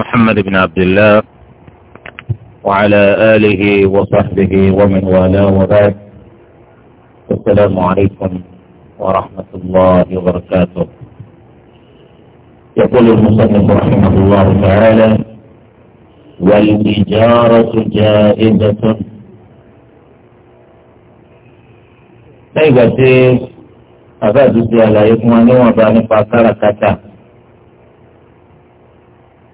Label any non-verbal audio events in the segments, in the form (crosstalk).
محمد بن عبد الله وعلى آله وصحبه ومن والاه وبعد السلام عليكم ورحمة الله وبركاته يقول المصنف رحمه الله تعالى والإجارة جائزة أيضا طيب bàbá àdúgbò àlàyé fún wa níwọ̀nba nípa káràkátà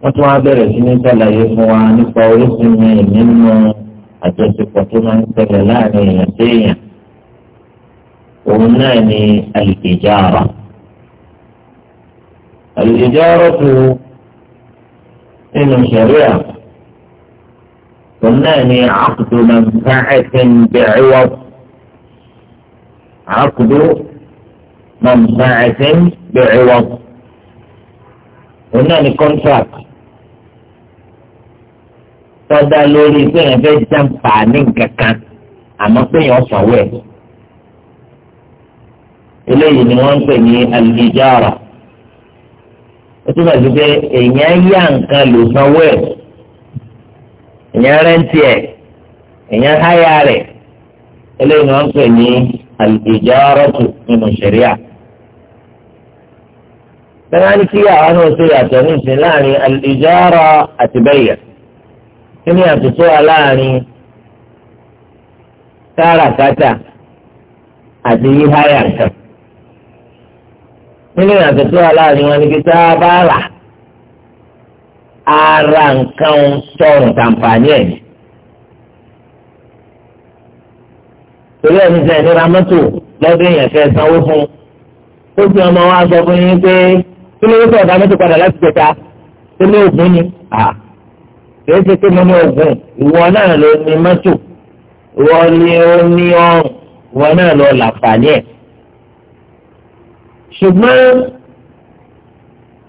wọ́n tún wá bẹ̀rẹ̀ sí ní sàlàyé fún wa nípa orísun yẹn nínú àjọṣepọ̀ tó máa ń ṣẹlẹ̀ láàrin èèyàn sí èèyàn òun náà ni àlìkèjára àlìkèjára tó nínú tele laarin òun náà ni ara alikejara ara to màbáhẹ́tẹ̀ ń ni akudo mabahete wọ́pọ̀ ba àkùdó. manfaatin bi'iwad òun náà ni contract tọ́da lórí pé èèyàn fẹ́ jàǹfà ní kankan àmọ́ pé èèyàn sanwó ẹ̀ eléyìí ni wọ́n ń pè ní al-ijara ó túbọ̀ sí pé èèyàn yá nǹkan lò sanwó èèyàn rẹ́ǹtì èèyàn háyà rẹ̀ eléyìí ni wọ́n pè ní al-ijaratu nínú ṣẹ̀ríà tẹ́lá ní kí àwọn náà ṣe yàtọ̀ ní ìsìn láàrin al-ijara àti bay'a kí ni àtúntò wa láàrin káràkátà àti yíháyà kan nínú àtúntò wa láàrin wọn ni kí tá a ara nǹkan sọ̀rùn tàǹfààní ẹ̀ torí ẹni sẹ́yìn ní ramọ́tò lọ́dún yẹn fẹ́ sanwó fún ó fi ọmọ wa sọ fún yín pé kí ló sọ ọ̀dà mẹ́tò padà láti jẹta tó lé ògùn ni à kìí ṣe pé mo ògùn ìwọ náà ló ní mọ́tò ìwọ ni ó ní ọrùn ìwọ náà lọ làǹfààní ẹ̀. ṣùgbọ́n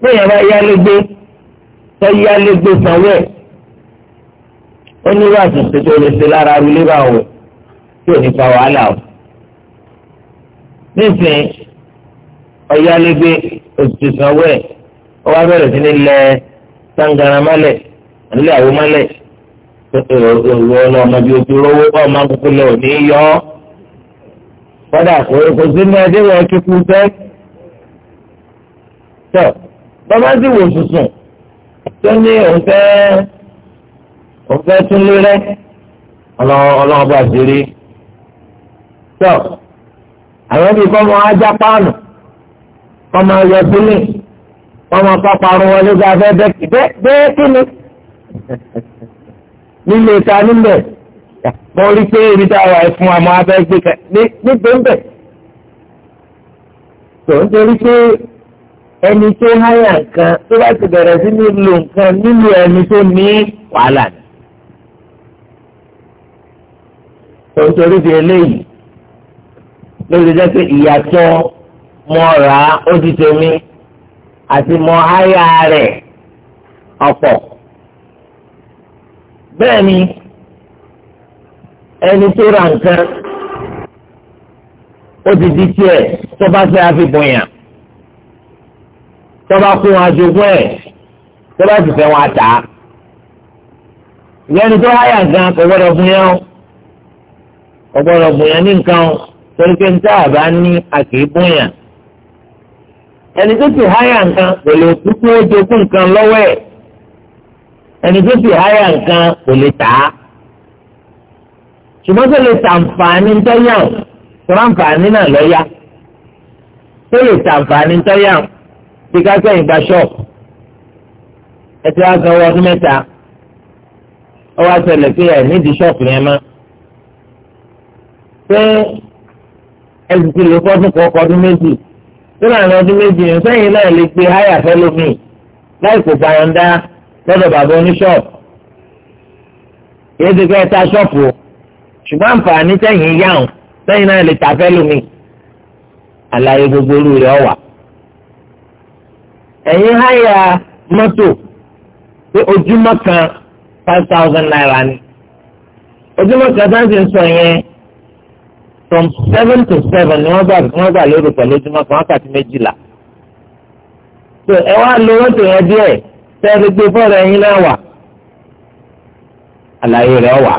bẹ́ẹ̀ yálégbé tó yálégbé sanwó ẹ̀ ó ní wá àtúnṣe tó lè ṣe lára arúlé bá wọ̀ tí ò ní fa wàhálà o. nísìnyí ọ̀yálégbé òtútù sanwó ẹ̀ ó wá bẹ̀rẹ̀ sí ní lẹ sangara mọ́lẹ̀ àlẹ́ àwọ̀ mọ́lẹ̀ ìwọ náà ọmọ bíi ojú rówó ọmọ akókó lẹ òní yọ ọ́ kọ́dà kò sí ní ẹdí wọ́n kíkú tẹ́ tọ́ bàbá sì wò sùsùn tó ní òun fẹ́ òun fẹ́ tún lé rẹ́ ọlọ́wọ́ bá ti rí tọ́ àwọn ibi kọ́ mọ́ ajá páànù wọ́n máa yọ sílẹ̀ wọ́n máa kọ́ parun wọlé gba fẹ́ bẹ́ẹ̀ kí ni nílé ta níbẹ̀ mo rí pé ibi tá a wà fún àmọ́ abẹ́ gbé kẹ nígbè ń bẹ̀. tó ń torí pé ẹni tó háyà nǹkan tó bá ti bẹ̀rẹ̀ sí ní lo nǹkan nílò ẹni tó ní wàhálà ni. tó ń torí di eléyìí lórí jẹ́ pé ìyàtọ̀ mọ ra ó di tèmi àti mọ háyà rẹ ọ̀pọ̀ bẹ́ẹ̀ ni ẹni tó ra nǹkan ó ti di tiẹ̀ tó bá fẹ́ àfihàn yàn tó bá kó wọn jogún ẹ̀ tó bá sì fẹ́ wọn tà á tó háyà gan kò gbọ́dọ̀ fún yẹn o kò gbọ́dọ̀ fún yẹn ní nǹkan o torí pé níta àbá ní àkè bóyàn ẹni tó sì háyà nǹkan kò lè kúkú ó jogún nǹkan lọ́wọ́ ẹ̀ ẹni tó sì háyà nǹkan kò lè tà á ṣùgbọ́n tó lè tàǹfààní tọ́yàn tọ́ǹfààní náà lọ́yà tó lè tàǹfààní tọ́yàn bí kásẹ̀ ìgbà ṣọ́ọ̀bù ẹtí wá sanwó ọdún mẹ́ta ó wá ṣẹlẹ̀ pé ẹ̀ nídìí ṣọ́ọ̀bù yẹn mọ́ pé ẹ̀sìn ti lè fọ́dún kọ́ ọdún méjì. nínú àwọn ọdún méjì yẹn sẹ́yìn náà lè pe háyà fẹ́lómìn láì kó gbàyànjá lọ́dọ̀ bàbá oníṣọ́ọ̀bù yéé fẹ́ ta ṣọ́ọ̀bù ṣùgbọ́n àǹfààní sẹ́yìn sẹ́yìn náà lè ta fẹ́lómìn àlàyé gbogbo olú rẹ̀ ọ̀wà. ẹ̀yin háyà mọ́tò pé naira ni ojúmọ́ kan ti ń sọ from seven to seven ni wọ́n gbà wọ́n gbà lérò pẹ̀lú ojúmọ́ kan wákàtí méjìlá. so ẹ wá lo mọ́tò yẹn díẹ̀ sẹ́ẹ̀rì gbé fọ́ọ̀rù ẹ̀yin náà wà àlàyé rẹ̀ wà.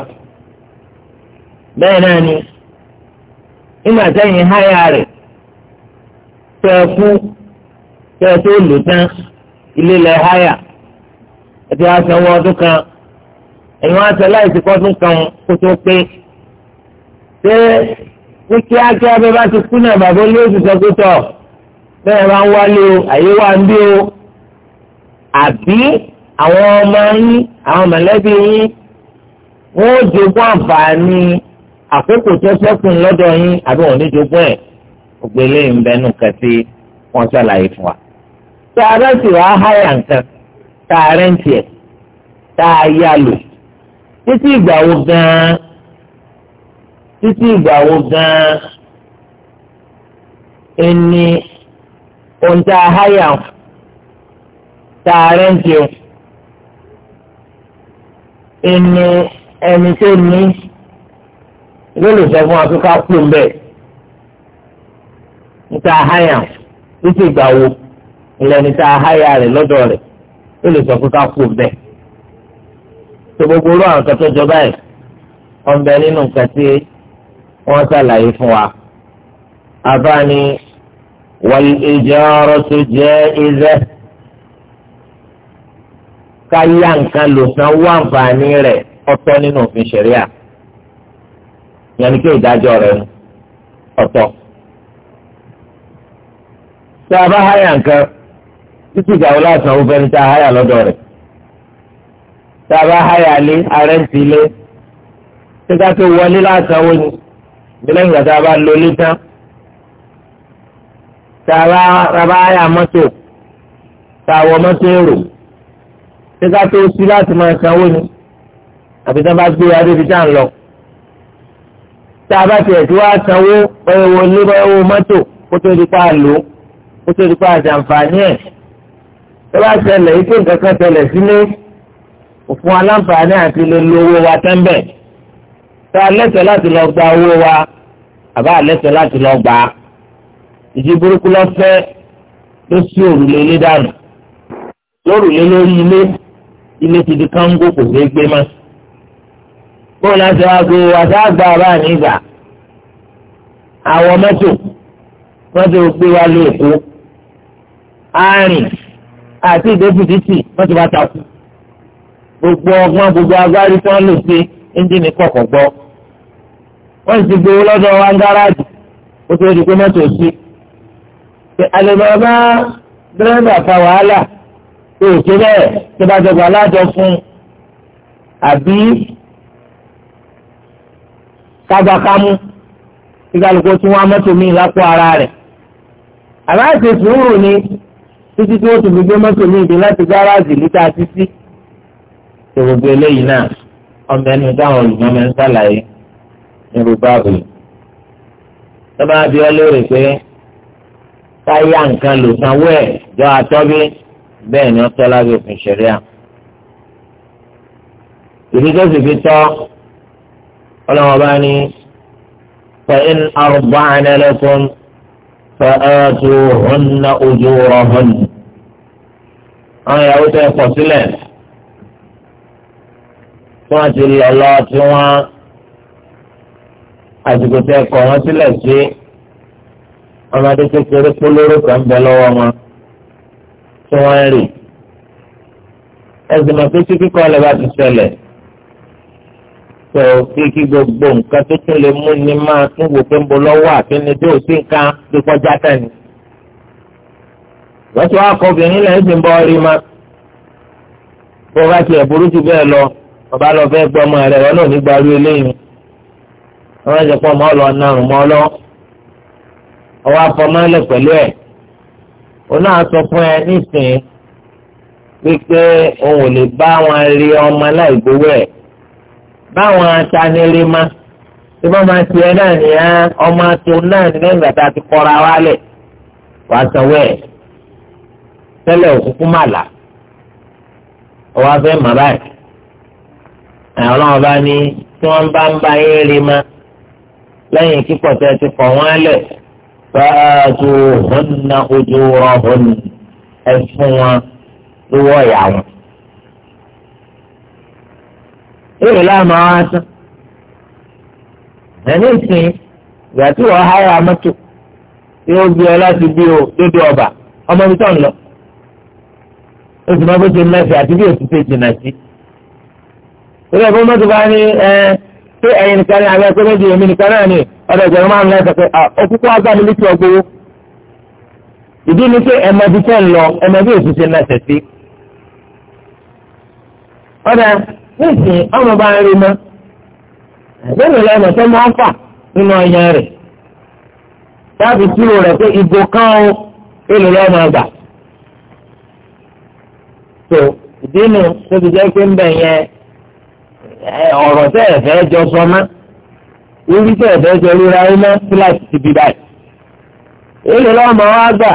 bẹ́ẹ̀ náà ni nígbà sẹ́yìn háyà rẹ̀ tẹ ẹ kú tẹ ẹ tó lò tán ilé lẹ háyà ẹ ti wá sanwó ọdún kan ẹ̀yin wá sọ láìsí kọ́dún kan kó tó pé ní kíákíá bẹ́ẹ̀ bá ti kú náà bàbá olóòtú sọ pé tọ̀ bẹ́ẹ̀ máa ń wálé o àyè wà ń bí o àbí àwọn ọmọ yín àwọn mọ̀lẹ́bí yín wọ́n ó jogún àǹfààní àkókò tó sẹ́kùn lọ́dọ̀ yín àbí wọ́n ní jogún ẹ̀ ògbélé ń bẹnu wọ́n ṣàlàyé fún wa. tá a rẹ́sì wàá háyà nǹkan tá a rẹ́ǹtì ẹ̀ tá a yá lò títí ìgbà wo gan-an títí ìgbà wo gan-an ẹni ohun tá a háyà tá a rẹ́ǹtì o ẹni ẹni tó ní lólùfẹ́ fún akíká kú mbẹ́ níta háyà títí ìgbà wo ìlẹ́ni tá a háyà rẹ̀ lọ́dọ̀ rẹ̀ lólùfẹ́ fún akíká kú mbẹ́ tó gbogbo olú àwọn kan tó jọ ọ̀nbẹ nínú nǹkan wọ́n ṣàlàyé fún wa. abáni wal ijaratu jaiza ká yá nǹkan lò san wá àǹfààní rẹ̀ ọ̀tọ̀ nínú òfin ṣẹ̀ríà yẹn ni kí ìdájọ́ rẹ̀ ọ̀tọ̀. tá a bá háyà nǹkan títí ìgbà wo láti sanwó fẹ́ni tá a háyà lọ́dọ̀ rẹ̀ tá a bá háyà lé arẹ́ǹtì lé tí ká tó wọlé láti sanwó ni lẹ́yìn ìgbà tá a bá lo ilé tán tá a bá yà mọ́tò tá a wọ mọ́tò èrò ṣé ká tó sí láti máa sanwó ni àbí tá a bá gbé wa débi tá à ń lọ tá a bá tiẹ̀ tí wàá sanwó bẹ́ẹ̀ wo ilé bẹ́ẹ̀ wo mọ́tò kó tó di pa lò kó tó di pa àjàǹfààní ẹ̀ tó bá ṣẹlẹ̀ ike nǹkan kan ṣẹlẹ̀ sílé òfin aláǹfààní àti lè lo owó wa tẹ́ńbẹ̀ẹ́ tá a lẹ́sẹ̀ láti lọ gba owó wa àbá a lẹ́sẹ̀ láti lọ gbà á ìdí burúkú lọ fẹ́ ló sí òrùlé ilé dànù lórùlé lórí ilé ilé ti di kánkó kò sí gbé mọ́ bóun láti wá gbé wa tá a gbà àbá nígbà àwọn mọ́tò mọ́tò gbé wa lé èkó àárín àti ìdókùtìtì mọ́tò bá takú gbogbo ọgbọ́n gbogbo agbárí tí lò sí ẹ́ńjìnì kọ̀ọ̀kan gbọ́ wọ́n ti gbowó lọ́dọ̀ wa ń gáràjì ó tó di pé mọ́tò sí i àlejò bá dírẹ́bà fa wàhálà tó o ṣe bẹ́ẹ̀ tó bá jọba alájọ fún àbí kábàkámú tí kálukú tí wọ́n á ara rẹ̀ àbá ṣe sùúrù ni títí tí ó ti fi gbé mọ́tò míì dé láti gáràjì líta títí tó gbogbo eléyìí náà ọbẹ̀ nínú táwọn olùmọ̀mọ́ ń sàlàyé nírú báàbù yìí. tọ́ba bí ọ lóore pé táyà nǹkan lò sanwó ẹ̀ jọ àtọ́bí bẹ́ẹ̀ ni ó tọ́ òfin ṣẹ̀ríà. ìdí tó sì fi tọ́ ọlọ́wọ́n bá ní fẹ́ẹ́n arúgbó ànẹ́lẹ́kùn fẹ́ẹ́tù hùn ojú rọ̀ hùn. àwọn ìyàwó tẹ́ pọ̀ sílẹ̀ tí wọ́n ti lọ lọ tí wọ́n àsìkò tẹ kọ̀ wọ́n sílẹ̀ sí ọmọdé kékeré polówó kan bẹ lọ́wọ́ wọn tí wọ́n ń rì ẹ̀sìn mọ̀ pé tí kíkọ́ ọ̀lẹ́ bá ti ṣẹlẹ̀ tó kíkí gbogbo nǹkan tó tún lè mú ni máa tún wò pé ń bo lọ́wọ́ àti ní tí ò sí nǹkan tó kọjá tẹ̀lé lọ́sọ̀ọ́ akọ̀bìnrin lẹ́yìn tí ń bọ́ rí ma bó bá tiẹ̀ burú jù bẹ́ẹ̀ lọ bàbá lọ fẹ́ gbọ́ ọmọ rẹ̀ wọn náà ní gbarú eléyìí wọn ṣe pọ̀ mọ́ ọlọ́ narùn mọ́ ọlọ́ ọwọ́ afọmọ́lẹ̀ pẹ̀lú ẹ̀ òun náà sọ fún ẹ nísìnyí wípé òun ò lè bá wọn rí ọmọ láì gbowó ẹ̀ báwọn atanilé má tí wọ́n máa tiẹ̀ náà nìyá ọmọ tó náà ní tá a ti kọ́ra wálẹ̀ wàá sanwó ẹ̀ tẹ́lẹ̀ òkúkú màlà ọwọ́ afẹ́ màbáyìí ọlọ́run bá ní tí wọ́n bá ń bá yín rí ma lẹ́yìn kíkọ̀ tẹ́ ti kọ̀ wọ́n lẹ̀ fẹ́ẹ́tù hùnà ojú rọ̀hùn ẹ fún wọn lówó ọ̀yà wọn. èrè láàmú àwọn asán ẹni ìsìn ìgbà tí wọ́n háyà mọ́tò tí ó gbé ọ láti bí o dódò ọba ọmọ ibi tó ń lọ oṣù mọ́ bó ṣe mẹ́fẹ̀ẹ́ àti bí oṣù ṣe jìnnà sí i. ilé ìfowópamọ́ mọ́tò bá ní ẹ pé ẹ̀yin nìkan ní abẹ́ pé méjì èmi nìkan náà ní ọ̀dọ̀ ìjọba máa ń lọ ẹsẹ̀ òkúkú agbáni létí ọgbówó ìdí ni pé ẹ̀mọ́bí tẹ́ ń lọ ẹ̀mọ́bí òṣìṣẹ́ náà tẹ̀sí. ọ̀dà nísìnyí ọmọ bá ń rí mọ́ lẹ́yìn lẹ́nu tó máa ń fà nínú ọyàn rẹ̀ láti túrò rẹ̀ pé kan ó èlò ọ̀rọ̀ tẹ́ ẹ̀ fẹ́ jọ sọ mọ́ orí tẹ́ ẹ̀ fẹ́ jọ ríra ẹ̀ mọ́ kíláàsì ti bí báyìí. èlé lọ́mọ wa gbà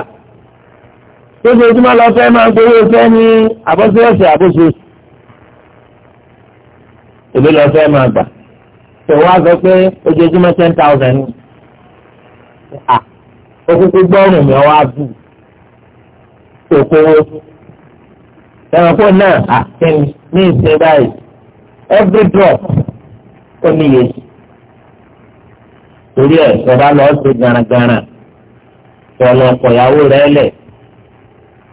tó ṣe ojúmọ́ lọ fẹ́ máa gbowó fẹ́ ní àbọ̀sẹ̀ọ̀sẹ̀ àbọ̀sẹ̀ èlé lọ fẹ́ máa gbà tó wá sọ pé ojoojúmọ́ ten thousand a okùnkùn gbọ́rùn mi ọwọ́ abú òkòwò ẹ̀rọ fún náà àtẹ̀yìn ní ìsìn báyìí every drop ó níye torí ẹ̀ sọ̀rọ̀ lọ ṣe garagara tọ̀lọ̀ ọ̀pọ̀yàwó rẹ lẹ̀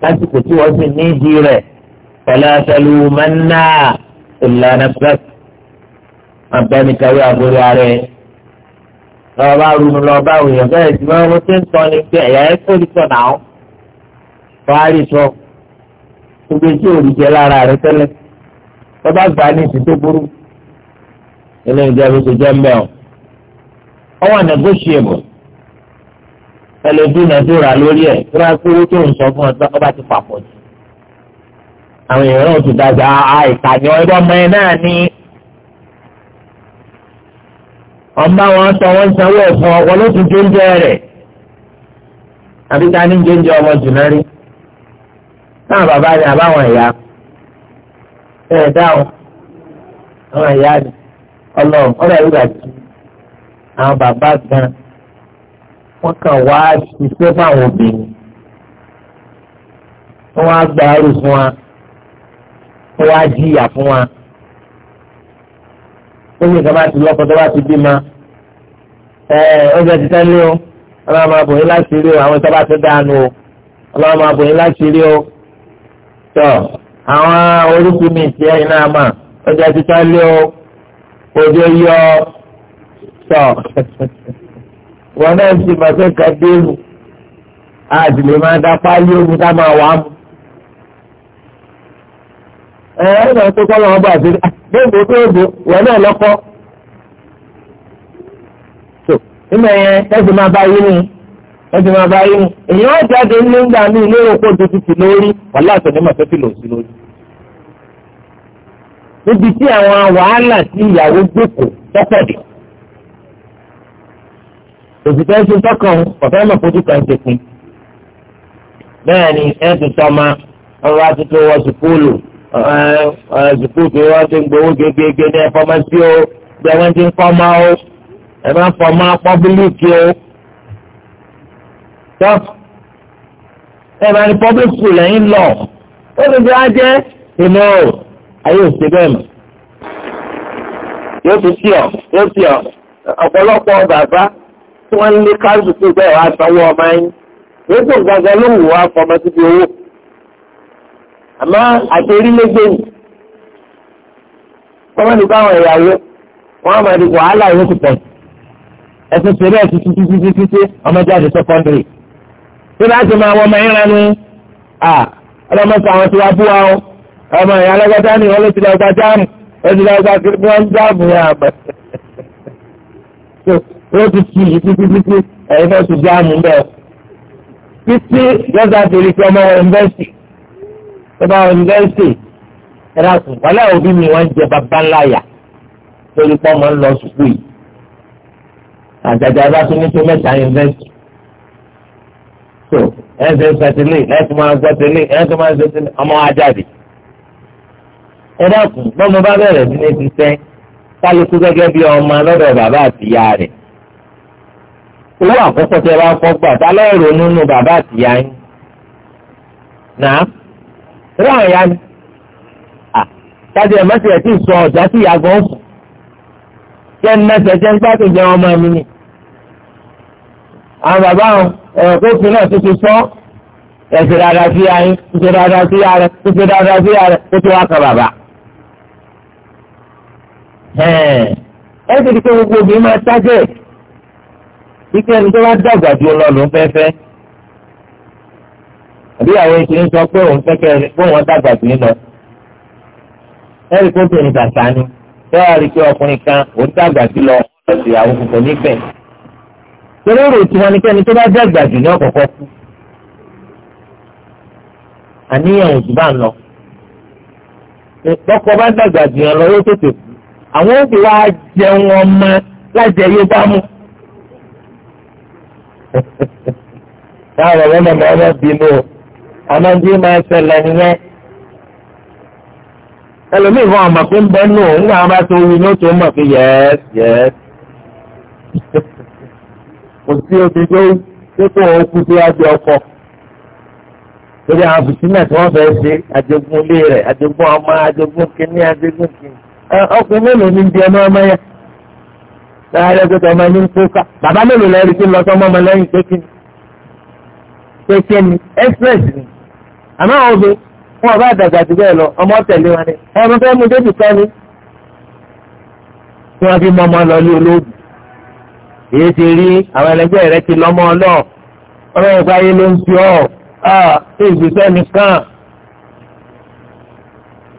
lásìkò tí wọ́n sì ní ìdí rẹ̀ pẹ̀lú aṣẹ́lu mẹ́nà ìlànà pẹ́t abẹ́nikawe àgórí ààrẹ lọ́wọ́ bá runu lọ bá òyìnbó bẹ́ẹ̀ tí wọ́n ti ń tọ́ ni pé ẹ̀yà ẹ̀ kó lè tọ̀ náà wọ́n á rí sọ gbogbo tí òrìṣẹ́ lára rẹ tẹ́lẹ̀ tọ́ba gbà ní ìsìn tó burú ilé ìjọba ló ti jẹ́ mẹ́ọ̀ ọwọ́ negotiable ẹlẹ́dúnadúrà lórí ẹ̀ tó rákú owó tó ń sọ fún ọ tọ́ba ti papọ̀ jù àwọn èèyàn náà ti dájà àìkànyọ́ ẹgbẹ́ ọmọ ẹ náà ní ọba wọn sọ wọn sanwó ẹ̀fọ́ wọn ló ti jóúnjẹ rẹ̀ àbíká ní jóúnjẹ ọmọ jù náà rí náà bàbá rẹ̀ àbáwọn ìyá ẹ dáhùn àwọn ìyá mi Ọlọ́run ọ̀rọ̀ ìgbà tí àwọn bàbá gan wọn kàn wá ṣiṣẹ́ fáwọn obìnrin wọn wá gba ẹrù fún wa wọn wá jìyà fún wa ó ní ìjọba ti lọ́kọ tó bá ti bímọ ẹ ọjọ́ ti tẹ́lẹ̀ o ọlọ́run máa bò yín láti rí o àwọn ìjọba tó dáa nù o ọlọ́run máa bò yín láti rí o tọ́ àwọn oríṣi mi ti ẹ̀yin náà mà ọjà títà lé o òjò yọ tọ wọn náà sì máa fẹ́ ka déèmù àti lè máa dá páálí omi ká máa wà á ẹ ẹ náà tó kọ́ lọ́wọ́ bá sílẹ̀ bóòbó bóòbó wọn náà lọ́kọ́. tó ìmọ̀ yẹn tẹ́sí máa bá yín ni wọ́n ti máa bá yín èyàn ó jáde ní ńgbà ní ilé òkú ojú títì lórí wàhálà tó ní màtó kìlọ̀ sí lórí. níbi tí àwọn wàhálà tí ìyàwó gbèkò tọ́pọ̀ dé. òṣìṣẹ́ ṣe tọkàn ọ̀fẹ́ mọ̀kójú kan ṣe pin. bẹ́ẹ̀ ni ẹ ti tọ́ma ọrọ̀ àtúntò wọ sùkúlù sùkúlù tí wọ́n ti ń gbowó gégége ní ẹ̀fọ́mọ́sí o bí wọ́n ti ń fọ́mọ́ o ẹ̀ máa fọ́mọ́ pọ́bílíkì o tọ́ ẹ bá ní public school lẹ́yìn lọ ó lè jẹ́ ajẹ́ ìmọ̀ ayé òsè bẹ́ẹ̀ mọ̀ yóò tún sí ọ yóò sí ọ ọ̀pọ̀lọpọ̀ bàbá tí wọ́n lé káàdù tó bẹ́ẹ̀ wá sanwó ọmọ yín yóò tún gbàgbà ló wù wá fọmọ síbi owó àmọ́ àtẹrílégbè ni kọ́mọ́ nípa àwọn ìyàwó wọ́n á máa di wàhálà yóò tún ẹ̀sìn ṣẹlẹ̀ ẹ̀sìn títí títí ọmọdé àti sẹ́kọ́ndìrì bí bá ti máa wọ ọmọ yín lẹ́nu à ọlọ́mọ sọ àwọn tí wàá bú wa o ọmọ ìyá alágbádá ni wọ́n ló ti lọ gba jáàmù ó ti lọ gba kí wọ́n jáàmù yẹn àgbẹ̀. wọ́n ti fi yìí títí títí ẹ̀yin fẹ́ ti jáàmù bẹ́ẹ̀. títí lọ́sà torí pé ọmọ wọn yunifásitì tó bá wọn yunifásitì ẹ̀rọ sùn wàlẹ́ òbí mi wọ́n jẹ bàbá ńláyà torí pé ọmọ ń lọ sùkúù yìí. àjàjà bá tún ní tó mẹ́ta yunifásitì tó ẹsẹ̀ sẹ̀tìlì ẹsẹ̀ máa gbọ́ tẹ̀lé ẹsẹ̀ máa ṣe tẹ̀lé ọmọ wa jáde. ẹ dákun bọ́mọ bá bẹ̀rẹ̀ sí ní ti sẹ́ kálukú gẹ́gẹ́ bí ọmọ lọ́dọ̀ bàbá àtìyá rẹ̀. owó àkọ́kọ́ tẹ bá kọ́ gbà tá lọ́ọ̀rọ̀ nínú bàbá àtìyá yín. nàá rí àwọn ni tájú ẹ̀ mọ́tì ẹ̀ tí ì sọ ọ̀jà sí ìyá fún. jẹ́ ń mẹ́sẹ̀ jẹ́ ń gbádùn àwọn bàbá àwọn ẹ̀rọ kófin náà tó ti sọ ẹ̀sẹ̀ dáadáa sí ayé ṣe dáadáa sí ààrẹ ṣe dáadáa sí ààrẹ ó ti wá kan bàbá. ẹ ti di pé gbogbo obìnrin máa tájẹ̀ ike ẹni tó bá dàgbà ju ọlọ́run fẹ́fẹ́ àbí àwọn ìṣẹ̀lẹ̀ sọ pé òun fẹ́ kẹ́ pé dàgbà jù lọ. ẹ rí i pé obìnrin bàtà ni bẹ́ẹ̀ rí i ọkùnrin kan òun dàgbà jù lọ ọ̀sẹ̀ àwọn kòkò nífẹ̀ẹ́ torí èrò tiwọn ni kẹ́ni tó bá dàgbà jù ní ọ̀kọ̀ọ̀kọ̀ kú àníyàn òjò bá ń lọ lọ́kọ̀ bá dàgbà jù yẹn lọ yóò tètè kú àwọn òbí wa jẹun ọmọ lájẹ yóò bá mú. táwọn ọmọ mọ̀ ọmọ bínú o àmọ́ bí máa ṣẹlẹ̀ nìyẹn ẹlòmíì fún ọmọ pé nù ń wọn bá tó wí ní ó mọ̀ pé yẹ́ẹ́sì yẹ́ẹ́sì kò sí omi tó dépò òkú síwájú ọkọ torí àwọn fìtínà tí wọ́n fẹ́ẹ́ ṣe àjogún ilé rẹ̀ àjogún ọmọ àjogún kínní àjogún kínní ọkùnrin mélòó ní di ọmọ ọmọ yẹn láàárẹ̀ pé ọmọ yẹn ń kó ká bàbá mélòó lẹ́rìí tó lọ sọmọ ọmọ lẹ́yìn pé kínní pé kínní express ni àmọ́ àwọn obìnrin wọn bá dàgbà jù bẹ́ẹ̀ lọ ọmọ tẹ̀lé wọn ọmọ fẹ́ mú débi ni tí wọ́n fi mọ ọmọ lọ ní olóògùn èyí ti rí àwọn ẹlẹgbẹ́ rẹ ti lọ́mọ ọlọ́ ọ̀rọ̀ ìgbà yìí ló ń fi ọ́ ṣé ìgbésẹ̀ nìkan.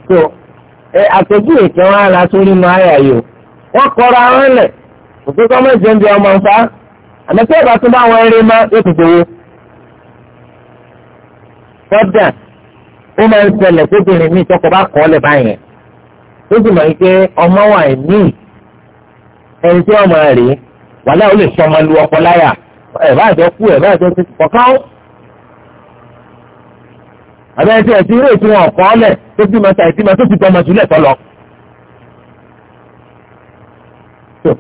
so àpèjúwe kí wọ́n á ra sórí nu àyà yìí o wọ́n kọ́ra wọn lẹ̀ òfin kọ́ mọ́jẹ ń di ọmọ nfa àmọ́tẹ́ ìbá tún bá wọn eré má yóò ti gbowó. kọ́dà ó máa ń ṣẹlẹ̀ kóbìnrin mi tọkọ bá kọ́ ọ lẹ̀ báyẹn ó sì mọ̀ yìí pé ọmọ wà ní ẹni tí wọ́n máa rèé wàhálà ó lè sọ ọmọ lu ọkọ láyà ẹ̀ bá àjọ kú ẹ̀ bá àjọ ti kọ̀ọ̀kan ó. àbẹ̀yẹ tí ẹ̀ ti rí ètò wọn ọ̀kọ́ ọ̀lẹ̀ tó bímọ ta ìtìmọ tó ti tọmọ sílẹ̀ tọ́lọ.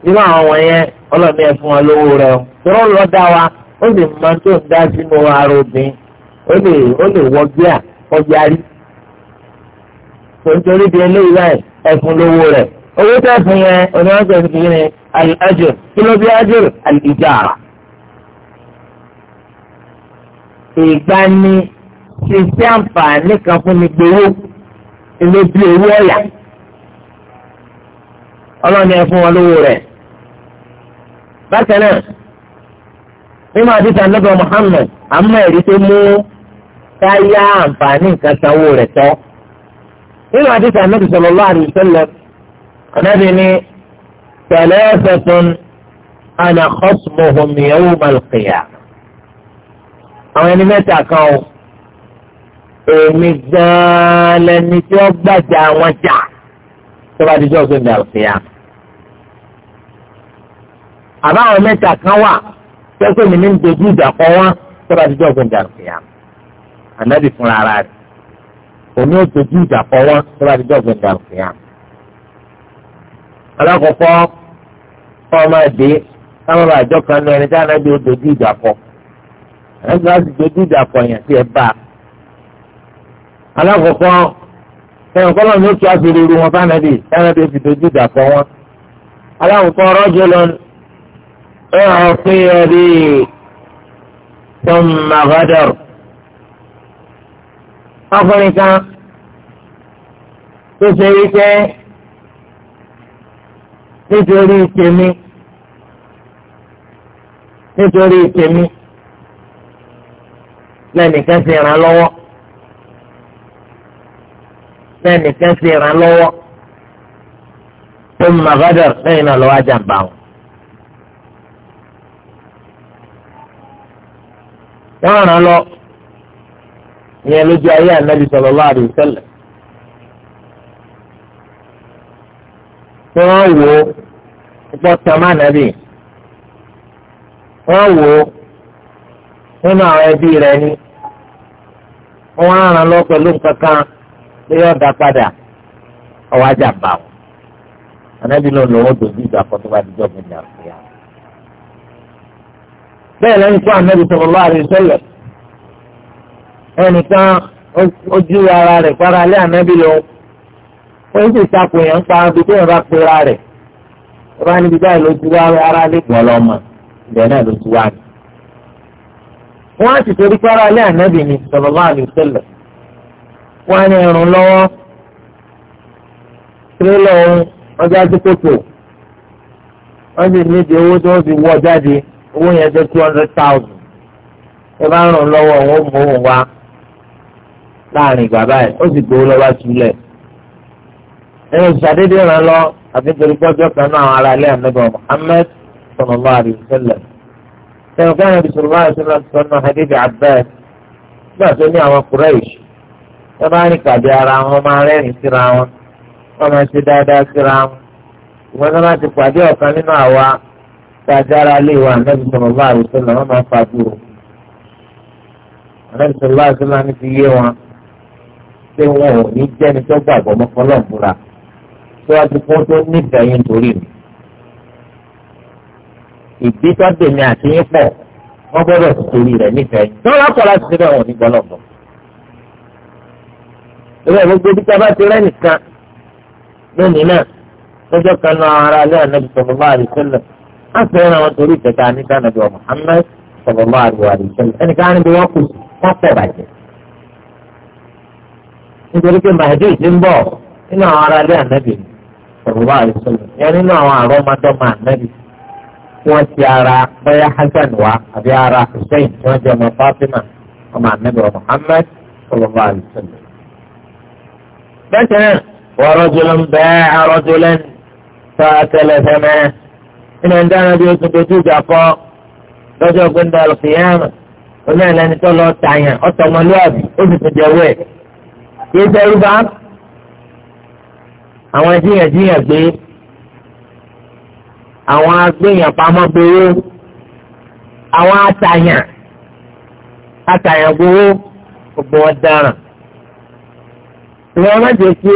irú àwọn yẹn ọlọ́mí ẹ̀ fún wọn lówó rẹ̀ o tí wọ́n lọ dá wa ó lè mọ tó ń dá sínú ara obìnrin ó lè ó lè wọ bíà ọjà rí. tòun torí di eléyìí báyìí ẹ̀ fún lówó rẹ̀ owó tẹ́ fún yẹn oníwàgbẹ́ ti fi ní àjò kí ló bí àjò àlìjára. ìgbani ṣiṣẹ́ àǹfààní kan fún mi gbowó ilé bí owó ọ̀yà ọlọ́ni ẹ fún wọn lówó rẹ̀. bákan náà mímọ àdìsí anábẹ Muhammad àmọ́ ẹ̀rí tó mú táyà àǹfààní nǹkan sanwó rẹ̀ tọ́. mímọ àdìsí anábẹ sallallahu alaihi wasallam. Ànábì ní thalathatun ana khasmuhum yawmal qiyamah. àwọn ẹni mẹ́ta kan o èmi gan-an lẹni tí wọ́n gbàjà wọn jà tó bá dijọ́ gbẹ̀ndà àlùkìyà. àbáwọn mẹ́ta kan wà tẹ́sán mi ní ń dojú ìjà kọ wọn tó bá dijọ́ gbẹ̀ndà àlùkìyà. ànábì fúnra rẹ̀ òní ò dojú ìjà kọ wọn tó bá dijọ́ gbẹ̀ndà àlùkìyà alákọ̀ọ́kọ́ kọ́ ọ máa dé káwọn bá àjọ kan náà ẹni tí anábì ó dojú ìjà kọ ẹni tí wọ́n ti dojú ìjà kọ yẹn sí ẹ bá alákọ̀ọ́kọ́ ẹ̀yìn kọ́lọ́ ní ó tún àṣírí wọn fánábì tánábì ó fi dojú ìjà wọn alákọ̀ọ́kọ́ rọ́jò lọ ẹ ọ̀ pé ẹ rí ثم غدر ọkùnrin kan tó ṣe wípé nítorí tèmi nítorí tèmi lẹ́nìkan ṣe ìrànlọ́wọ́ lẹ́nìkan ṣe ìrànlọ́wọ́ tó màgádà lẹ́yìn náà lọ́wọ́ àjàmbá wọn. wọ́n ràn lọ ìyẹn lójú ayé ànábì sallallahu alaihi wasallam. tí wọ́n wò ó pọ̀ tàmá nàbì wọ́n wò ó nínú àwọn ẹbí rẹ̀ ni wọ́n ràn lọ pẹ̀lú nǹkan kan pé yóò dá padà ọwọ́ ajá bá wọn ànábì náà lọ́wọ́ ìgbà kan tó bá bẹ́ẹ̀ lẹ́yìn wọ́n sì sàpò yẹn ń pa ibi tí wọ́n bá pera rẹ̀ wọ́n bá níbi báyìí ló ti wá ara lẹ́gbọ̀n lọ́mọ ìbẹ̀ náà ló ti wá ní. wọ́n á sì torí pẹ́rọ alẹ́ ànábì ni sallallahu alaihi wasallam wọ́n á ní ẹrùn lọ́wọ́ tírélọ̀ ohun ọjà tó kókò wọ́n sì níbi owó tí wọ́n fi wọ́ jáde owó yẹn jẹ́ two hundred thousand ẹ bá ràn lọ́wọ́ òun ó mú òun wá láàrin ìgbà báyìí ó sì gbowó lọ́wọ́ sílẹ̀ ẹni ìṣàdédé ràn lọ àfi torí pọ́jọ́ kan náà àwọn ará ilé ànábọ̀ Muhammad sallallahu alaihi wasallam. sẹ́yìn káyọ̀ bí sọ̀rọ̀ láti sọ̀rọ̀ láti sọ̀rọ̀ hadith Abbas nígbà tó ní àwọn Quraysh wọ́n bá rìn kàdé ara wọn máa rẹ́rìn síra wọn wọ́n máa ṣe dáadáa síra wọn. ìwọ́n náà láti pàdé ọ̀kan nínú àwa tajára lé wa ànábì sallallahu alaihi wasallam wọ́n máa fa dúró. ànábì sallallahu alaihi ti yé wọn pé wọn ò ní jẹ́ni tó gbàgbọ́ mọ́kànlọ́ọ̀bùra. síwájú kó tó nífẹ̀ẹ́ yín torí mi. ìdí tó dèmi tó dèmi àti yín pọ̀ wọ́n gbọ́dọ̀ sí torí rẹ̀ nífẹ̀ẹ́ yín. lọ́wọ́ lọ́kọ̀ láti amẹ sọlọ bá bẹ́ẹ̀ wọ̀n ní gbọ́lọ́gbọ́. ìwé gbogbo bí tá a bá ti rẹ́ nìkan lónìí náà lọ́jọ́ kan náà ara alẹ́ ànábi sọ̀rọ̀lá àdìsẹ́lẹ̀ á fẹ́ràn wọn torí ìtẹ̀ta níta ànábi wa Muhammad sọ̀rọ̀lá àdìsẹ́lẹ̀ ẹnìkan á níbi wọn kù wọ́n pọ̀ bàjẹ́. nítorí pé màdé ìdí ń bọ̀ nínú àwọn ará alẹ́ ànábi sọlọ́wọ́ àìsọ̀lọ́ yẹn nínú àwọn àrọ́mọdọ́mọ ànábì wọ́n ti ara bẹ́yà hasan wa àbí ara hussein tí wọ́n jẹ́ ọmọ fatima ọmọ ànábì wa muhammad sọlọ́wọ́ àìsọ̀lọ́. bẹ́ẹ̀ náà wọ́n rọ́jòló ń bẹ́ẹ̀ àrọ́jòló lẹ́n tọ́ a tẹ́lẹ̀ fẹ́mẹ́ ẹ̀ ń dáná bí o tún dojú ìjà kọ́ lọ́jọ́ gbẹ́ndà lọ́fìyàmù onílẹ̀ ẹni tó lọ́ọ́ tààyàn ọ̀tọ̀mọlúwàbí ó sì tún jẹ́ wẹ̀ kí ẹ àwọn jiyànjiyàn gbé àwọn agbéyàn pamọ́ gbowó àwọn atàyàn atàyàn gbowó gbogbo wọn dáràn ìwọ má jẹ kí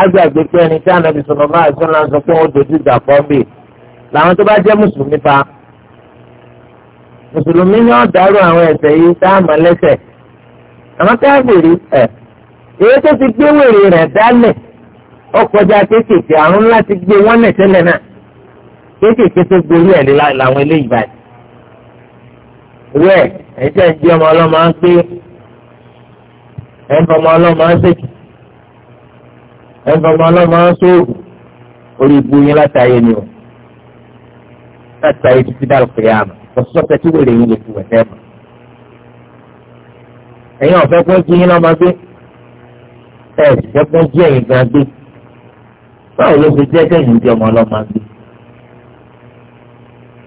agbàgbé pé ẹni tí ànábì sọ̀rọ̀ máa sọ náà sọ pé wọ́n dojú ìjà pọ́ńbì làwọn tó bá jẹ́ mùsùlùmí pa mùsùlùmí ni wọ́n dárò àwọn ẹ̀ṣẹ̀ yìí tá a mọ̀ lẹ́sẹ̀ àwọn káfíìrì ẹ̀ èyí tó ti gbé wèrè rẹ̀ dálẹ̀ ọkọjá kéékèèké àrùn ńlá ti gbé wọn lẹ tẹ́lẹ̀ náà kéékèèké tó gborí ẹ làwọn eléyìí báyìí rẹ ẹjẹ ẹjẹ ọmọ ọlọmọ á gbé ẹnfọ ọmọ ọlọmọ á sèkì ẹnfọ ọmọ ọlọmọ á sóògùn orí ibu yín látàyè ni o látàyè títí dàrú pé àmà lọsọsọpẹ tí wèrè yín lè fi wẹtẹ mọ ẹ̀yin ọ̀fẹ́ kún yín lọmọ gbé ẹ ẹ báwo ló fi jẹ́ kẹ́yìn di ọmọ ọlọ́mọ gbé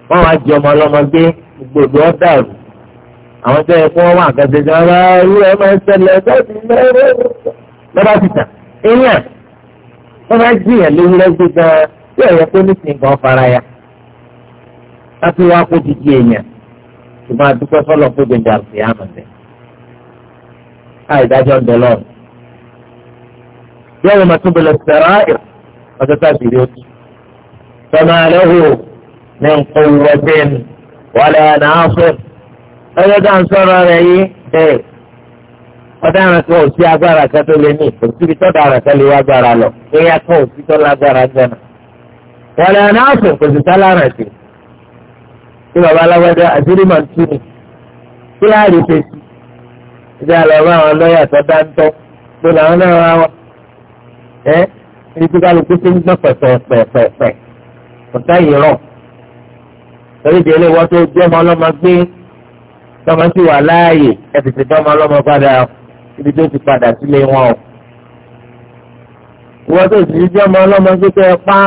wọ́n wá di ọmọ ọlọ́mọ gbé gbogbo ọ̀dàrú àwọn tó yẹ kó wọ́n wà nǹkan ṣe ṣe wọ́n bá irú ẹ̀ máa ń ṣẹlẹ̀ bẹ́ẹ̀ ni lọ́ba ti tà èèyàn wọ́n bá jìyàn lórí lẹ́gbẹ́ gan-an tí ẹ̀yẹ tó ní sin kan fara ya láti wá kó ti di èèyàn ṣùgbọ́n àdúpẹ́ fọlọ́ pé gbẹ̀ngà sí ọjọ́ tàbí rí ojú. sọ́nà àlẹ́hù ní nǹkan wọ bẹ́ẹ̀ni wàlẹ̀ náà fẹ́. ọjọ́ tá à ń sọ̀rọ̀ rẹ̀ yìí bẹ́ẹ̀ ọ̀daràn kan ò sí agbára kan tó lé ní òsibí tọ́daràn kan lè wá agbára lọ ẹ̀yà kan ò sí tọ́lá agbára gbọ́nà. wàlẹ̀ náà fẹ́ kò sì sálárà sí. tí baba alágbádá ẹni tó bá lè kó sínú gbọ́ pẹ̀pẹ̀pẹ̀pẹ̀ kọ̀tà ìrọ̀ torí ìdílé wọ́n tó jẹ́ ọmọ ọlọ́mọ gbé tọmọ sí wà láàyè ẹ tètè dọ́mọ ọlọ́mọ padà ibi tó ti padà sílé wọn o. wọ́n tó sì jẹ́ ọmọ ọlọ́mọ gbé tẹ́ ẹ pa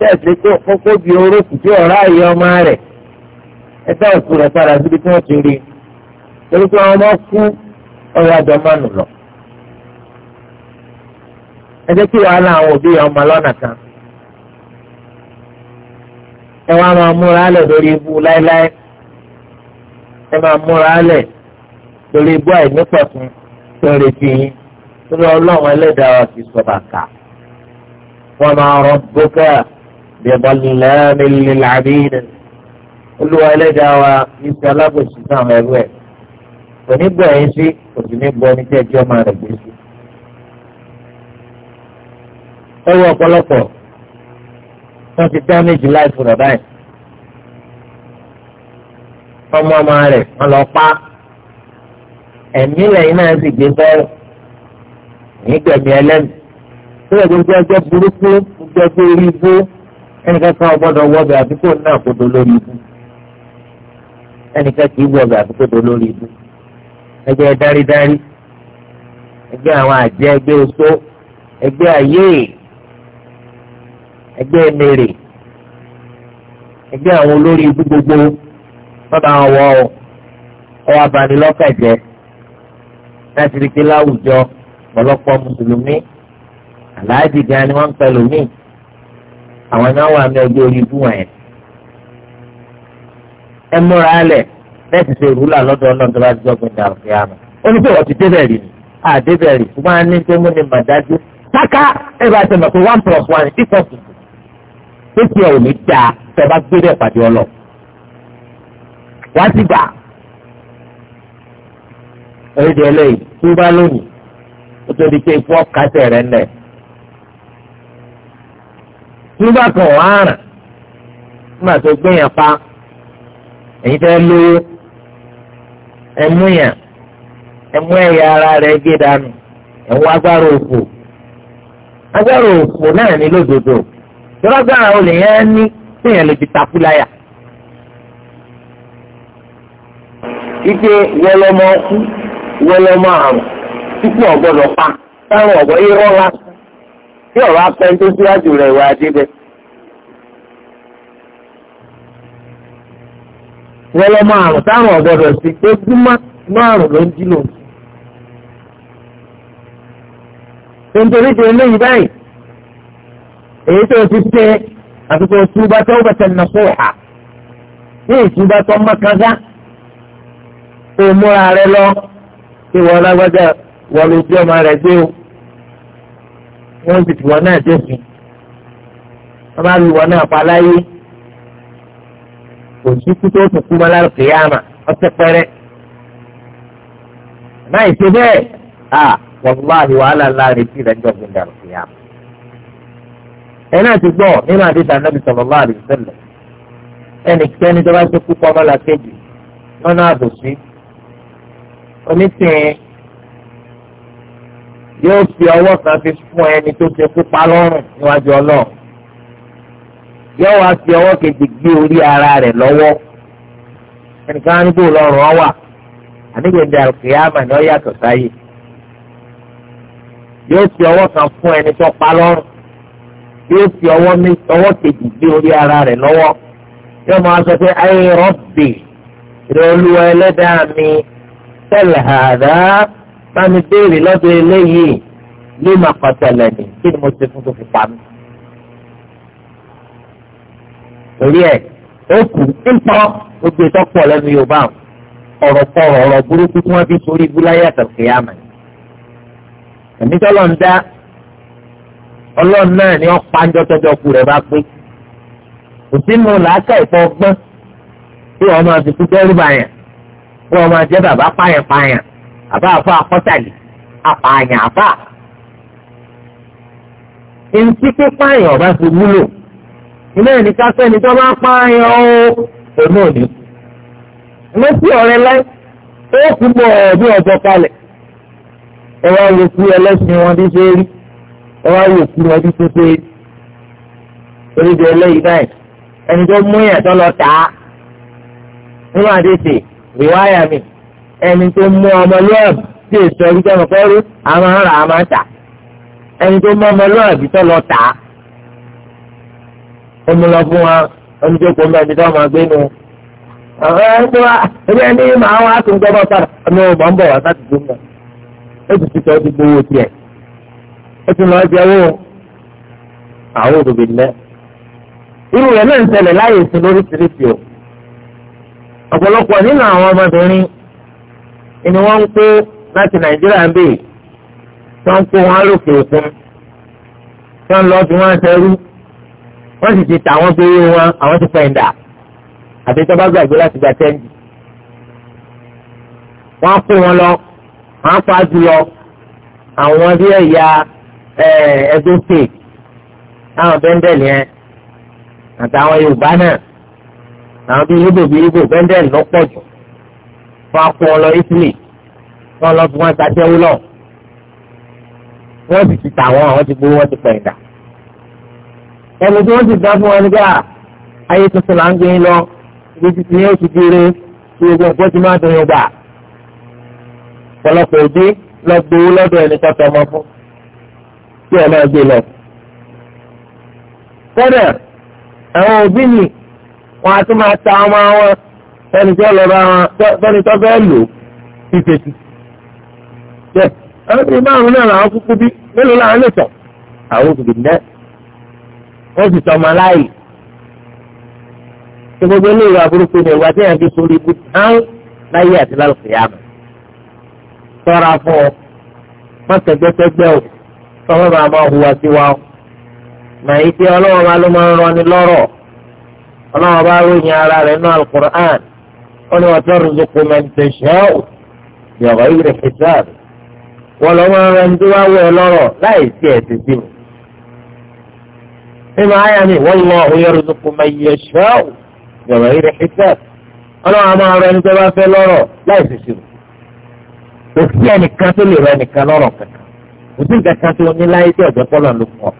tẹ̀sí tó kókó bí orókù tí ọ̀rá ayé ọmọ rẹ̀ ẹ tẹ́ ọ̀sùn rẹ̀ padà síbi tí wọ́n ti rí torí pé ọmọ kú ọ̀rọ̀ àjọmọ́nù lọ ẹ jẹ́ kí wàhálà àwọn òbí ọmọ lọ́nà kan ẹ wá máa múra lẹ̀ lórí ibú láéláé ẹ máa múra lẹ̀ lórí ibú àìnípọ̀tún tó ń retí yín lórí ọlọ́run ẹlẹ́dàá wa ti sọ bàkà wa ma rabbuka bidallamin lil'abid olúwa ẹlẹ́dàá wa iṣẹ́ alábòsí náà ẹrú ẹ̀ kò ní bọ̀ sí kò ní bọ̀ ní tẹ́jọ́ máa rẹ̀ gbé ẹ wọ ọ̀pọ̀lọpọ̀ wọ́n ti damage life rẹ̀ báyìí ọmọ ọmọ rẹ̀ wọ́n lọ pa ẹ̀mí lẹ́yìn náà sì gbé bẹ́ẹ̀ nígbẹ̀mí ẹlẹ́mì sílẹ̀ gbogbo ẹgbẹ́ burúkú gbogbo ẹgbẹ́ orí ibú ẹnìkẹ́kẹ́ ọgbọ́dọ̀ wọ́bẹ̀ àdúgbò náà kó do lórí ibú ẹnìkẹ́kẹ́ ìwú ọbẹ̀ àdúgbò do lórí ibú ẹgbẹ́ dáridári ẹgbẹ́ àwọn àjẹ́ ẹgbẹ́ oṣó ẹgbẹ́ ayé ẹgbẹ́ ẹlẹ́rẹ̀ ẹgbẹ́ àwọn olórí ibú gbogbo bàbá wọ ọwọ́ abanilọ́kàn jẹ́ láti rí i pé láwùjọ ọ̀pọ̀lọpọ̀ mùsùlùmí aláàjì gan ni wọ́n ń pẹ̀lú mí àwọn náà wà ní ọjọ́ orí ibú wọ̀nyẹn. ẹ múra alẹ̀ bẹ́ẹ̀ ti ṣe ìrúlà lọ́dọ̀ ọlọ́run tó bá ti jọ́gbìn ní àwùjọ àmọ́ ó ní pé wọ́n ti débẹ̀ rí ni àdébẹ̀ rí ṣùgbọ́n a ní tó mú ni màdájú. sáká ẹ bá ti mọ̀ pé one plus one equals two tó tiẹ̀ ò ní dáa tẹ́ bá gbé dẹ̀ pàdé ọlọ. wá sí gbà oríṣi eléyìí tó bá lónìí ó tó di pé ikú ọ̀kadà rẹ̀ ń lẹ̀. tó bá kàn wọ́n àràn nígbà tó gbẹ̀yàn pa èyí tẹ́ lówó ẹmú yàn ẹmú ẹ̀yà ara rẹ̀ gé dànù ẹ̀wọ́ agbára òfò agbára òfò náà ní lódodo. tọ́lágbára olè yẹn ní téèyàn lè fi takú láyà. ike wọlọmọ kú wọlọmọ àrùn tupu ọgbọdọ pa táwọn ọgbọ irọ́ la tí ọ̀rọ̀ apẹ́ tó síwájú rẹ̀ wá wọlọmọ àrùn táwọn ọgbọdọ sí pé márùn ló ń èyí tó ti tẹ àtúntò túbà tó bàtà nàṣọ́ọ̀hà ní ìtúbà tó mọ́kànlá kó múra rẹ lọ kí wọ́n lágbájá wọ́n lè fi ọmọ rẹ̀ gbé o wọ́n sì fi wọn náà dẹ́sìn wọ́n bá lu wọn náà pa láyé kò tó kú mọ́ lárúkè yáàmà ọtẹ pẹ́rẹ́ náà ìṣe bẹ́ẹ̀ à wọ́n bá àdìwọ́ àlàlá retí rẹ̀ ń jọ gbẹ̀ngàn lárúkè yáàmà ẹ náà ti gbọ́ nínú àdéhùn anábì sallallahu alaihi wasallam ẹnikẹ́ni tó bá ṣe kú pa ọmọlàkejì lọ́nà àbòsí onítìyẹn yóò fi ọwọ́ kan fi fún ẹni tó ṣe kú pa lọ́rùn níwájú ọlọ́run yóò wá fi ọwọ́ kejì gbé orí ara rẹ̀ lọ́wọ́ ẹnìkan á ní bò lọ́rùn ọ wà ànígbèdè àlùkìyàmà ni ó yàtọ̀ sáyé yóò fi ọwọ́ kan fún ẹni tó pa lọ́rùn yóò fi ọwọ́ kejì gbé orí ara rẹ̀ lọ́wọ́ yóò máa sọ pé ayé rọ́bì rẹ̀ olúwa ẹlẹ́dàá mi tẹ̀lé àdá bámi béèrè lọ́dọ̀ eléyìí ló máa kọ́ tẹ̀lé ni kí ni mo ṣe fún tó fi pa mí. torí ẹ̀ ó kù ńpọ́ gbogbo ìtọ́pọ̀ lẹ́nu yorùbá ọ̀rọ̀ kọ̀ọ̀rọ̀ ọ̀rọ̀ burúkú tí wọ́n fi sórí ibú láyé àtàkùn yá mọ̀ ẹ̀mí tọ́lọ́ ń dá ọlọ́run náà ni ó pa ń jọ́tọ́jọ́ ku rẹ̀ bá pé kò sínú làákà ìfọ́ ọgbọ́n tí wọ́n máa fi kú tẹ́rù báyàn tí wọ́n máa jẹ́ bàbá pààyàn pààyàn àbá àfọ àkọ́tàlì apààyàn àbá. Ntí pípààyàn ọba ti wúlò ilé ẹni káfẹ́ ni tó bá pààyàn ó òun ò ní. Mo sí ọ̀rẹ́ láì ó kú bọ̀ ọ̀dún ọ̀jọ̀ kalẹ̀. Ẹ wá sí ẹlẹ́sìn wọn bí ṣe ẹ wá wò kú ọdún tó pé oríṣi eléyìí báyìí ẹni tó mú yàn tó lọ tà á nínú àdéhìí rìwáyà mi ẹni tó mú ọmọlúwàbí tí èso ẹbí tó mọ̀ pẹ́rú àwọn ará àmà tà ẹni tó mú ọmọlúwàbí tó lọ tà á ó mú lọ fún wa ẹni tó kọ́ mẹ́rin tó máa gbé nu ẹni tó máa wá tó ń gbọ́ bọ́ sára ẹni ò bọ́ ń bọ̀ wá sáà tó ń bọ̀ ẹ ó ti lọ jẹ́wọ́ àwọn òdòdó lẹ́. irú rẹ̀ náà ń ṣẹlẹ̀ láyè sí lóríṣiríṣi o. ọ̀pọ̀lọpọ̀ nínú àwọn ọmọbìnrin ni wọ́n ń kó láti nàìjíríà ń bè tí wọ́n ń kó wọn lókè òkun tí wọ́n lọ fi wọ́n ṣẹrú wọ́n sì ti tà wọ́n pé wọn àwọn ti fẹ̀yìndà àti tí wọ́n bá gbàgbé láti gba tẹ́ǹdì. wọ́n á kó wọn lọ wọ́n á pa á jù lọ àwọn bí ẹ̀yà ẹ̀ẹ́dún state táwọn bẹ́ńdẹ̀lì yẹn àtàwọn yorùbá náà àwọn bíi yíbò bíi yíbò bẹ́ńdẹ̀lì ló pọ̀ jù fún akó wọn lọ Italy fún wọn lọ fún wọn sàtẹ́wó lọ wọ́n sì ti tà wọ́n àwọn ti gbowó wọ́n ti pẹ̀ ìdá ẹni tí wọ́n ti dá fún wọn ni bíi ayé tuntun là ń gbé lọ ibi títí ní oṣù kéré tí gbogbo nǹkan ti máa dùn yín gbà ọ̀pọ̀lọpọ̀ òde lọ gbowó lọ́dọ̀ ẹni tọ́tọ̀ ọmọ fún kí ẹ máa gbé lọ. kódà àwọn òbí mi wọn á tún máa ta ọmọ wọn fẹ́ni tó lọ bá wọn fẹ́ni tó fẹ́ lò fífetí. bẹ́ẹ̀ àwọn ìbí márùn náà làwọn kúkú bí mélòó làwọn lè tọ̀ àwọn òbí náà wọ́n sì tọ́ ọmọ aláì tí gbogbo ilé ìwà burúkú ni ìwà tí yẹn fi sórí ibú táwọn láyé àti lálùfẹ́ yá tọ́ra fún ọ mọ́tẹ́gbẹ́tẹ́gbẹ́ òkú tọ́wọ́ bá máa hùwà sí wa o mà yìí pé ọlọ́wọ́ bá ló máa ń rọni lọ́rọ̀ ọlọ́wọ́ bá ròyìn ara rẹ̀ nínú alukur'an ó ní wọ́n tẹ́ rìndókò mẹ́tẹ̀ṣẹ́ ò yọ̀rọ̀ yìí rẹ̀ hisab wọ́n lọ́ máa ń rẹni tó wá wẹ̀ lọ́rọ̀ láì sí ẹ̀sìn sí mi. nínú àyà mi wọ́n lọ òye rìndókò mẹ́yẹ̀ṣẹ́ ò yọ̀rọ̀ yìí òsì kẹta tó ní láyé tí ọ̀jẹ̀ pọ́lọ̀ ló pọ̀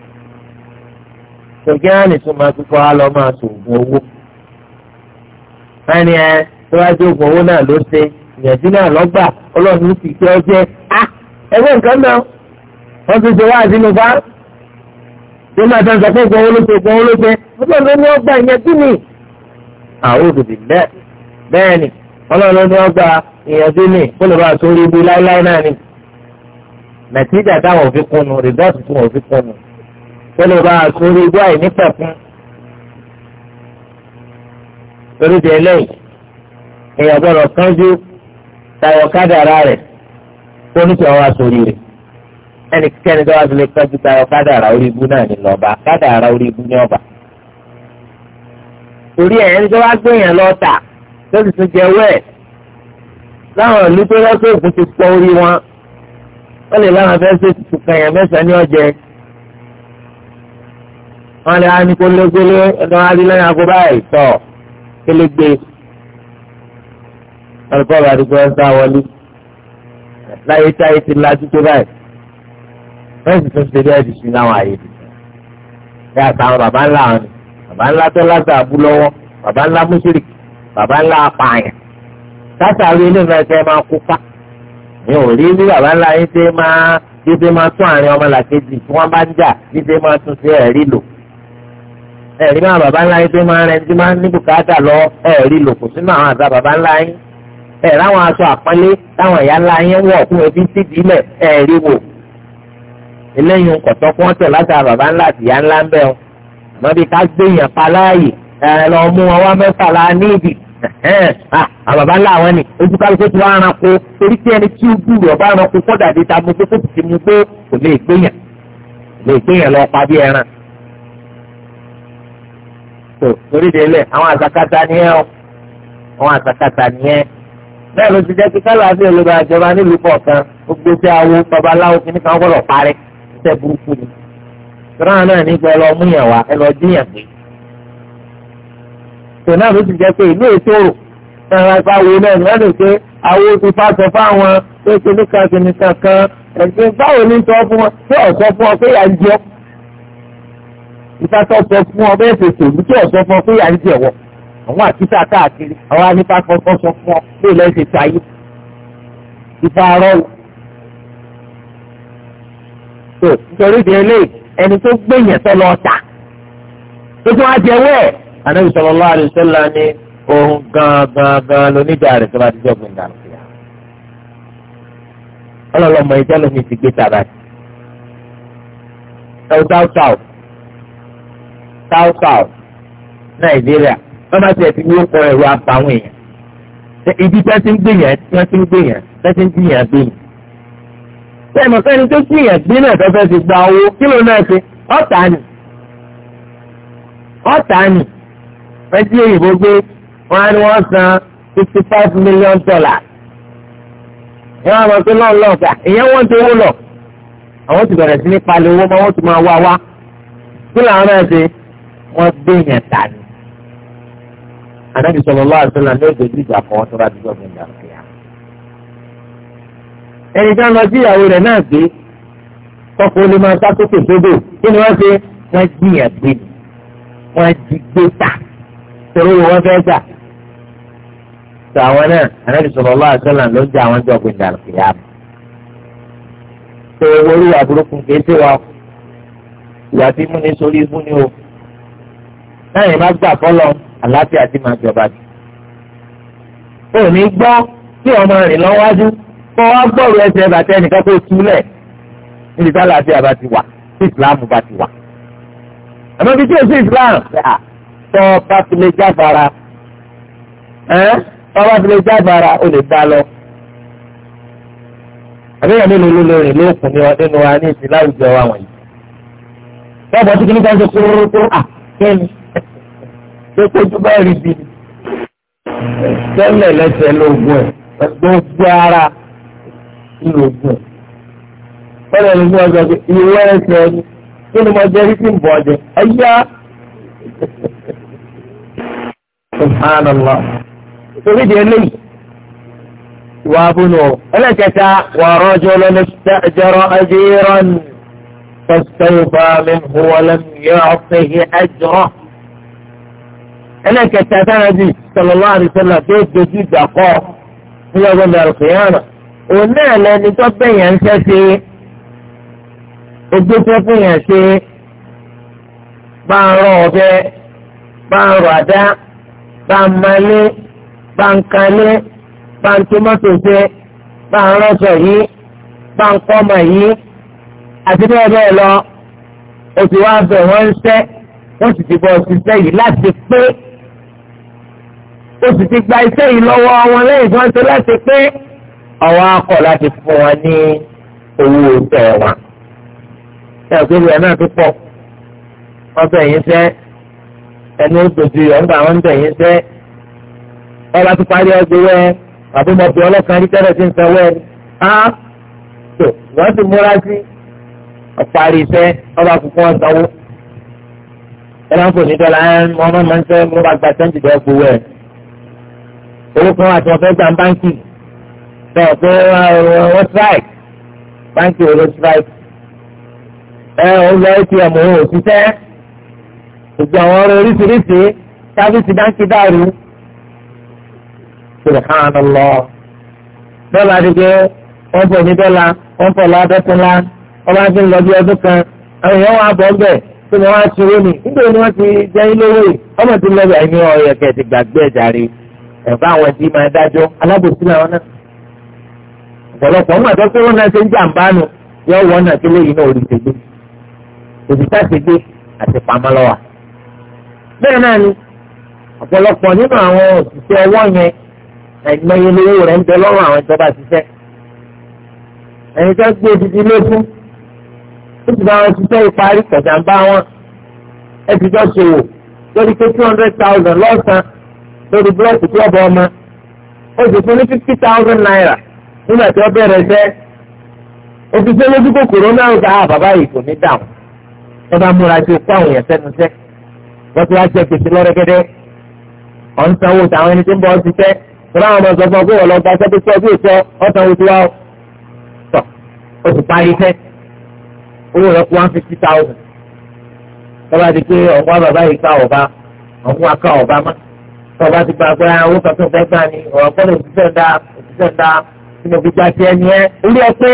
ṣèjẹ́ àlè máa kíkọ́ á lọ máa sọ owó ẹni ẹ tó wá sí oògùn owó náà ló ṣe ìyẹ̀dí náà lọ́gbà ọlọ́run ní kìkẹ́ ọjẹ́ á ẹgbẹ́ nǹkan náà wọ́n ti ṣe wá àdínú bá tó máa tán sọ oògùn owó ló ṣe oògùn owó ló ṣe ọlọ́run ní ọgbà ìyẹ̀dí ni àwọn òdòdì bẹ́ẹ̀ ni ọlọ́run ní ọgbà ìyẹ̀dí ni kó lè bá a sórí ibi láíláí náà ni nàtìjà táwọn òfin kunu rìdọ́ọ̀tì tí wọ́n òfin kunu tó lè bá a sórí igbó àìnípẹ̀ fún. torí di eléyìí èèyàn gbọ́dọ̀ kánjú tayọ kádàrá rẹ̀ tó nítorí ọwọ́ àsórí rẹ̀ ẹnikẹ́ni tó wá sí lè kánjú tayọ kádàrá orí ibú náà ní lọ́ba kádàrá orí ibú ní ọba. torí ẹ̀ ẹni tó wá gbé lọ́ta tó sì tún jẹ wẹ́ẹ̀ láwọn ìlú tó lọ́sọ̀ọ́gùn ti pọ̀ orí wọn wọ́n lè láwọn fẹ́ ṣe tuntun yẹn mẹ́sàn-án ní ọ̀jẹ̀ wọ́n lè á ní kó légbélé ẹni wọ́n á rí lẹ́yìn agogo báyìí tọ̀ kélégbé ọ̀rùkọ́ bá ẹ̀ ń sá wọlé láyé táyé ti lajú tó báyìí wọ́n sì tún ṣe bẹ́ẹ̀ di sí láwọn àyè dì bí àtàwọn bàbá ńlá wọn ni bàbá ńlá tó lásà abú lọ́wọ́ bàbá ńlá mùsùlùmí bàbá ńlá apààyàn látàrí ilé ìfẹ́ máa mi ò rí bí bàbá ńlá yín ṣe máa bí ṣe máa tún àárín ọmọlàkejì tí wọ́n bá ń jà bí ṣe máa tún ṣe ẹ̀rí lò ẹ̀rí máa bàbá ńlá yín ṣe máa rẹ ti máa ń ní bùkátà lọ ẹ̀rí lò kò sínú àwọn àgbà bàbá ńlá yín ẹ̀rí àwọn aṣọ àpọ́nlé táwọn ìyá ńlá yín wọ̀ fún ẹbí síbi ilẹ̀ ẹ̀rí wò eléyìí kọ̀tọ́ kí wọ́n látara bàbá ńlá àti ìyá àbàbá láwọn ni ojú kálukú ti wá aranko torí tí ẹni tí ó dúró ọba aranko kọ́dà dé ta mo pé kó ti mu pé kò lè gbéyàn lè gbéyàn lọ pa bí ẹran. tó torí délẹ̀ àwọn àsakata ni ẹ o àwọn àsakata ni ẹ bẹ́ẹ̀ ló ti jẹ́ pé kálàáfíà ló bá jọba nílùú kọ̀ọ̀kan gbogbo tí awo babaláwo kìíní kan gbọ́dọ̀ parí iṣẹ́ burúkú ni. sọ́nà náà nígbà ẹ lọ mú yàn wá ẹ lọ dín yàn pé tò ló ti jẹ́ pé ìlú ètò ẹ̀rọ ìpawò náà ni wọ́n lè ṣe àwọn òkúta sọ fáwọn pé kìnnìkan kìnnìkan kan ẹ̀sìn báwo ni sọ fún wọn pé ọ̀sọ́ fún ọ pé yà ń jẹ́ ìfàtọ̀ sọ fún ọ bẹ́ẹ̀ fèsì òbí tí ọ̀sọ́ fún ọ pé yà ń jẹ̀wọ́ àwọn àtúntà káàkiri àwọn anípa kọ̀ọ̀kan sọ fún ọ pé ilẹ̀ ṣe ṣayé ìfarọ́ tó nítorí ìdílé ẹni tó gbẹ̀yẹ̀ tó lọ ta tó tún á jẹ́wọ́ ẹ̀ anabi sallallahu alaihi wasallam ni ohun gangan lóníjà rẹ̀ tó bá ti jọgbìn dànù fìyà ọlọlọmọ ìjà lómi ti gbé tàbá yìí ẹwù táwùtáwù táwùtáwù nàìjíríà wọn bá tiẹ̀ ti wí ọkọ ẹ̀rọ àbáwọn èèyàn ibi tí wọ́n ti ń gbìyàn tí wọ́n ti ń gbìyàn tí wọ́n ti ń gbìyàn gbìyàn bẹ́ẹ̀ mọ̀ sẹ́ni tó gbìyàn gbé náà tó fẹ́ fi gba owó kílò náà ṣe ọ̀tá ni ọ̀tá ni wọ́n jí òyìnbó gbé wọ́n á ní wọ́n san fifty five million dollars wọ́n á mọ̀ pé lọ́ọ̀ lọ́ọ̀ fà ìyẹn wọ́n ti wó lọ àwọn ti bẹ̀rẹ̀ sí ní palẹ̀ owó mọ́ wọ́n ti máa wá wá kí làwọn náà ṣe wọ́n gbé yẹn tà ní. Ànábì sallallahu alaihi wasallam ní òjòjú ìgbà kan wọ́n tó bá dúró fún ìgbà kìíyà. ẹni tí wọ́n lọ sí ìyàwó rẹ̀ náà gbé tọ́kọ olè máa sá sókè sódò kí ni wọ́n ṣe wọ́n jí yẹn gbé ni wọ́n jí gbé tà torí wọn fẹ́ gbà tó àwọn náà ànábì sallallahu alaihi wasallam ló ń jẹ àwọn jọ gbẹdà ìyá mi tó orí àbúrúkú kìí ṣe wa ìyá tí múni sórí múni o náà yẹn má gbà fọlọ àlàáfíà tí máa jọba jù ò ní gbọ́ kí ọmọ rìn lọ́wájú kó wá gbọ́rù ẹsẹ̀ bàtà ẹnìkan tó túlẹ̀ níbi tá àlàáfíà bá ti wà tí ìsìláàmù bá ti wà àmọ́ bí tí o sí ìsìláàmù tọ́ bá fi lè jábàrà ẹ́ tọ́ bá fi lè jábàrà o lè bá lọ. àbíyàn mélòó ló lè rìn lóòkùn ní ọdún wa ní ìsìn láwùjọ wa wọ̀nyí. bẹ́ẹ̀ bọ́ sí kí ní ká ṣe kúrúkúrú à kẹ́ni tó tójú bá rí bi tẹ́lẹ̀ lẹ́sẹ̀ lóògùn ẹ̀ gbogbo ara lóògùn ẹ̀ tẹ́lẹ̀ lóògùn ọjọ́ ìwé ẹsẹ̀ ẹni kí ni mo jẹ́ rí sí ń bọ̀ ẹ̀yá. سبحان الله فهدي لي وابنو ألكتا ورجل استأجر أجيرا فاستوفى منه ولم يعطه أجره ألكتا فهدي صلى الله عليه وسلم بيت جديد أقوه في يوم القيامة ونا لن تبين انت ojú tó fún yẹn ṣe máa ń rán pàmàlé pàǹkàlé pàǹtòmọ́tòṣe pàǹrọ̀sọ̀ yìí pàǹkọ́mọ̀ yìí àti bẹ́ẹ̀ bẹ́ẹ̀ lọ oṣù wa bẹ̀ wọ́n ń sẹ́ wọ́n sì ti bọ̀ ṣiṣẹ́ yìí láti pé oṣù ti gba iṣẹ́ yìí lọ́wọ́ wọn lẹ́yìn tí wọ́n ṣe láti pé ọwọ́ akọ̀ láti fún wọn ní owó oṣù ẹ̀wọ̀n. ẹ̀ ọ́ pé ìrìn náà ti pọ̀ wọ́n fẹ̀yìn sẹ́ẹ́ ẹni ó dojú yọ ńgbà wọn ń tẹ̀yìn sẹ́ ọba ti parí ọgbẹ́ wẹ́ àbí mo fi ọlọ́kan rí tẹ́lẹ̀ tí ń sọ wẹ́ á tó wọ́n ti múra sí ọ̀parí iṣẹ́ ọba kúkú wọn sanwó ẹ máa ń fò ní dọ́là ẹ mọ ọmọ máa ń sẹ́ mo bá gba sẹ́ńtì dẹ́ gbowó ẹ̀ owó kan àti ọ̀fẹ́ gbà ń báńkì bẹ́ẹ̀ pé wọ́n strike báńkì ò lọ strike ẹ ò atm òun ò ṣiṣẹ́ gbogbo àwọn ọ̀rọ̀ oríṣiríṣi sábìsì dáńkì dàrú subhanallah dọ́là àdìgẹ́ wọ́n bọ̀ ní dọ́là wọ́n bọ̀ ládọ́túnlá wọ́n bá ti ń lọ bí ọdún kan àwọn èèyàn wà bọ̀ ọ́bẹ̀ tó ni wọ́n á ti ró ni nítorí ni wọ́n ti jẹ́ ilówó yìí ọmọ ti lọ́ọ̀bì àìní ọ̀yọ̀ kẹ̀ ti gbàgbé ẹ̀jà rí ẹ̀fọ́ àwọn tí máa dájọ́ alábòsí làwọn náà ọ̀pọ̀lọpọ̀ wọn àtọ́ pé wọ́n náà ṣe ń jàǹbá nù yọ wọ́n náà kí lóyìn náà ò bẹ́ẹ̀ náà ni ọ̀pọ̀lọpọ̀ nínú àwọn òṣìṣẹ́ ọwọ́ yẹn àìmọye lówó rẹ̀ ń bẹ lọ́rùn àwọn ìjọba ṣiṣẹ́ ẹ̀yin tó gbé odidi lé fún ó ti bá wọn ṣiṣẹ́ ìparí kọ̀jà wọn ẹ ti jọ ṣòwò lórí pé two hundred thousand lọ́sàn lórí búlọ́ọ̀kì kílọ̀bù ọmọ ó sì fún ní fifty thousand naira nígbà tí ó bẹ̀rẹ̀ ṣẹ́ òṣìṣẹ́ lójú kòkòrò náà ń ah, bàbá yìí kò ní dààmú ẹ bá múra sí okú àwọn sẹ́nu sẹ́nu wọ́n ti wá jẹ gbèsè lọ́rẹ́gẹ́dẹ́ ọ̀n sanwó táwọn ẹni tí ń bọ̀ ọ́ ti tẹ́ tọ́lá àwọn ọmọ sọ fún ọ pé wọ́n lọ gba iṣẹ́ tó tọ́ bí èso ọ̀ sanwó ti wá ọ tọ̀ o sì parí iṣẹ́ owó rẹ̀ kú one fifty thousand tọ́ba ti pé ọ̀pá bàbá yìí ká ọ̀bá ọ̀hún aká ọ̀bá má tọ́ba ti gba pé owó kan tó fẹ́ gbà ní ọ̀rọ̀ pọ́lọ̀ òṣìṣẹ́ ńdá òṣìṣẹ́ ńdá nínú gbígbà tiẹ̀ ni ẹ́ orí ẹ pé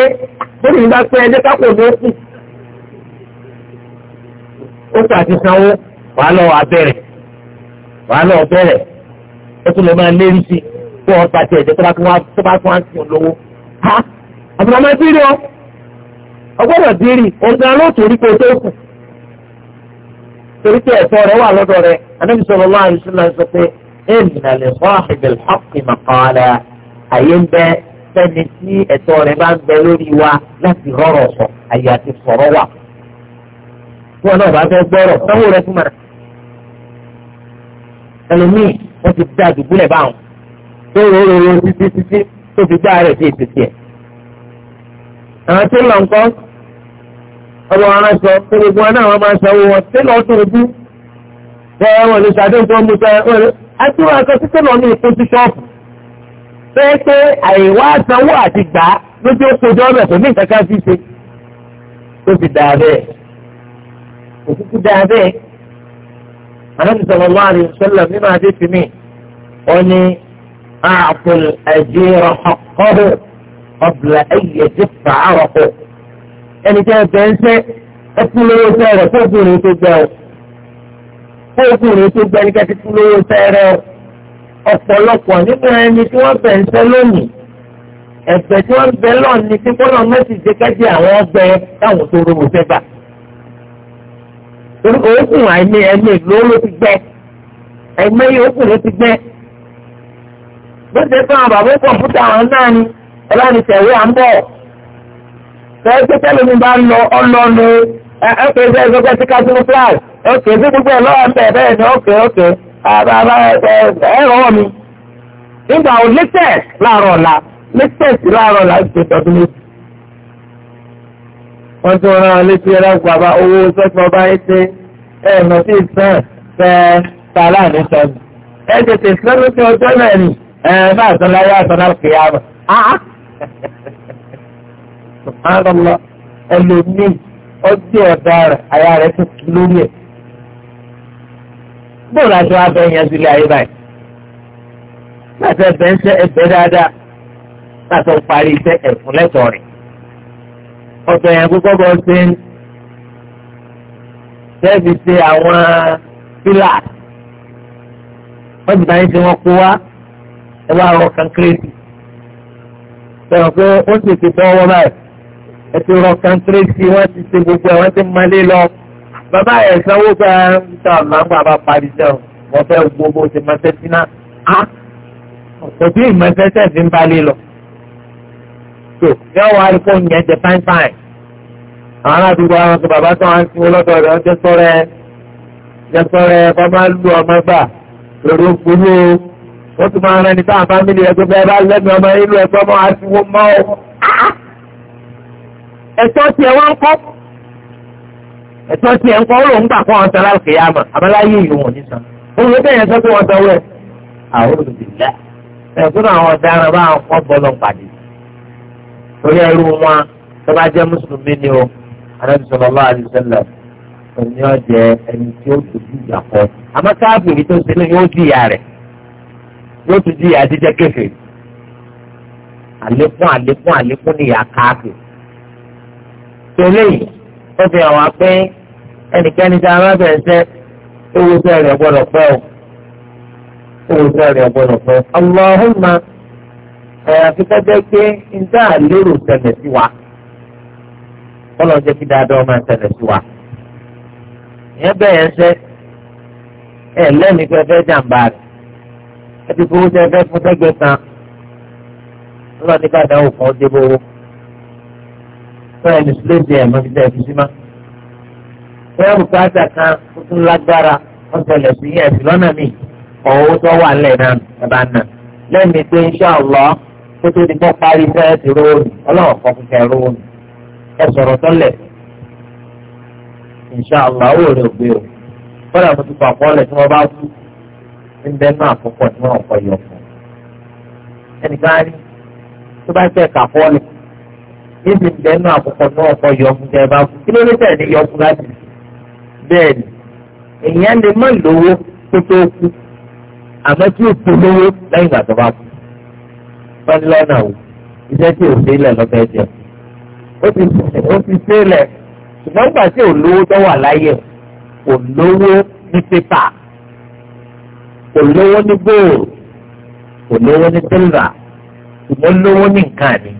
bóyá ìgbà pé ẹ ní kápò ní ó kù ó kà ti sanwó wàá lọ abẹ́rẹ́ wàá lọ abẹ́rẹ́ ó tún lè máa lérí sí kó wọn pàṣẹ ẹ̀jẹ̀ tó bá tún wá tó bá tún wá sí olówó. ha àbúrò máa bí rí ọ ọgbọ́dọ̀ bí rí ọ̀gá ló torí pé tó kù torí pé ẹ̀tọ́ rẹ wà lọ́dọ̀ rẹ anábì sọ̀rọ̀ lọ́wọ́ àdìsí náà sọ pé èèmìnà lè fọ́ àfẹ́bẹ̀ ọ̀kì màkàlà àyè ń bẹ fẹ́ni tí ẹ̀tọ́ rẹ bá ń bẹ lórí wa láti rọrọ̀ sọ àyè àti sọ̀rọ̀ wà. tí wọn náà bá fẹ́ gbọ́rọ̀ sanwó rẹ fún màrà ẹlòmíì wọ́n ti dá àdùgbúlẹ̀ báwọn tó rò rò rò títí títí tó fi gbá rẹ̀ sí ìtìtì ẹ̀. àwọn tí lọ nǹkan ọmọ ara sọ pé gbogbo wọn náà wọn máa sanwó wọn tí lọ tó rúbú bẹ́ẹ̀ wọn lè ṣàdéhùn tó ń mú sẹ́yìn wọn lè àti wọn àti títí lọ ní ìpín sí ṣọ́ọ̀fù pé pé àìwá sanwó àti gbà lójú ó kojú ọ̀rẹ́ tó ní nǹkan ká fi ṣe tó fi dà bẹ́ẹ̀ òkúkú dà bẹ́ẹ̀ anabi sallallahu alayhi wa sallam nínú àdéhùn mi ó ní àpòl àjẹrò ọkọọhù ọbìlà ẹyẹ ti fà á rọpò ẹni tí a bẹ ń sẹ ẹ kú lówó sẹrẹ fóòkùnrin tó gbẹ o fóòkùnrin tó gbẹ ní ká ti kú lówó sẹrẹ o nínú ẹni tí wọ́n bẹ̀ ń lónìí ẹ̀bẹ̀ tí wọ́n bẹ̀ lọ́ọ̀ ni tí bọ́lá mẹ́sì jẹ́ àwọn ọgbẹ́ táwọn tó rówó sẹ́gbà. orúkọ òkun àìmé ìlú ló ti gbẹ òkun ló ti gbẹ. fún àwọn náà ni à ń bọ̀. bá ń lọ bí gbogbo ẹ̀ lọ́wọ́ ń bẹ̀ bẹ́ẹ̀ ni mi. nígbà wo láàárọ̀ ọ̀la láàárọ̀ ọ̀la wọ́n tún rán ọ létí ẹlẹ́kùn bàbá owó sọ́tún ọba yín ṣe ẹ̀ mọ̀ sí ìsàn fẹ́ tààlà ní sọ́ọ̀bù. ẹ tètè sọ́dún sí ọjọ́ náà ni ẹ bá àtún láyé àtún náà fi yá mọ̀. sùpàlọ́lọ́ ẹlòmíì ọjọ́ ọ̀daràn àyà rẹ̀ tó kí lórí ẹ̀. bóòlù aṣọ abẹ yẹn sílé ayé báyìí. láti ẹbẹ̀ ń ṣe ẹbẹ̀ dáadáa láti parí iṣẹ́ ẹ̀fúnlẹ́tọ̀ rẹ̀ ọ̀dọ̀ yẹn kókó bọ́ ṣe ń tẹ́ẹ̀fì ṣe àwọn pílà wọ́n ti báyìí ṣe wọ́n kó wá ẹ wá rọ kankireti sọ̀rọ̀ pé ó sì ti tọ́ wọ́n báyìí ẹ ti rọ kankireti wọ́n ti ṣe gbogbo ẹ̀ wọ́n ti malé lọ bàbá ẹ̀ sanwó gba níta màmú àbá parí sẹ́wọ̀n wọ́n fẹ́ gbogbo ṣe máa tẹ́tí náà á ah, òbí ìmọ̀tẹ́tẹ́ fi ń balẹ̀ lọ. yọ wá rí fóònù yẹn jẹ fáin àwọn aládùúgbò àwọn tó bàbá tó wọn ti wọ lọ́dọ̀ rẹ̀ ọjọ́ sọ́rẹ́ ọjọ́ sọ́rẹ́ bá máa lu ọmọ gbà lórí ògbóló wọ́n tún máa rẹ́ni táwọn fámìlì ẹgbẹ́ bẹ́ẹ̀ bá lẹ́nu ọmọ ìlú ẹgbẹ́ ọmọ àti wọn mọ́ ọ. ẹ̀tọ́ tiẹ̀ wọ́n ń kọ́ ẹ̀tọ́ tiẹ̀ ń kọ́ ó lòún gbà fún ọ̀hún sọ́lá òkè yá mọ̀ àbáláyé ìlú wọn ní sàn. òun ló bẹ̀yẹn sọ pé wọ́n sọ wẹ̀ àwọn olùdílé ẹ̀kún àwọn ọ̀daràn bá wọn kọ́ bọ́ọ̀lù pàdé torí ẹrú wọn tó bá jẹ́ mùsùlùmí ni o anábì sallallahu alaihi wasallam òní ọ̀jẹ̀ ẹni tí ó dojú ìyà kọ́ àmọ́ káàbìrì tó ṣe yóò di ìyà rẹ̀ yóò tún di ìyà jíjẹ́ kéfè àlékún àlékún àlékún ní ìyà káàbì tẹ́lẹ̀ yìí ó fi hàn wá pé ẹnikẹ́ni tá a bá bẹ̀rẹ̀ sẹ́ ewu sẹ́ rẹ̀ gbọ́dọ̀ pẹ́ o ewu sẹ́ rẹ̀ gbọ́dọ̀ pẹ́ Allahumma ẹ̀yà fi kẹ́jẹ́ pé ń dá àlérò sẹlẹ̀ sí wa kọ́lọ̀ jẹ́ kí dáadáa máa ṣẹlẹ̀ sí wa. ìyẹn bẹ́ẹ̀ ń ṣe ẹ lẹ́nu pé fẹ́ jàǹbá rẹ̀ ẹ ti fowó tẹ fẹ́ fún sẹ́gbẹ̀ẹ́ kan lọ́wọ́ ní bàdá òfin ọdẹ bowó fún ẹni sílẹ̀sì ẹ̀ mọ́bí tẹ̀ fi sí ma. fẹ́ẹ́ bùkátà kan ó tún lágbára wọ́n ṣẹlẹ̀ sí yẹn sí lọ́nà mi ọ̀hún tó wà lẹ̀ náà ẹ̀ nà lẹ́nu pé insha Allah kó tó kọ́ parí fẹ́ẹ́ ti rówó ni ọlọ́wọ́ kọ́ fún kẹ́ rówó ni ẹ sọ̀rọ̀ tọ́lẹ̀ ìṣàlá owó rẹ̀ ò gbé o kọ́lá mo ti kọ́ àkọọ́lẹ̀ tí wọ́n bá kú ń bẹ́ẹ̀ náà àkọ́kọ́ tí wọ́n kọ́ yọ fún un ẹnìkan á ní tó bá fẹ́ kà fọ́ọ̀lẹ̀ níbi ìbẹ́nu àkọ́kọ́ náà kọ́ yọ fún jẹ́ bá fún kí ló lè tẹ̀lé yọ fún láti bẹ́ẹ̀ ni èèyàn lè má lówó tó tó kú àmọ́ tí ó kú lówó lẹ́yìn ìgbà bá kú wọ́n ní lọ́nà o iṣẹ́ tí ò sí ilẹ̀ lọ́fẹ́ jẹun ó ti sẹ́lẹ̀ ṣùgbọ́n nígbà tí ò lówó tó wà láyé kò lówó ní pépà kò lówó ní góòlù kò lówó ní sílvà ṣùgbọ́n lówó ní nǹkan ni.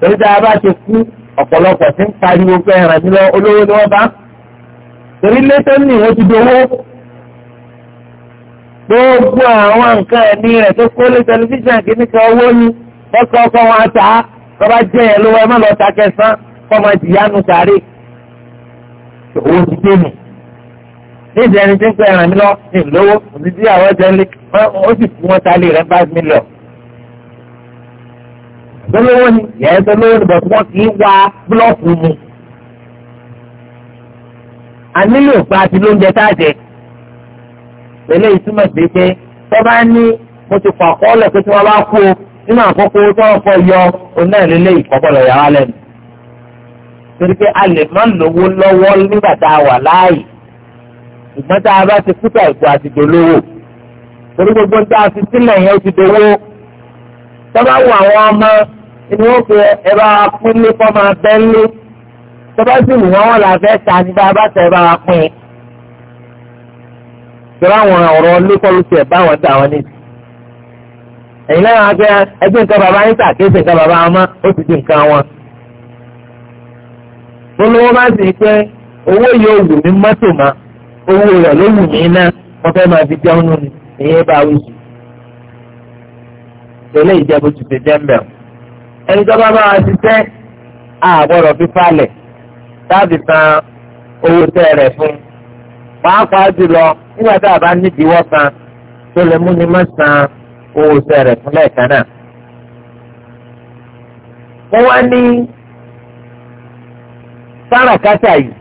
torí tá a bá ti kú ọ̀pọ̀lọpọ̀ tí ń pariwo pé ẹ̀ràn mi lọ olówó ni wọ́n bá torí létọ́ ní ìwọ́n ti dowó gbogbo àwọn nǹkan ẹ̀mí rẹ̀ tó kó lé tẹlifíṣàn kìíní kan owó ni wọ́n kọ́ ọkọ wọn àtà á tọ́ba jẹ́ yẹn lówó ẹ má lọ ta kẹsàn-án kọ́mọ ti yánu sáré owó ti dé nù. ní ìdí ẹni tí ń pẹ́ ẹ̀ràn mi lọ ní ìlówó òbí tí àwọn ẹ̀jẹ̀ lé ó sì fún wọn talé rẹ̀ five million. tolówó ni yẹn tolówó ni bọ̀tú wọn kì í wá búlọ́ọ̀kù mu. a nílò pa àti lóúnjẹ tá a jẹ. pẹ̀lú ìtumọ̀ sí pé tọ́ba ní mo ti fọ àkọọ́lẹ̀ pé tí wọ́n bá kú o nínú àkókò tó ọkọ yọ onáìlélẹ ìkọkọlọ yàrá lẹ́nu torí pé a lè má lówó lọ́wọ́ nígbà tá a wà láàyè ìgbọ́n tá a bá ti kúta ìkó àti dolówó torí gbogbo tá a fi sílẹ̀ yẹn ti dowó tọ́ba wo àwọn ọmọ inú ó pe ẹ bá wa pín tọ́ba sì wù wọ́n wọn là ta ní bá a bá tẹ̀ ẹ bá wa àwọn ọ̀rọ̀ lé kọ́ ló tiẹ̀ bá wọn dà wọn níbi ẹ̀yin náà wá pé ẹgbẹ́ nǹkan bàbá yín sàkéèsì nǹkan bàbá wọn ó ti di nǹkan wọn. olówó bá sì pé owó yóò wù mí mọ́tò mọ́ owó rẹ̀ ló wù mí ná wọ́n fẹ́ máa fi jẹun nù ní ìyẹn bá wù sí. tẹ̀lé ìjẹ́bù ti ṣe jẹ́ńbẹ̀ o. ẹni tó bá san owó tẹ́ rẹ̀ fún pàápàá jùlọ nígbà tá a bá nídìíwọ́ kan tó lè múni má san owó iṣẹ́ rẹ̀ fún lẹ́ẹ̀kan náà. wọ́n wá ní káràkátà yìí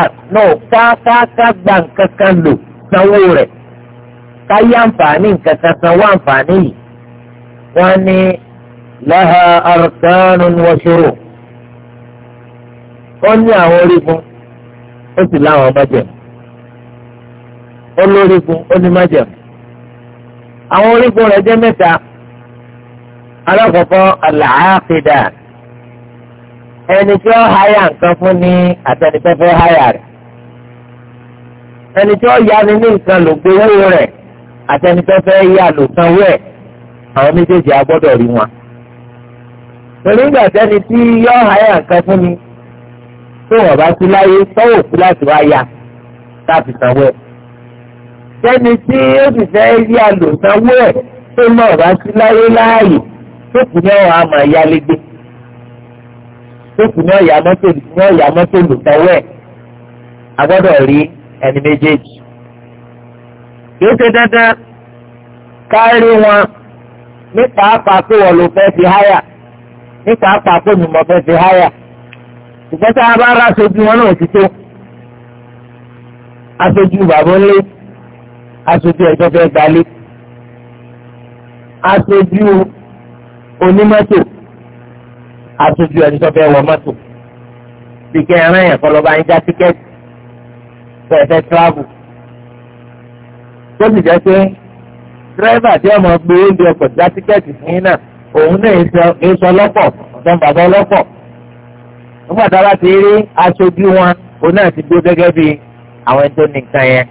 ah, náà kákáká gba nǹkan kan lò sanwó rẹ̀ ká yá nǹkan kan sanwó àǹfààní yìí wọ́n ní lẹ́hà arkanun wa shuru ó ní àwọn orígun ó sì láwọn májẹ̀mú ó lórígun ó ní májẹ̀mú àwọn orígun rẹ̀ jẹ́ mẹ́ta alákọ̀ọ́kọ́ àlàáfíà ẹni tí ó háyà nǹkan fún ni àtẹnitẹ́fẹ́ háyà rẹ̀ ẹni tí ó yá ni ní nǹkan lògbówó rẹ̀ àtẹnitẹ́fẹ́ yá lòsanwó ẹ̀ àwọn méjèèjì a gbọ́dọ̀ rí wọn. pẹ̀lú ìgbà tẹ́ni tí yọ háyà nǹkan fún mi tó wọ́n bá sí láyé tọ́wọ́ kú láti wá yá láti sanwó ẹ̀ sẹ́ni tí ó sì fẹ́ rí àlòsánwó ẹ̀ tó náà bá sí láyé láàyè tó kù ní ọ̀hún àmọ̀ ìyálégbé tó kù ní ọ̀yà mọ́tò lòsánwó ẹ̀ a gbọ́dọ̀ rí ẹni méjèèjì. yóò ṣe dandan kárí wọn ní pàápàá pé wọ́n ló fẹ́ fi háyà ní pàápàá pé mi mọ̀ fẹ́ fi háyà ṣùgbọ́n tá a bá rà aṣojú wọn náà ti tó aṣojú bàbá ńlẹ́ aṣojú ẹjọ́ fẹ́ gbalé aṣojú onímọ́tò aṣojú ẹni tó fẹ́ wọ mọ́tò bí kẹ́ ẹran yẹn kọ́ lọ́ba yín já tíkẹ́ẹ̀tì fẹ́ fẹ́ tíráàbù tó sì jẹ́ pé dírẹ́fà tí ọmọ gbé oúnjẹ ọkọ̀ já tíkẹ́ẹ̀tì fún yín náà òun náà ń sọ lọ́pọ̀ ọ̀sán bàbá ọlọ́pọ̀ nígbà tá a bá ti rí aṣojú wọn òun náà ti dúró gẹ́gẹ́ bí àwọn ẹni tó ní nǹkan yẹn.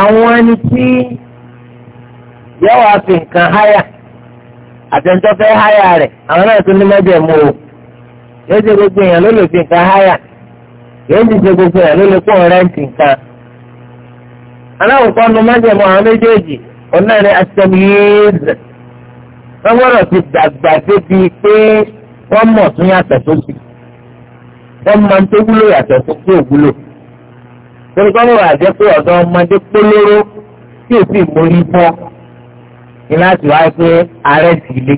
àwọn ẹni tí yóò wá fi nǹkan háyà àtẹnudọ́ fẹ́ háyà rẹ̀ àwọn náà tún ní o yóò ṣe gbogbo èèyàn ló lè fi nǹkan háyà yóò sì ṣe gbogbo èèyàn ló lè kó rẹ́ǹtì nǹkan. aláwòkọ́ nu mẹ́jẹ̀mú àwọn méjèèjì òun náà ní asẹ́miyéèzì wọ́n ti dàgbà débi pé wọ́n mọ̀ tún yàtọ̀ wọ́n mọ̀ wúlò torí kọ́ lóra àjẹ́ pé ọ̀dọ́ ọmọdé pólóró tí ò sì mórí bọ́ ni láti wáyé pé ààrẹ sì lé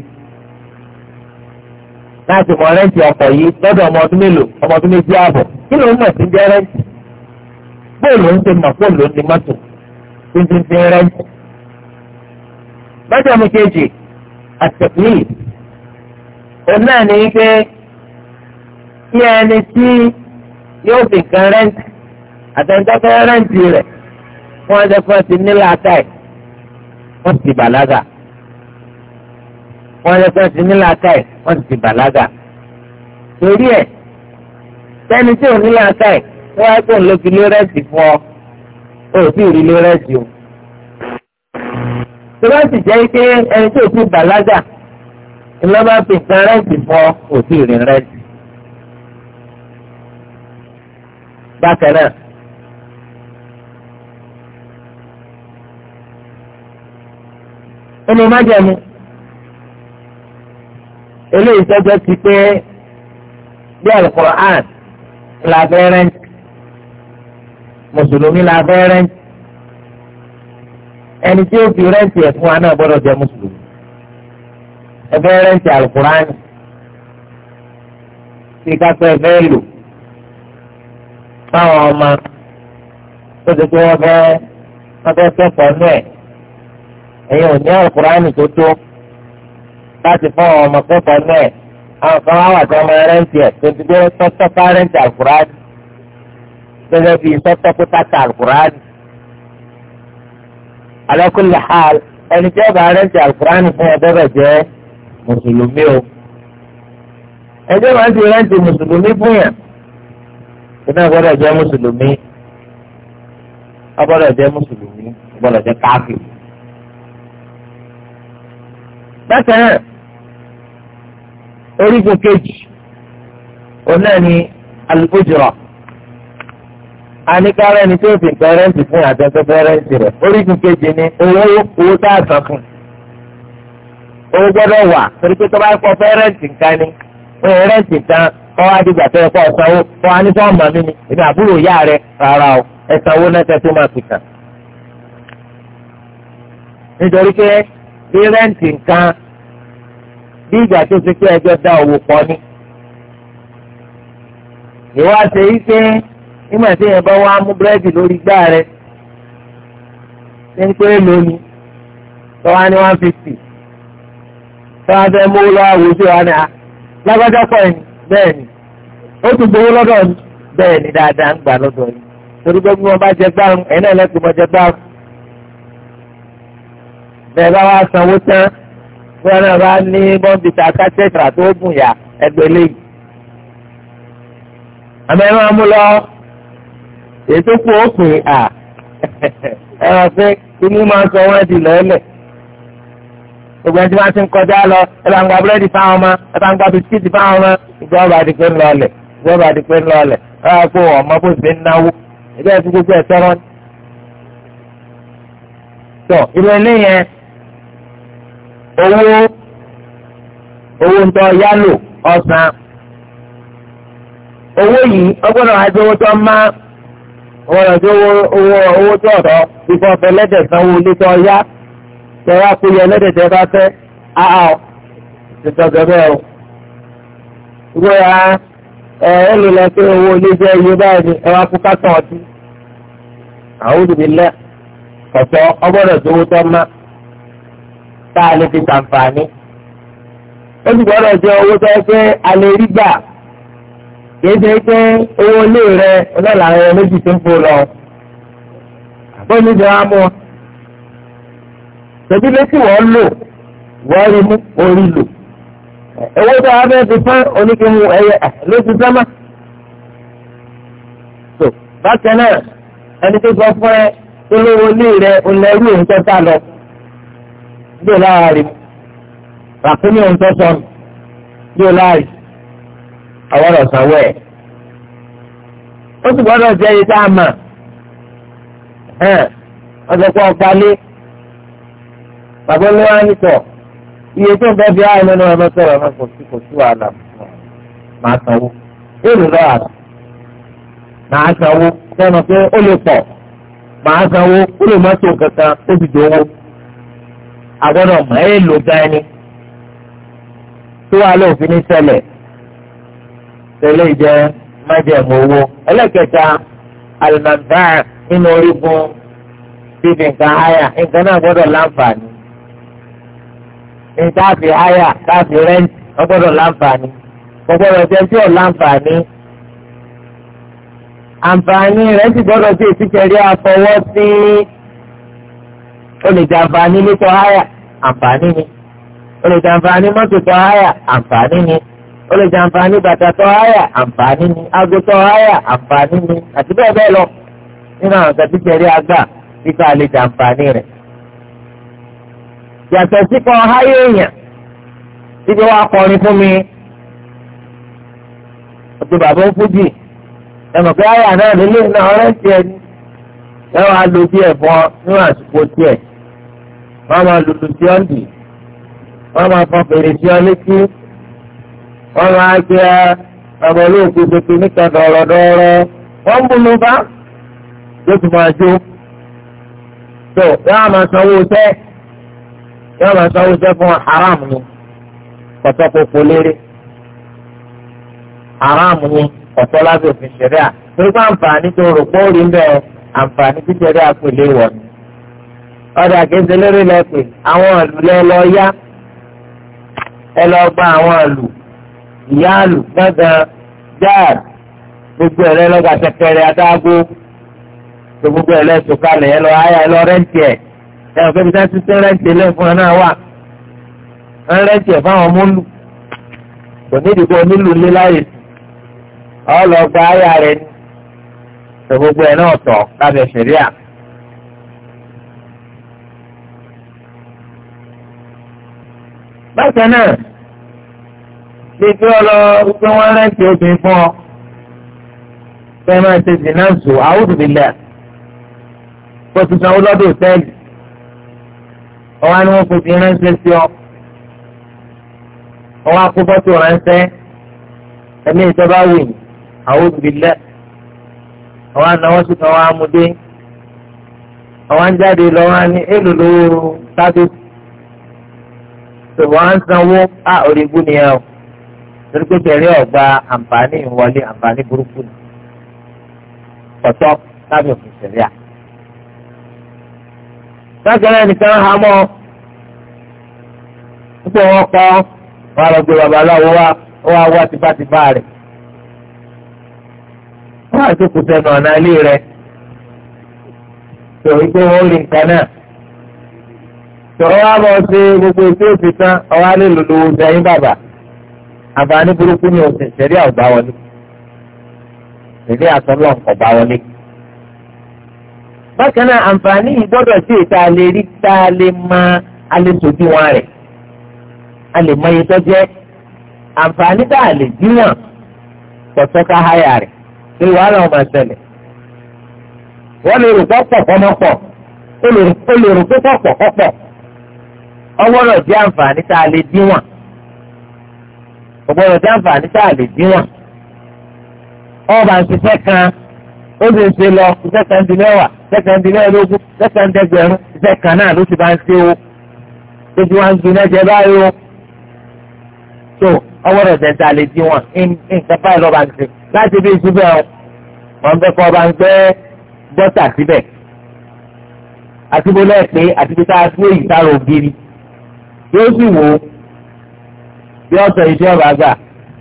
láti mọ rẹ́ǹtì ọkọ̀ yìí lọ́dọ̀ ọmọ ọdún mélòó ọmọ ọdún méjì ààbọ̀ kí ló ń mọ̀ sí jẹ́ rẹ́ǹtì bóòlù ń ṣe mọ̀ bóòlù ń ṣe mọ́tò tí ń ti ń fi rẹ́ǹtì. bẹ́tẹ̀ mi kejì àtẹ̀kùnì òun náà ní pé kí ẹni tí yóò fi kan rẹ́ǹtì àtẹnudọ́fẹ́ rẹ́ǹtì rẹ̀ wọ́n ẹ̀jẹ̀ fún ẹtì nílẹ̀ àtàì wọ́n ti bàlágà wọ́n ẹ̀jẹ̀ fún ẹtì nílẹ̀ àtàì wọ́n ti bàlágà torí ẹ̀ sẹ́ni tí ò nílẹ̀ àtàì wọ́n á gbọ́n ló fi lé rẹ́ǹtì fún ọ ó sì rí lé o tó bá sì jẹ́ pé ẹni tí ò ti bàlágà ìlọ́ba fi nǹkan rẹ́ǹtì fún ọ ó sì rí rẹ́ǹtì bákan náà. ẹnu májẹ̀mú eléyìí tọ́jọ́ ti pé bí alukur'an la fẹ́ rẹ́ǹtì mùsùlùmí la fẹ́ rẹ́ǹtì ẹni tí ó fi rẹ́ǹtì ẹ̀ fún wa náà gbọ́dọ̀ jẹ́ mùsùlùmí ẹ rẹ́ǹtì alukur'an tí kápẹ́ fẹ́ lò fáwọn ọmọ tó ti pé wọ́n fẹ́ wọ́n fẹ́ kẹ́kọ̀ọ́ náà ẹ̀yin ò ní àkùránì tó tó láti fún àwọn ọmọ kẹ́kọ̀ọ́ náà àwọn kan wá wà tí wọ́n máa rẹ́ǹtì ẹ̀ tó ti gbé sọ́tọ́ párẹ́ǹtì àkùránì gẹ́gẹ́ bíi sọ́tọ́ kó tàtà àkùránì. ala kulli hal ẹni tí ó bá rẹ́ǹtì àkùránì fún ọdẹ rẹ̀ jẹ́ mùsùlùmí o. ẹjọ́ máa ń ti rẹ́ǹtì mùsùlùmí fún yàn iná gbọ́dọ̀ jẹ́ mùsùlùmí ọ jẹ́ mùsùlùmí ọ jẹ́ káfíìn. bákan a orígun kejì òun náà ni alùpùjọ́rọ̀ àníkárẹ́ fi fún orígun kejì ni owó owó tá a san fún owó gbọ́dọ̀ wà torí pé tó bá kọ pẹ́rẹ́ǹtì nǹkan ni pẹ́rẹ́ǹtì kan kọ́ wá dìgbà tó yẹ kọ́ ọ̀sánwó kọ́ wá ní sọ́ọ̀mù mi ni èmi bí rẹ́ǹtì nǹkan bí ìgbà tó ṣe pé ẹjọ́ dá owó pọ̀ ni. ìwà ṣe yí pé nígbà tí yẹn bá wá mú búrẹ́dì lórí gbá rẹ̀ ṣe ń pé lónìí tọ́wá ní one fifty tọ́wá fẹ́ mú lọ́wọ́ àwùjọ wa ni ah, lágbájá pọ̀ ẹ̀yìn bẹ́ẹ̀ ni ó ti gbowó lọ́dọ̀ mi bẹ́ẹ̀ ni dáadáa ń gbà lọ́dọ̀ yìí torí pé bí bá jẹ gbárùn ẹ̀ náà lẹ́kùn mọ́ jẹ gbárùn bẹ́ẹ̀ bá wá sanwó tán wọn náà bá ní bọ́ǹbìtà kátẹ́tà tó gùn yà ẹgbẹ́ lẹ́yìn. àmọ́ ẹ máa mú lọ ètò kù òpin à (laughs) ẹ máa fẹ́ inú máa sọ wọ́n di lọ́ọ̀lẹ̀. gbogbo ẹni tí wọ́n ti ń kọjá lọ ẹ bá ń gba búrẹ́dì fáwọn ọmọ ẹ bá ń gba bisikíìtì fáwọn ọmọ ìjọba àdìpẹ́ ńlọọlẹ̀ ìjọba àdìpẹ́ ńlọọlẹ̀ ẹ máa kó ọmọ bó ṣe ń náwó ìbẹ́ẹ̀ fún gbogbo ẹ̀ tọ́rọ́ owó owó ń tọ́ yálò ọ̀sán owó yìí ọgbọ́dọ̀ àti owó tó má owó owó tó ọ̀dọ́ ìfọ̀ fẹ́ sanwó ilé tó yá kó yẹ bá fẹ́ o. ìwé ya ẹ ẹ lè lọ pé owó ilé jẹ́ iye báyìí ni ẹ wá kó kátàn ọtí àwọn olùdílé ọ̀tọ̀ ọgbọ́dọ̀ owó tó má. tá a lè fi ṣàǹfààní ó sì gbọ́dọ̀ jẹ́ owó tó yẹ pé a lè rí gbà kì í ṣe pé owó ilé rẹ ọlọ́lá rẹ méjì ti ń fò lọ àbọ̀nì ìjọba mú wọn tòbí létí wọ́n lò wọ́n rí mú orí lò owó tó wá bẹ́ẹ̀ ti fẹ́ oníkèému ẹyẹ lóṣù sẹ́mà tó bákan náà ẹni tó sọ fún ẹ tó lówó ilé rẹ òun lẹ́rú òun tó ta lọ. bí o lára ràkúnmí ohun bí o àwọn ó sì gbọ́dọ̀ jẹ́ tá a mà ọ̀sọ̀kọ̀ ọ̀pálẹ́ bàbá olówó iye tó ń bẹ́ bí ọmọ sọ̀rọ̀ náà kò sí kò sí wàhálà máa sanwó èrò máa sanwó pé ó lè pọ̀ àgbọ́dọ̀ mọ̀ ẹ́ lò gan ni tó wà lófin ní ṣẹlẹ̀ tẹ́lẹ̀ jẹ́ májẹ̀mú owó ẹlẹ́kẹta alimọ̀tà nínú orígun bíbi nǹkan háyà nǹkan náà gbọ́dọ̀ láǹfààní nǹkan àfi háyà káàfi rẹ́ǹtì wọ́n gbọ́dọ̀ láǹfààní gbọ́dọ̀ jẹ́ tí ò láǹfààní àǹfààní rẹ̀ sì gbọ́dọ̀ tí èsì kẹrí àfọwọ́ sí i ó lè jàǹfààní ilé tó háyà àǹfààní ni ó lè jàǹfààní mọ́tò tó háyà àǹfààní ni ó lè jàǹfààní bàtà tó háyà àǹfààní ni aago tó háyà àǹfààní ni àti bẹ́ẹ̀ bẹ́ẹ̀ lọ nínú àwọn kan tí tẹ̀lé agbá nípa àlè jàǹfààní rẹ̀. yàtọ̀ sí kan háyà èèyàn ibi wa kọrin fún mi ọtí bàbá ń fújì ẹ mọ̀ pé háyà náà lélẹ́yìn náà ọ̀rẹ́ tiẹ̀ ni ẹ wàá lo tiẹ̀ fún ọ àsìkò tiẹ̀ wọ́n máa lùlù tí wọ́n dì wọ́n máa fọ fèrè tí wọ́n létí wọ́n máa jẹ ọmọ olóògbé pépé níta dọ̀rọ̀dọ̀rọ̀ wọ́n ń bolo bá yóò tún máa jó tó yóò máa sanwó sẹ́ yóò máa sanwó sẹ́ fún haram ni kọ̀tọ́kọ̀kọ̀ lérè haram ni kọ̀tọ́ lábẹ́ òfin ṣẹ̀ríà tó bá àǹfààní tó rò pé rí bẹ́ẹ̀ àǹfààní tí ṣẹ̀ríà pè léwọ̀ ni ọ̀dà kéńté lórí lẹ́pẹ̀ àwọn àlù lẹ́ lọ yá ẹ lọ gba àwọn àlù ìyá àlù gbọ̀ngàn jáàd gbogbo ẹ̀ lọ́gà tẹ̀kẹ̀rẹ̀ adágó gbogbo ẹ̀ lẹ́sùn kalẹ̀ ẹ lọ ayà ẹ lọ rẹ́ǹtì ẹ̀ ẹ ò kẹ́bi sáà títí rẹ́ǹtì lẹ́fún ẹ náà wà ń rẹ́ǹtì ẹ̀ fáwọn múlù kò ní ìdìbò onílù ńlẹ́ láyè ọ lọ gba ayà rẹ̀ gbogbo ẹ̀ náà tọ̀ lábẹ́ fìríà. bákan náà bí pé ọ lọ pé wọ́n rẹ́ǹtì obìnrin fún ọ pé ẹ máa ṣe dìnáǹsù àwùjọbílẹ̀ kó ti sanwó lọ́dọ̀ òtẹ́ẹ̀lì ọwọ́ ni wọ́n fi fi ránṣẹ́ sí ọ ọwọ́ akóbọ́tò ránṣẹ́ ẹ̀mí ìjọba wì ní àwùjọbílẹ̀ ọwọ́ anáwó sì kan wọ́n á mú dé ọwọ́ èlò lówó tábìlì tó wọ́n á ń sanwó á orí ibú ni ẹ o torí pé tẹ̀lé ọ̀gá àǹfààní ìwọlé àǹfààní burúkú ni ọ̀tọ́ lábẹ́ òfin ṣẹlẹ̀ à. sákẹ́lẹ́ nìkan ha mọ́ púpọ̀ wọn kọ́ wọn lọ gbé babaláwo wá ó wá tipátipá rẹ̀ wọ́n á tó kù sẹ́nu ọ̀nà ilé rẹ̀ torí pé wọ́n rí nǹkan náà. sọ̀rọ̀ wa bọ̀ ṣe gbogbo ètò òfin tán ọ̀wá lè lò lówó ẹyin bàbà burúkú ni wọlé wọlé. bákan náà àǹfààní yìí sí lè sojú wọn a lè a lè tọ̀tọ̀ ká háyà wàhálà ọmọ lè rò ó ọgbọ́dọ̀ jẹ́ àǹfààní tá a lè díwọ̀n ọgbọ́dọ̀ jẹ́ àǹfààní tá a lè díwọ̀n ọba ń ṣiṣẹ́ kan ó sì ń ṣe lọ iṣẹ́ kan di mẹ́wàá iṣẹ́ kan di mẹ́ẹ̀ẹ́dógún iṣẹ́ kan dẹgbẹ̀rún iṣẹ́ kan náà ló ti bá ń ṣe o tó ti wá ń gbin ẹ̀jẹ̀ báyìí o tó ọgbọ́dọ̀ jẹ́ tá a lè díwọ̀n nǹkan báyìí lọ́ba ṣe láti bí ìṣúbẹ̀ ọ mọ̀ ń bẹ́ ọba ń gbẹ́ bọ́tà síbẹ̀ àtibólẹ́ẹ̀pẹ́ àtibítà àtúwèyí sára ògiri yóò sì wò ó yóò sọ ìdí ọba gà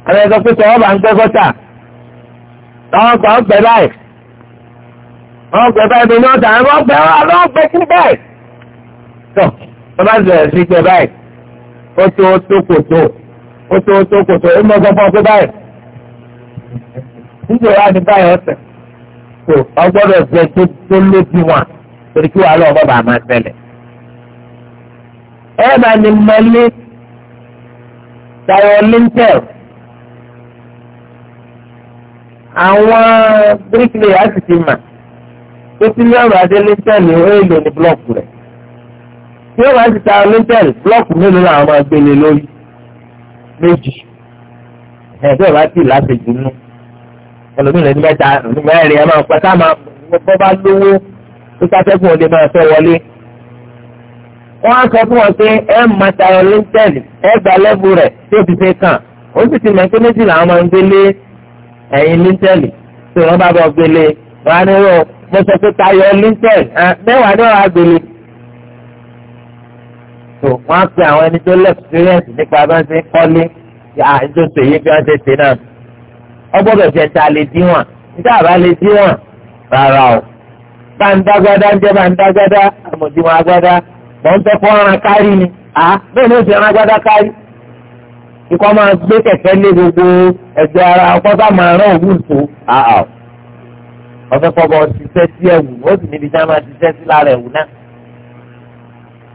àwọn ẹ̀sọ́ pé sọ̀rọ̀ bá ń gbẹ́ gọ́tà àwọn kan ń gbẹ báyìí wọ́n gbẹ báyìí bẹ́ẹ̀ ni ọ̀tà àwọn gbẹ àwọn gbẹ kí báyìí tó wọ́n bá bẹ̀rẹ̀ sí gbẹ báyìí ó tó tó kòtò ó tó tó kòtò ó mọ gbọ́gbọ́ pé báyìí níjẹ́ wá ní báyìí ọ̀sẹ̀ tó ọgbọ́dọ̀ gbẹ tó lójú wọn torí kí wàá lọ́ọ́ ẹ bá ní mọ́lé lintel àwọn bíríkìlì àti tó ti ní ọ̀rọ̀ adé lintel ní oèlò ní blọọkù rẹ̀ tí ó bá ti tayọ lintel blọọkù mélòó làwọn máa gbélé lórí méjì ẹ̀ẹ́dẹ́ bá ti láṣẹjù nù ẹlòmíràn mẹ́ta mẹ́rin ẹ máa pẹ́ tá máa bọ́ bá lówó tó lè máa fẹ́ wọlé. wọ́n á sọ fún wọn pé ẹ máa tayọ lẹ́ńtẹ̀lì ẹ gba lẹ́bù rẹ̀ tí ó fi fẹ́ kàn ó sì ti mọ̀ pé méjì làwọn máa ń gbélé ẹ̀yìn lẹ́ńtẹ̀lì tí wọ́n bá bọ̀ gbélé wọ́n á ní rọ̀ mo sọ pé tayọ lẹ́ńtẹ̀lì mẹ́wàá ní ọ̀rọ̀ àgbélé. tó wọ́n á pe àwọn ẹni tó lẹ́ experience nípa bá ń ṣe kọ́lé àjọ sèyí bí wọ́n ṣe ṣe náà ọgbọ́dọ̀ jẹ́ ta lè díwọ̀n níta àbá lè díwọ̀n rárá o bá ń dágbádá ń jẹ́ bá ń dágbádá àmọ̀díwọ̀n agbádá wọ́n fẹ́ kọ́ ọ̀ràn kárí ni à bẹ́ẹ̀ ni ó ti ọ̀ràn agbádá kárí. ikọ́ máa gbé kẹ̀kẹ́ lé gbogbo ẹ̀jẹ̀ ara ọkọ bá máa rán òwú tó àà wọ́n fẹ́ kọ́ bọ́ ṣiṣẹ́ sí ẹ̀wù ó sì níbi tá a máa ṣiṣẹ́ sí lára ẹ̀wù náà.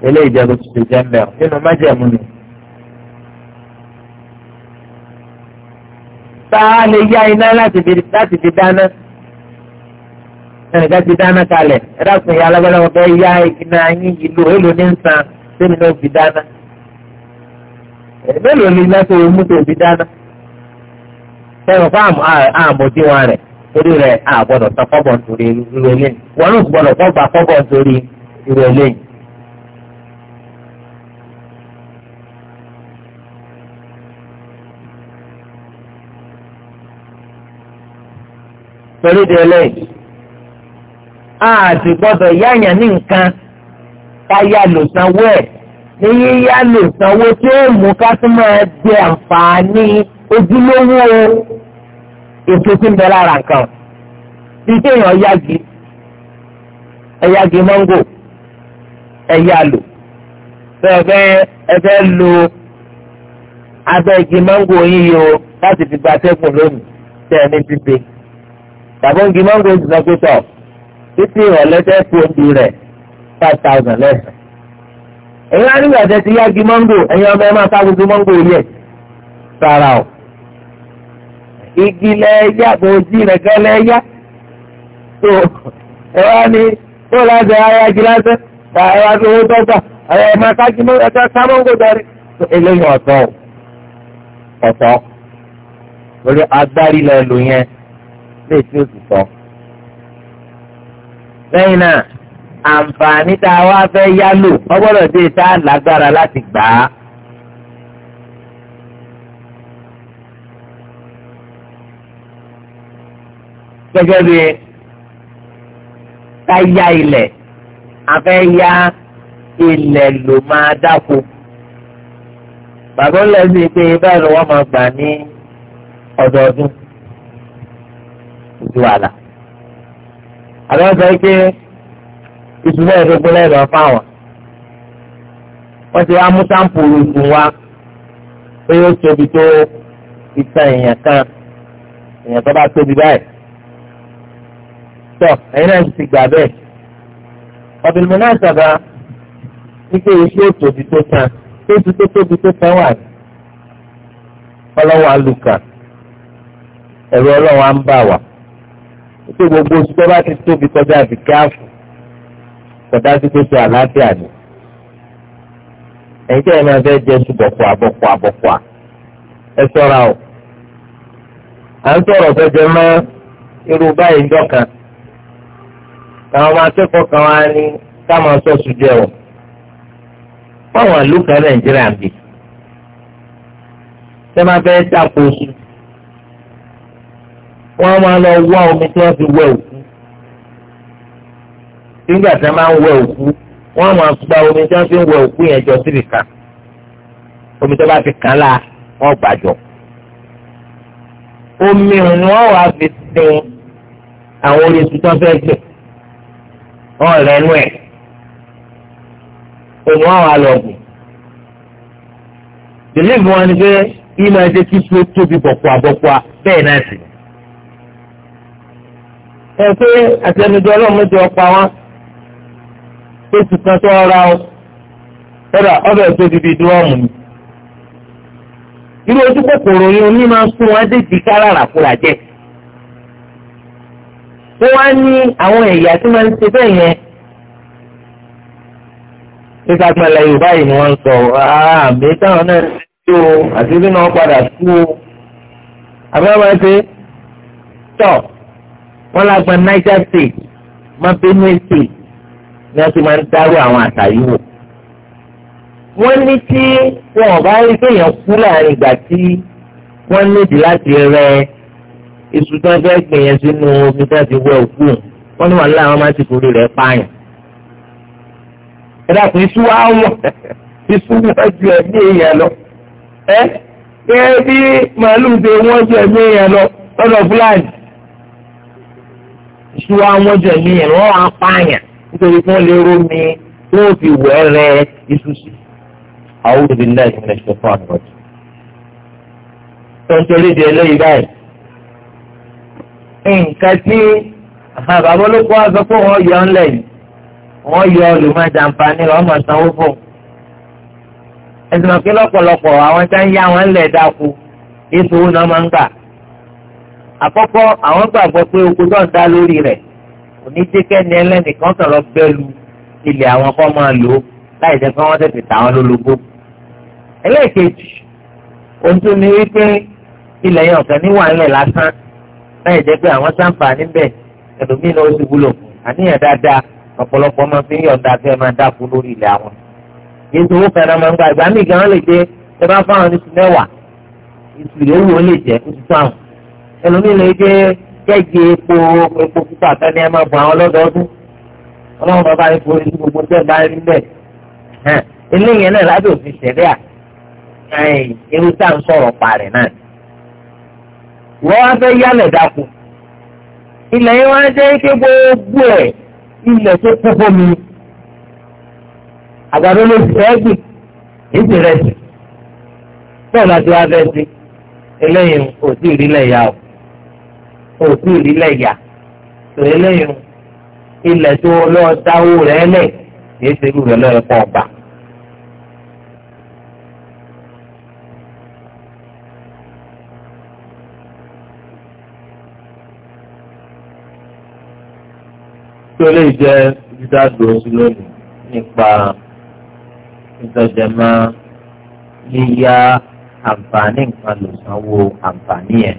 eléyìí jẹ́ ló ti ṣe jẹ́ mbẹ́ nínú májẹ̀mú ni. tá a lè yá iná láti fi dáná ẹnìkan ti dáná kalẹ̀ ẹ̀dá sùn ìyá alágbádá wọn fẹ́ yá ìkíná yín ìlú èlò ní nsàn sẹ́mi náà fi dáná mélòó ni lẹ́sọ̀ omi tó fi dáná sẹ́wọ̀n fún àmọ̀díwọ̀n rẹ̀ torí rẹ̀ àgbọ̀dọ̀ san kọ́bọ̀ nítorí irú eléyìí wọn ló gbọ́dọ̀ kọ́ gba kọ́bọ̀ nítorí irú torí di eléyìí àti gbọ́dọ̀ yáyàn ní nǹkan káyà lò sanwó ẹ̀ ní yíyá lò sanwó tí ó mú ká tún máa jẹ àǹfààní ojúlówó ètò tí ń bẹ lára nǹkan bí kéèyàn yági ẹ̀yági mọ́ngò ẹ̀yà lò fẹ́ẹ̀fẹ́ ẹ̀fẹ́ lo abẹ́gi mọ́ngò yíyọ láti fi gbatẹ́kùn lónìí tẹ̀ ní pípé tàbí ń gi mọ́ngò ìdùnnà pé tọ̀. títí ìrọ̀lẹ́dẹ́ tí o ti rẹ̀ five thousand lẹ́sẹ̀. ẹ̀yin arígbà ti yági ẹ̀yin ọmọ máa gbogbo mọ́ngò yẹ sára o. igi lẹ́yà bòójì rẹ̀ gán lẹ́yà tó ẹ wá ní tó lásán ayájú lásán ẹ wá owó dọ́gba ẹ máa ẹ ká dọ́rí. lẹ́yìn náà àǹfààní tá a wá fẹ́ yálò ọgbọ́dọ̀ dé tá a lágbára láti gbà á. gẹ́gẹ́ bí ká ya ilẹ̀ a fẹ́ ya ilẹ̀ ló máa dáko bàbá lẹ́sìn pé báyìí ni wọ́n máa gbà ní ọdọọdún ojú àlà àbẹ wọn sọ pé iṣu náà tó gbélé lọ fáwọn wọn ti wá mú sáǹpùlù ìsìn wa pé ó tóbi tó ìtàn èèyàn kan èèyàn tó bá tóbi báyìí tọ ẹ̀yin náà ti gbà bẹ́ẹ̀ ọbìnrin náà sábà wípé iṣẹ́ òtòbi tó tán tó ti tó tóbi tó tán wà ní ọlọ́wọ́ àlùkà ẹ̀rọ ọlọ́wọ́ à ń bà wá. pé gbogbo oṣù tó bá ti tóbi kọjá àbíkẹ́ àfọ̀ kọjá sí pé ṣe àlàáfíà ni ẹ̀yin ẹ máa fẹ́ jẹ ẹ sọ́ra o à ń sọ̀rọ̀ fẹ́jẹ̀ mọ́ irú báyìí àwọn ọmọ akẹ́kọ̀ọ́ kan wá ní o fáwọn nàìjíríà wọ́n máa lọ wá omi tí wọ́n fi wẹ òkú nígbà tí wọ́n máa ń wẹ òkú wọ́n máa gba omi tí wọ́n fi ń wẹ òkú yẹn jọ síbi kan omi tó bá fi kàn la wọ́n gbà jọ omi òun ni wọ́n wàá fi sin àwọn olùsùn tó fẹ́ gbìn wọ́n rẹ̀ nú ẹ̀ òun wọ́n wàá lọ gùn bìlíìfù wọn ni pé ìmọ̀ ẹ̀jẹ̀ kí tó tóbi bọ̀kùà bọ̀kùà bẹ́ẹ̀ náà sì ni ẹ pé àtẹnudọ ọlọ́run ló ti ọpa wọn oṣù kan tó ọra o ọ̀dà ọbẹ̀ tó di bíi dúrọ́ọ̀mù ni. irú ojú kòkòrò yìí oní máa ń sún wọn déjì káràrà fúra jẹ. wọ́n wá ní àwọn ẹ̀yà tí wọ́n ń ṣe bẹ́ẹ̀ yẹn. nígbà gbọ́dọ̀ yorùbá yìí ni wọ́n ń sọ àmì táwọn náà ṣe o àti bí wọ́n padà sú o. àbẹ́wọ́n ti tọ̀ wọ́n lágbọn Niger state mọ́ Benue state ni wọ́n ti máa ń dárú àwọn àtàyè wò wọ́n ní tí wọn ò bá rí kéèyàn kú láàrin ìgbà tí wọ́n nídìí láti rẹ iṣu tó ń fẹ́ gbìyànjú sínú omi tó ti wọ òkú wọ́n ní wàhálà wọn máa ti kórè rẹ̀ pààyàn. ẹ dàpọ̀ iṣu wa wọ̀ iṣu wọ́n ju ẹ̀mí èèyàn lọ. ẹ gẹ́gẹ́ bí màálù ṣe wọ́n ju ẹ̀mí èèyàn lọ lọ́dọ̀ fúlàní ṣú àwọn jẹ mí ẹ̀ wọ́n á pààyàn nítorí kí wọ́n lè ró mi tí wọ́n fi wẹ̀ rẹ iṣu sí. àwọn olùdílé ẹ̀sìn lè ṣe fún àwọn ọ̀dọ́. tó ń torí di eléyìí báyìí. nǹkan tí bàbá olóko wa sọ pé wọ́n yọ ọ́nlẹ̀ yìí wọ́n yọ olùmọ̀jàǹfààní rẹ̀ wọ́n mọ̀ sanwó fún un. ẹ̀sìn ọ̀kẹ́ lọ́pọ̀lọpọ̀ àwọn tá ń yá wọn lẹ̀ dáko èso owó náà máa ń gbà àkọ́kọ́ àwọn gbàgbọ́ pé oko tó ń dá lórí rẹ̀ kò ní jẹ́ kẹ́ni ẹlẹ́nìkan sọ̀rọ̀ bẹ́ẹ̀lu ilẹ̀ àwọn kan máa lò ó láì jẹ́ pé wọ́n tètè tà wọ́n lólobó. ẹlẹ́ẹ̀kejì ohun tó ní wípé ilẹ̀ yẹn ọ̀kẹ́ níwà ńlẹ̀ lásán láì jẹ́ pé àwọn sáǹfà níbẹ̀ ẹlòmíín náà ó sì wúlò àníyàn dáadáa ọ̀pọ̀lọpọ̀ máa fi ń yọ̀ǹda fẹ́ máa dáko lórí ilẹ̀ àwọn. yéésù owó fẹ́ràn máa ń gba ìgbà míì gan-an lè jẹ́ ẹ bá fáwọn oníṣu ẹlòmíì lè jẹ́ kẹ́gì epo epo púpọ̀ àtẹ́ni ẹ máa bọ̀ àwọn lọ́dọọdún ọlọ́run bàbá yìí forí sí gbogbo tẹ́ bá rí bẹ́ẹ̀ eléyìí náà lábẹ́ òfin ṣẹ̀ríà irú tá à ń sọ̀rọ̀ parẹ̀ náà wá ilẹ̀ yìí jẹ́ ike gbogbo ẹ̀ ilẹ̀ tó kú fómi àgbàdo ló gbìn òkú ìrìlẹ̀ yà tòun lẹ́yìn ilẹ̀ tó lọ́ọ́ dáwó rẹ̀ lẹ̀ kìí ṣe irú rẹ̀ lọ́ọ́ pọ̀ gbà. tó lè jẹ́ dídádò sí lónìí nípa ìtọ́jẹ̀mọ́ yíyá àǹfààní nǹkan lò àǹfààní yẹn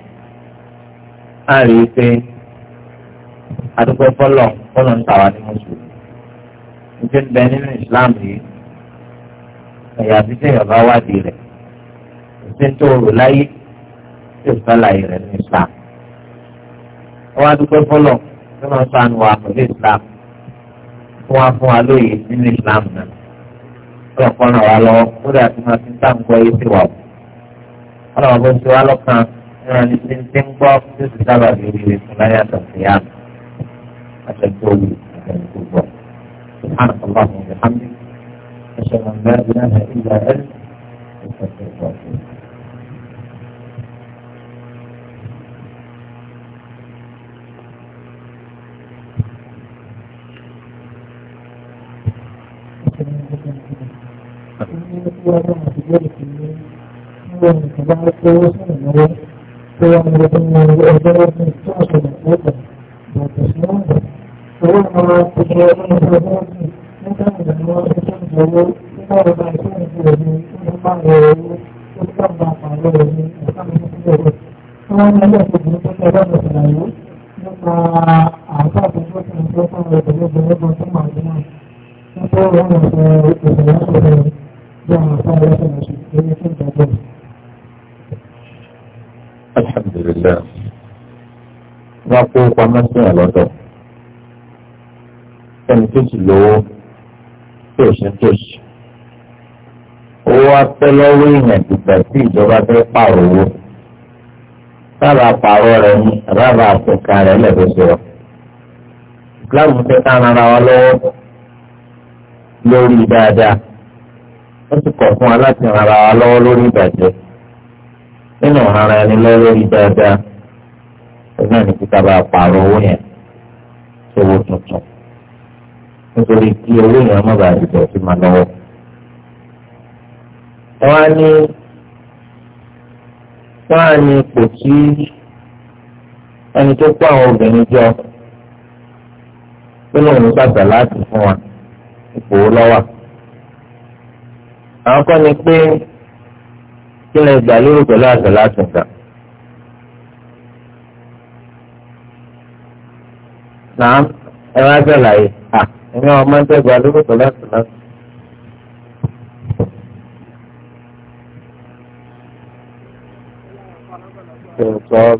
á rí i pé adúgbò fọlọ fọlọ ń tà wá ní mùsùlùmí níbi ń bẹ nínú islam yìí ẹ̀yà àti sẹ́yìn bá wádìí rẹ̀ ṣe ń tó rò láyé tí ò sálàyé rẹ̀ ní islam wọ́n á dúpẹ́ fọlọ tí wọ́n sọ àánú wa pẹ̀lú islam fún wa fún wa lóye nínú islam náà ọlọ́pàá náà wà lọ́wọ́ kódà tí wọ́n ti ń tàǹgbọ́ yìí sí wa ọlọ́pàá bó ṣe wá lọ́kàn. náà ní ti ń ti ń gbọ́ tó ti dábàá bí oríire fún láyé àtàkùn yá mi àtẹ̀gbọ́lù àtẹ̀gbọ́. سبحانك اللهم وبحمدك أشهد أن لا إله إلا أنت أستغفرك وأتوب إليك Thank you. سواء لأنه أجاب من الشعب الأول بعد الشعب سواء تجارين الأول مثلا الأمور تنزل إلى ربع سنة الذي يقع يوم يتبع عليه وقام يتبعه سواء لأنه lọ́wọ́ èèyàn ti pẹ̀ sí ìjọba fẹ́ pààrọ̀ owó sábà pààrọ̀ rẹ̀ ní àbábà àtúnkà rẹ̀ lẹ́dọ̀ sọ̀rọ̀ láwùjọ fẹ́ ká ara wa lọ́wọ́ lórí dáadáa wọ́n ti kọ̀ fún wa láti ara wa lọ́wọ́ lórí ìbàjẹ́ nínú ara ẹni lọ́wọ́ lórí dáadáa ẹgbẹ́ ní kíkà bá pààrọ̀ owó yẹn sówó tuntun nítorí kí owó yẹn má bàa dìbò sí ma lọ́wọ́ wọ́n á ní wọ́n á ní ipò tí ẹni tó kó àwọn obìnrin jọ nínú òun gbàgbà láti fún wa ipò wo lọ́wọ́ àwọn kọ́ ni pé kí lè gbà lérò pẹ̀lú àṣà láti gbà. nàá ẹ wá bẹ̀rẹ̀ àyè ẹ̀yin ọmọ ń tẹ̀gbà lérò pẹ̀lú àṣà láti gbà. Sọ́ọ̀bẹ̀ náà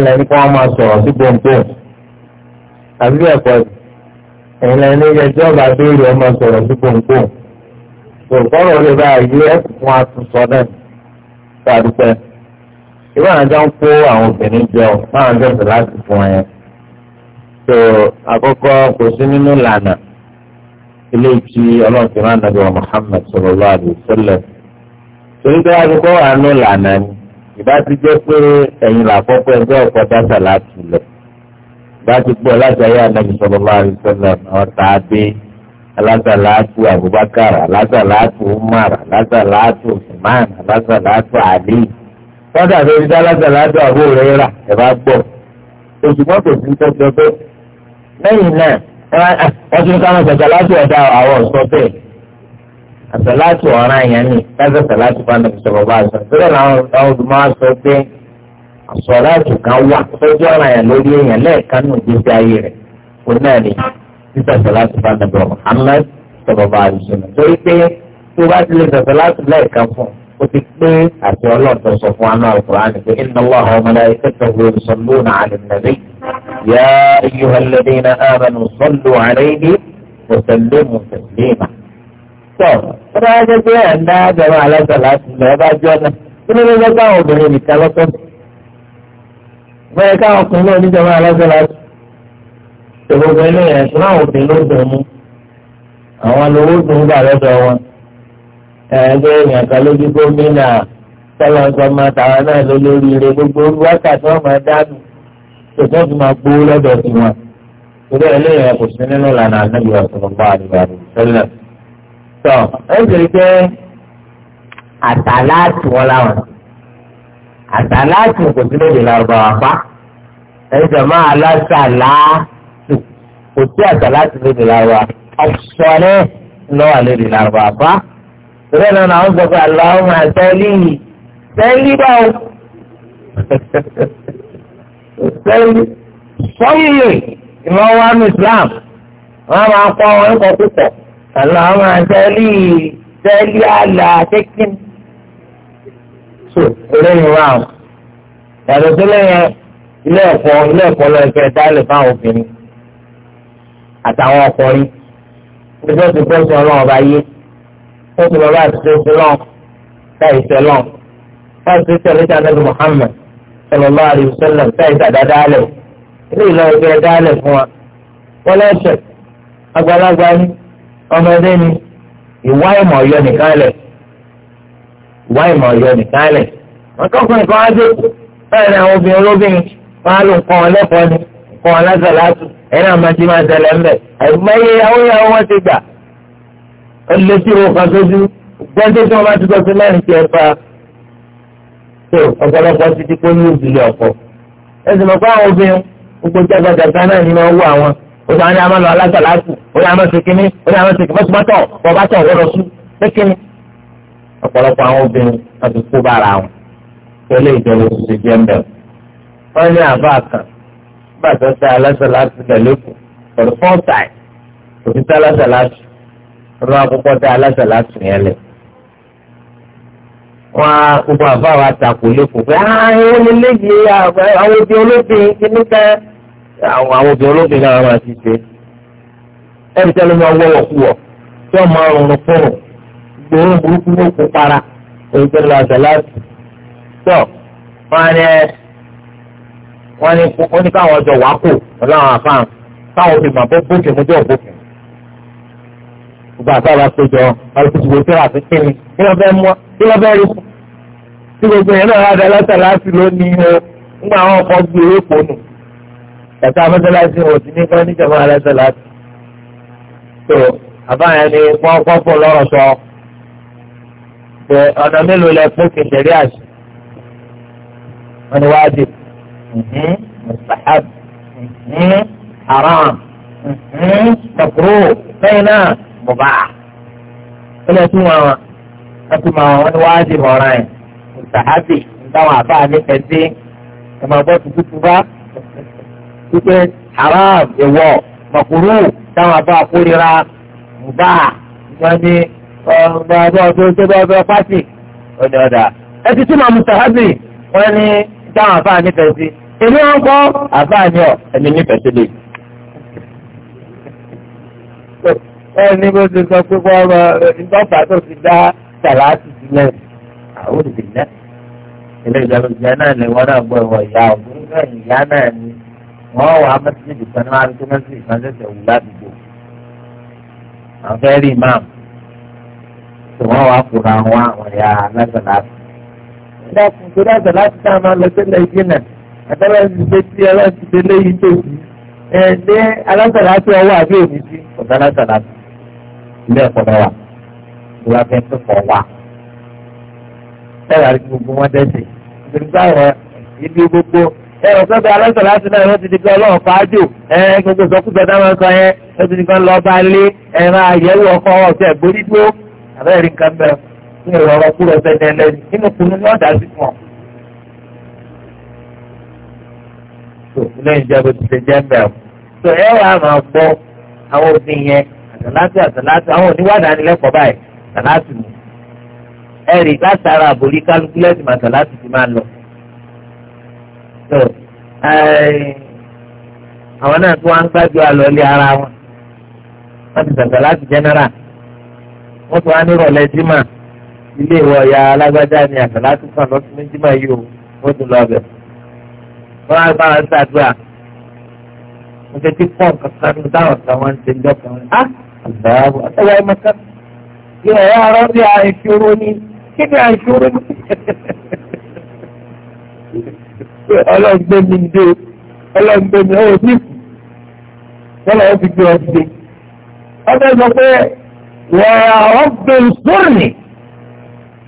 lẹ́ni kí máa sọ̀rọ̀ sí gbòǹgbò àbí ẹ̀kọ́ ẹ̀yin lẹ́ni ẹjọ́ bá béèrè ọmọ sọ̀rọ̀ sí gbòǹgbò òǹkọ́rọ̀ lè bá ayé ẹ̀kún àtúnṣọ náà ṣàdúpẹ́ ìwé àjọ ń kó àwọn obìnrin jẹ ọ máa ń bẹ̀rẹ̀ láti fún ẹ tó àkọ́kọ́ kò sí nínú lànà ilé ìtì ọlọ́ọ̀tìmá nàbí wa Muhammad sallallahu alaihi wasallam torí pé àkọ́kọ́ wà nínú lànà ni ìbá ti jẹ́ pé ẹ̀yin làkọ́kọ́ ẹgbẹ́ ọ̀pọ̀ dáṣà láti lẹ̀ ìbá ti pọ̀ láti ayé ànábì sallallahu alaihi wasallam àwọn tàbí alásàlátù abubakar alásàlátù umar alásàlátù usman alásàlátù ali kọ́dà lórí alásàlátù Abu Hurairah ẹ̀ bá gbọ́ òṣùpọ̀ kò sí tọ́jọ́ pé lẹ́yìn náà ah, wọ́n ti ń ká wọn sàlátù ẹ̀dá àwọn ọ̀sọ́ bẹ́ẹ̀ àsàlátù ọ̀ràn àyàn ni káṣá sàlátù bá nàbì sọ̀rọ̀ bá sọ sílẹ̀ làwọn olùmọ̀ sọ pé àsàlátù kan wà tọ́jú ọ̀ràn àyàn lórí èèyàn lẹ́ẹ̀kan nù gbèsè ayé rẹ̀ kò náà nìyí. títà sọláàtì bá nàbẹ Muhammad sọlọba àdìsọlá torí pé tí o bá ti lè sọsọ láti lẹ́ẹ̀kan fún o ti pé àti ọlọ́ọ̀tọ̀ sọ fún aná ọkùnrin pé iná lọ́wọ́ àwọn ọmọdé ìfẹ́tọ̀ ló ń sọ lónà àlùmọ́bí yá iyú ẹlẹ́dẹ́ iná ámẹ́nu sọ́lù àrẹ́bí mùsùlùmù tẹ̀síìmà. tó o bá jẹ́ pé ẹ̀ńdá àgbẹ̀rún aláṣà láti lọ ẹ bá jọ náà kí ló ló lọ́gbà obìnrin nìkan lọ́tọ̀ bẹ́ẹ̀ káwọn ọkùnrin náà oníjọba aláṣà láti ìgbogbo eléyà ẹ̀sùn náà òfin ló dùn mú àwọn lówó dùn gbà lọ́dọ̀ wọn ẹgbẹ́ ìyàtọ̀ lójú gómìnà tọ́lọ́sọ máa tàwa náà ló lórí ire gbogbo wákà tí wọ́n máa dánù tó tó fi máa gbó lọ́dọ̀ sí wọn ìgbẹ́ eléyà kò sí nínú ìlànà ànábì ọ̀sọ̀rọ̀gbà àdìgbà àdìgbà tọ́ ẹ sì rí pé àtàláàtì wọn láwọn àtàláàtì kò sí lóde lárúbáwá pa ẹ jọ máa lọ́sàlá kò sí àsàlátì lédè lárúbá ọ̀sọ̀rẹ́ lọ́wọ́ lédè lárúbá bá ìrẹ́ náà náà ń gbọ́ pé aláwọ̀ máa tẹ́lí tẹ́lí báwo tẹ́lí sọ́yìnlè ìmọ̀ wa ní Islam wọ́n máa kọ́ wọn kọ́ púpọ̀ aláwọ̀ máa tẹ́lí tẹ́lí àlà tẹ́kín tó eléyìí wà ó yàtọ̀ sílẹ̀ yẹn ilé ẹ̀kọ́ ilé ẹ̀kọ́ lọ́ọ́ ìfẹ́ dálẹ̀ fáwọn obìnrin àtàwọn ọkùnrin ẹgbẹ́ ti bọ́ sọ ọlọ́run ọba yé ó ti lọ bá àtúntò sí lọ́n táyì sẹ́ lọ́n táyì sí sẹ́ lẹ́tà nàbì Muhammad sallallahu alaihi wasallam táyì sàdá dálẹ̀ ilé ìlọ ìgbẹ́ dálẹ̀ fún wa wọ́n lẹ́sẹ̀ àgbàlagbà ni ọmọdé ni ìwá ìmọ̀ ọ̀yọ́ nìkan lẹ̀ ìwá ìmọ̀ ọ̀yọ́ nìkan lẹ̀ wọ́n kọ́kọ́ nìkan dé báyìí ni àwọn obìnrin olóbìnrin máa lò nǹkan ọlẹ́kọ̀ọ́ ni nǹkan ọlẹ́sẹ̀ látù ẹni àwọn ti máa tẹ̀lé ńbẹ àìmọye ìyàwó ìyàwó wọn ti gbà ó lé tí wọn kan sójú gbọ́dọ̀ tí wọ́n bá ti sọ́sí lẹ́yìn tí ẹ fa tó ọ̀pọ̀lọpọ̀ ti di pé ní ìdílé ọ̀pọ̀ ẹsìn mọ̀ pé àwọn obìnrin gbogbo jágbàjàgbà náà ni wọ́n wú àwọn ó sọ wọn ni a máa lọ alágbàláàtù ó ní a máa sèké ní ní a máa sèké mọ́tòmọ́tò wọ́n bá sùn pékinni ọ̀pọ̀lọpọ̀ àwọn obìnrin wọ́n kó bára wọn pẹ̀lú ìjọba òṣìṣẹ́ jẹ́ mbẹ́ wọ́n ní àbá kan pàtó tá a lásán láti tẹ̀lé kù for the first time kò sí tá a lásán láti rọ àkókò tá a lásán láti yẹn lẹ̀. wọn á gbogbo àbáwá takò lẹ́kọ̀ọ́ pé ah, àwọn onílégbé àwọn obìnrin olóbìn kìíní kan àwọn obìnrin olóbìn náà máa ti ṣe ẹ̀rí tẹ́lẹ̀ máa wọ́wọ́ kú wọ̀ tí wọ́n máa rọrùn fún gbòòrùn burúkú ló kó para òun tẹ́lẹ̀ lásán láti wọn á ní ẹ̀ wọ́n ní wọ́n ní káwọn ọjọ́ wàá kù ọlọ́run àfáàn káwọn òbí màá bókè mú jọ bókè. gbogbo àtàwọn àpéjọ alùpùpù tó rà fún kí wọ́n fẹ́ mú kí wọ́n fẹ́ rí fún. tí gbogbo yẹn náà rádà lọ́sẹ̀ lónìí o ńgbà àwọn ọkọ̀ gbé èèpo nù. ẹ̀ka mọ́sálásí wọn ti ní kọ́ níjàmbá lọ́sẹ̀ láti. tó àbáyẹn ni wọ́n kọ́ fún lọ́rọ̀ sọ ọ̀nà mélòó lẹ mustahab haram makro bùbá yìí mustahabi àbá ẹ̀ máa bọ́ tuntun haram ìwọ makro táwọn àbá kórira bùbá ọdún ọdún pàṣẹ ọ̀dà ẹ ti mustahabi èmi wọn kọ́ àbáàní ọ̀ ẹni nífẹ̀ẹ́ sílẹ̀. ẹ ní bó ṣe sọ pé wọ́n rọ ìtọ́fà tó ti dá sàláàtì sílẹ̀ àwọn olùdíjẹ́ ilé ìjọba náà ni wọ́n náà gbọ́ ìwọ̀ ìyá ọ̀gbìn náà ìyá náà ni wọ́n wà á mẹ́sìlẹ̀ kan náà àti mẹ́sìlẹ̀ kan ṣẹ̀ṣẹ̀ wù ládùúgbò àwọn fẹ́ rí ìmáàmù tí wọ́n wà á kóra wọn àwọn ìyá aláṣẹ ìdá kùn tó dáṣẹ láti dáná lọ sílẹ̀ ìdí náà ẹ̀tọ́lọ́ ti gbé tí ọlọ́ ti gbé léyìn tó ti ẹ̀ ní alásàlá tí ọwọ́ àbí òní sí ọ̀gá alásàlá ilé ẹ̀kọ́ náà wà ìwà fẹ́ntì kọ̀ wá. ẹ̀rọ àti gbogbo wọn dẹ́sẹ̀ nítorí báwọn ibi gbogbo ẹ̀rọ sọ́dọ̀ alásàlá ti náà wọ́n ti di gan ọlọ́run fàájò ẹ̀ gbogbo sọkúsọ dáná sọ yẹn wọ́n ti di gan lọ́ọ́ bá lé ẹ̀ máa yẹ̀wò ọkọ̀ ọ̀sẹ̀ gbórígbó àbẹ́rẹ́ nǹkan bẹ́ẹ̀ ní ìrọ̀rọ̀ kúrò sẹ́ni ẹlẹ́ni nínú kùnú ni wọ́n dà sí fún ọ. tó lẹ́yìn jẹ́ bó ti ṣe jẹ́ mbẹ́ o. tó ẹ wà á máa gbọ́ àwọn òfin yẹn àtàlátì àtàlátì àwọn oníwádà nílẹ̀kọ̀ọ́ báyìí àtàlátì mu. ẹ rí látara àbórí kálukú lẹ́sìn àtàlátì ti máa lọ. tó àwọn náà tó wá ń gbájú àlọ́ ilé ara wọn wọ́n ti sàtàlátì general wọ́n tún wá nírọ̀lẹ́ jimá ilé ìwọ̀ ya alágbájá ni àtàlátì kan lọ́sùn ní jimá yìí o wọ́n tún lọ bẹ̀rẹ̀ wọn á bá wọn ṣàdúrà wọn ti ti pọ̀ kankan ní táwọn kan wọn ti ń jọ kan á àgbàwọ̀ àtẹ̀wé mọ́tà yóò rọ ọ̀rọ̀ bí i àìṣòro ni kí ni àìṣòro ni ọlọ́gbẹ́ mi ń dé ọlọ́gbẹ́ mi ò ní kù tọ́lọ̀ ó fi gbé ọ gbé ọjọ́ sọ pé wọ́n ọgbẹ́ ìṣòro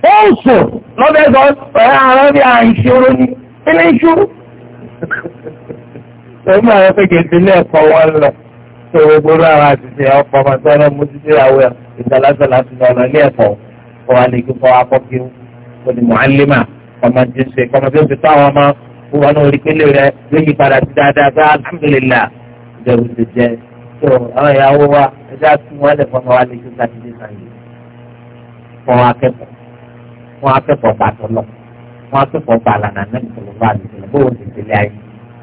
ó sùn lọ́dọ̀ ẹ̀sọ́ ọ̀rẹ́ bí àìṣòro ni kí ni ìṣòro wọ́n mú àwọn kékeré sílé ẹ̀kọ́ wọn lọ tó gbogbo ara àtìsí ọkọ̀ ọmọ tó ọlọ́mú títí àwọ̀ ìdálásọ̀lá ti lọ ilé ẹ̀kọ́ kọ́ wa lè kíkọ́ akọ́kí ó di mọ̀álímà ọmọ tí ń ṣe kọ́mọ tí ó ti tó àwọn ọmọ fún wọn lórí pélé rẹ ló padà sí dáadáa bá alhamdulillah ìjọba ti jẹ tó àwọn ìyàwó wa ẹja tún wọn lè fọmọ wa lè kíkọ́ àtìsí sàn yìí fún akẹ́kọ̀ọ́ wọn akẹ́kọ̀ọ́ bá lànà náà ní ìṣòro bá lùdìlẹ̀ bó o sì tẹ̀lé ayé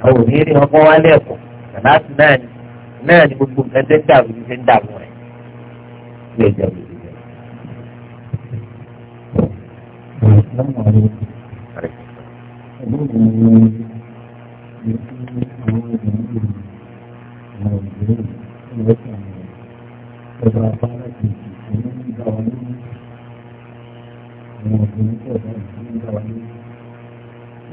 àwọn òní rí wọn kọ́ wá lẹ́ẹ̀kọ́ láti náà ni náà ni gbogbo nǹkan tẹ́ dàrú ní ṣe ń dàrú rẹ̀ lè jẹ́ òbí rẹ̀. Thank you.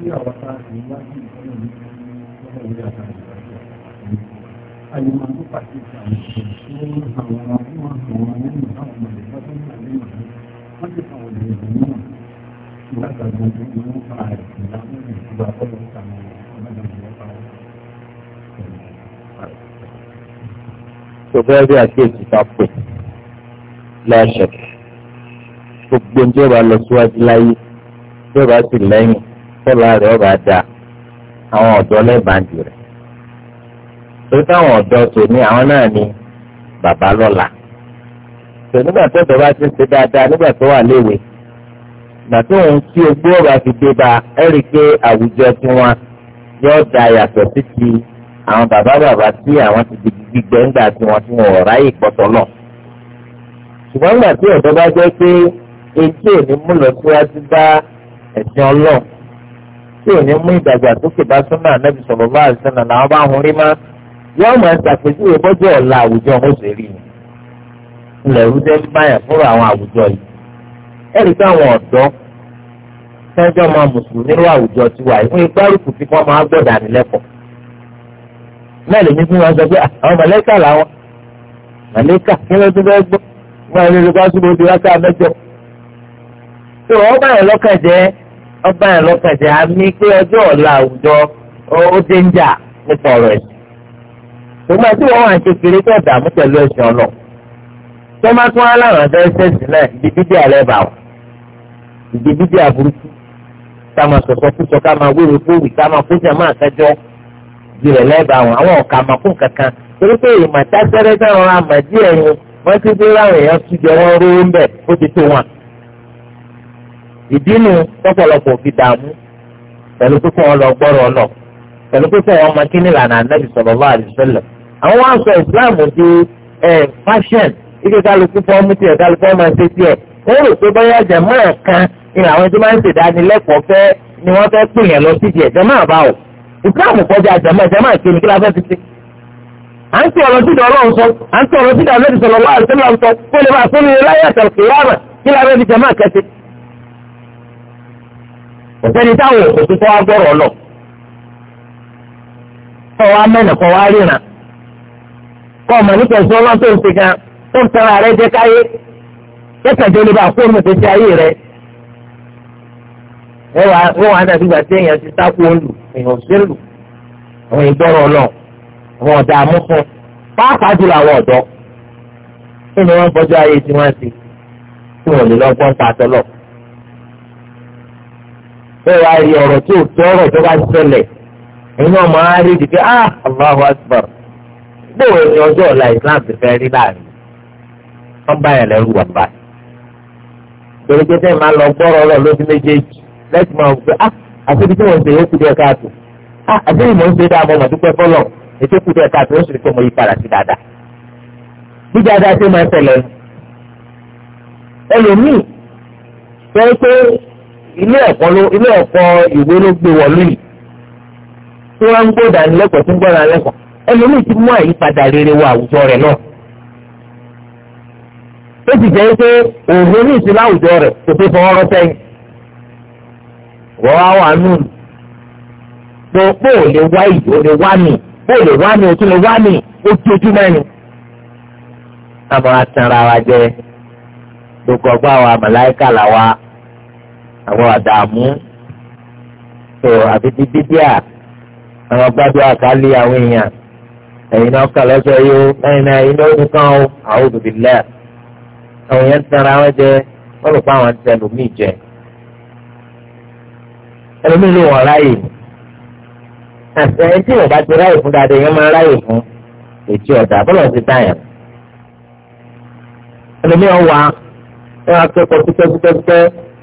tí àwọn ta ní wájú ìfọ́nà ní ọmọ ìwé àtàrí ìgbàjọ́. Àyùmọ̀ tó pàṣẹ ìṣàmì ìṣòro àwọn ọmọ wọn àwọn nínú àwọn ọmọdé lọ́dún ní àlẹ́ ìwọ̀n wọ́n ti fa àwọn ìwé ìwọ̀n náà. Ìgbàgbà gbogbo ni wọ́n fa àìsàn láwọn ìgbà ọlọ́ Sọ̀bẹ́ rí àkíyèsí ká pè láṣẹ. Gbogbo ń jọba lọ síwájú láyé, jọba sì lẹ́yìn tọ́lá rẹ̀ ọba da àwọn ọ̀dọ́ lẹ́bàájì rẹ̀ tó táwọn ọ̀dọ́ tó ní àwọn náà ní bàbá lọ́la tó nígbà tó tọ́ bá ti ṣe dáadáa nígbà tó wà léwe ìgbà tó ń kí ogbó ọba fi dé ba ẹ̀rí pé àwùjọ tí wọn yóò da yàtọ̀ sí ti àwọn bàbá bàbá tí àwọn ti di gbígbẹ́ ńgbà tí wọn ti wọn ọ̀rá yìí lọ. ṣùgbọ́n ìgbà ọ̀dọ́ bá jẹ́ pé etí òní mú síwájú bá ẹ̀sìn ọlọ́run tí ò ní mú ìdàgbàsókè bá súnà anábì sọ̀rọ̀ bá àṣìṣàn náà bá hun rí má yóò máa ṣàpèjúwe bọ́jọ́ ọ̀la àwùjọ wọn ṣe rí ni. ilẹ̀ rúdẹ́ báyà fúnra àwọn àwùjọ yìí. ẹ̀rí pé àwọn ọ̀dọ́ sẹ́jọ́ máa mùsùlùmí nínú àwùjọ ti wà ìfún ìgbárùkù tí wọ́n máa gbọ̀dà nílẹ̀kọ̀. mẹ́rin ní fún wọn sọ pé àwọn mọ̀lẹ́kà làwọn mọ̀lẹ́kà ọba yẹn lọ́kàn jẹ́ àmì pé ọjọ́ ọ̀la àwùjọ ó dé ń nípa ọ̀rọ̀ ẹ̀sìn. Gbogbo àti wọn wà tó dààmú pẹ̀lú ẹ̀sìn ọ̀nà. Tó aláwọ̀ ẹ̀dá ẹsẹ̀ sí náà ìdí bíbí àbúrúkú. Ká máa kúsọ ká máa wéwèé ká máa máa lẹ́bà wọn. Àwọn ọ̀kà kankan. Torí ìdínú tọ́pọ̀lọpọ̀ fi dààmú pẹ̀lú pípọ̀ wọn lọ gbọ́rọ̀ lọ pẹ̀lú pípọ̀ wọn mọ kíní lànà anábì sallallahu alaihi wasallam àwọn wá sọ islam di fashion ike kálukú fọ́ọ̀mù tiẹ̀ kálukú ọmọ ẹsẹ̀ tiẹ̀ wọ́n rò pé bóyá jẹ̀mọ́ ẹ̀ kan ni àwọn tó máa ń ṣèdánilẹ́kọ̀ọ́ fẹ́ ni wọ́n fẹ́ pè yẹn lọ sí tiẹ̀ jẹ̀mọ́ àbá o islam kọjá jẹ̀mọ́ jẹ̀mọ́ ìkéni kí la fẹ́ fi ṣe. à ń tẹ ọ̀rọ̀ sídà ọlọ́run sọ à ń tẹ ọ̀rọ̀ sídà ọlọ́run sọ lọ́wọ́ àti sẹ́lẹ̀ sọ kó lè bá a sọ́nù ilé láyé àtàlùkù yára kí la fẹ́ fi jẹ̀mọ́ àkẹ́sẹ̀ òsèlè táwọn òkòtò tó wá lọ kọ́ wa mẹ́nà kọ́ wa ríran kọ́ ọmọ nípa ẹ̀sùn ọlọ́tò ṣe gan tó ń tẹ́ra rẹ jẹ́ káyé kẹ́kẹ̀jọ́ lè bá fóònù tó ti ayé rẹ ẹ wà wọ́n wà dàbí gbà tí èèyàn ti sáku olù èèyàn òṣèlú àwọn ìgbọ́rọ̀ lọ àwọn ọ̀dà amúfún pàápàá jùlọ àwọn ọ̀dọ́ kí ni wọ́n fọjọ́ ayé tí wọ́n ti tí wọ́n lè lọ pa àtọ́lọ́ọ̀ ẹ wá rí ọ̀rọ̀ tí ò tọrọ tó bá ṣẹlẹ̀ ẹ̀yin náà máa rí dìde ah Allahu Akbar bóyá ni ọjọ́ ọ̀la Islam ti fẹ́ rí láàrin wọ́n bá yẹn lẹ́rù wà báyìí torí pé sẹ́yìn máa lọ gbọ́rọ̀ ọ̀rọ̀ lójú méjèèjì lẹ́sìn máa gbé ah àti tí wọ́n ṣe yókù díẹ̀ káàtó ah àti ìmọ̀ ń ṣe dáa mọ́ màdúpẹ́ fọlọ́ ètò kù káàtó ó sì rí pé mo yí padà sí dáadáa ilé ẹ̀kọ́ ló ilé ẹ̀kọ́ ìwé ló gbé wọ̀lú yìí tí wọ́n ń gbé ìdánilẹ́kọ̀ọ́ tí ń gbọ́ra lẹ́kọ̀ọ́ ẹlòmíì ti mú àyípadà rere wọ àwùjọ rẹ̀ náà ó ti jẹ́ pé òun ní ìsìn láwùjọ rẹ̀ kò fi fọwọ́ rọ́ sẹ́yìn wọ́n á wà nù pé pé ò lè wá ìdí ò lè wá mi pé ò lè wá mi ò tún lè wá mi ó ti ojú mẹ́rin àmọ́ atanra wa jẹ gbogbo ọgbà wa màláìkà làwa àwọn àdààmú tó àfi ti bíbíà àwọn gbádùn àkálí àwọn èèyàn ẹ̀yin náà kà lọ́sọ̀ yìí ó ẹ̀yin náà ẹ̀yin náà ó nìkan ó àwọn òbí lẹ̀ àwọn yẹn ń tanra wọn jẹ wọn lò pa àwọn ti ẹlòmíì jẹ ẹlòmíì ló wọn ráàyè àti ẹni tí wọn bá ti ráàyè fún dáadáa yẹn máa ráàyè fún ètí ọ̀dà bọ́lá ti dáyà ẹlòmíì ọ̀wà ẹ̀ wá kẹ́kọ̀ọ́ pípẹ́pípẹ́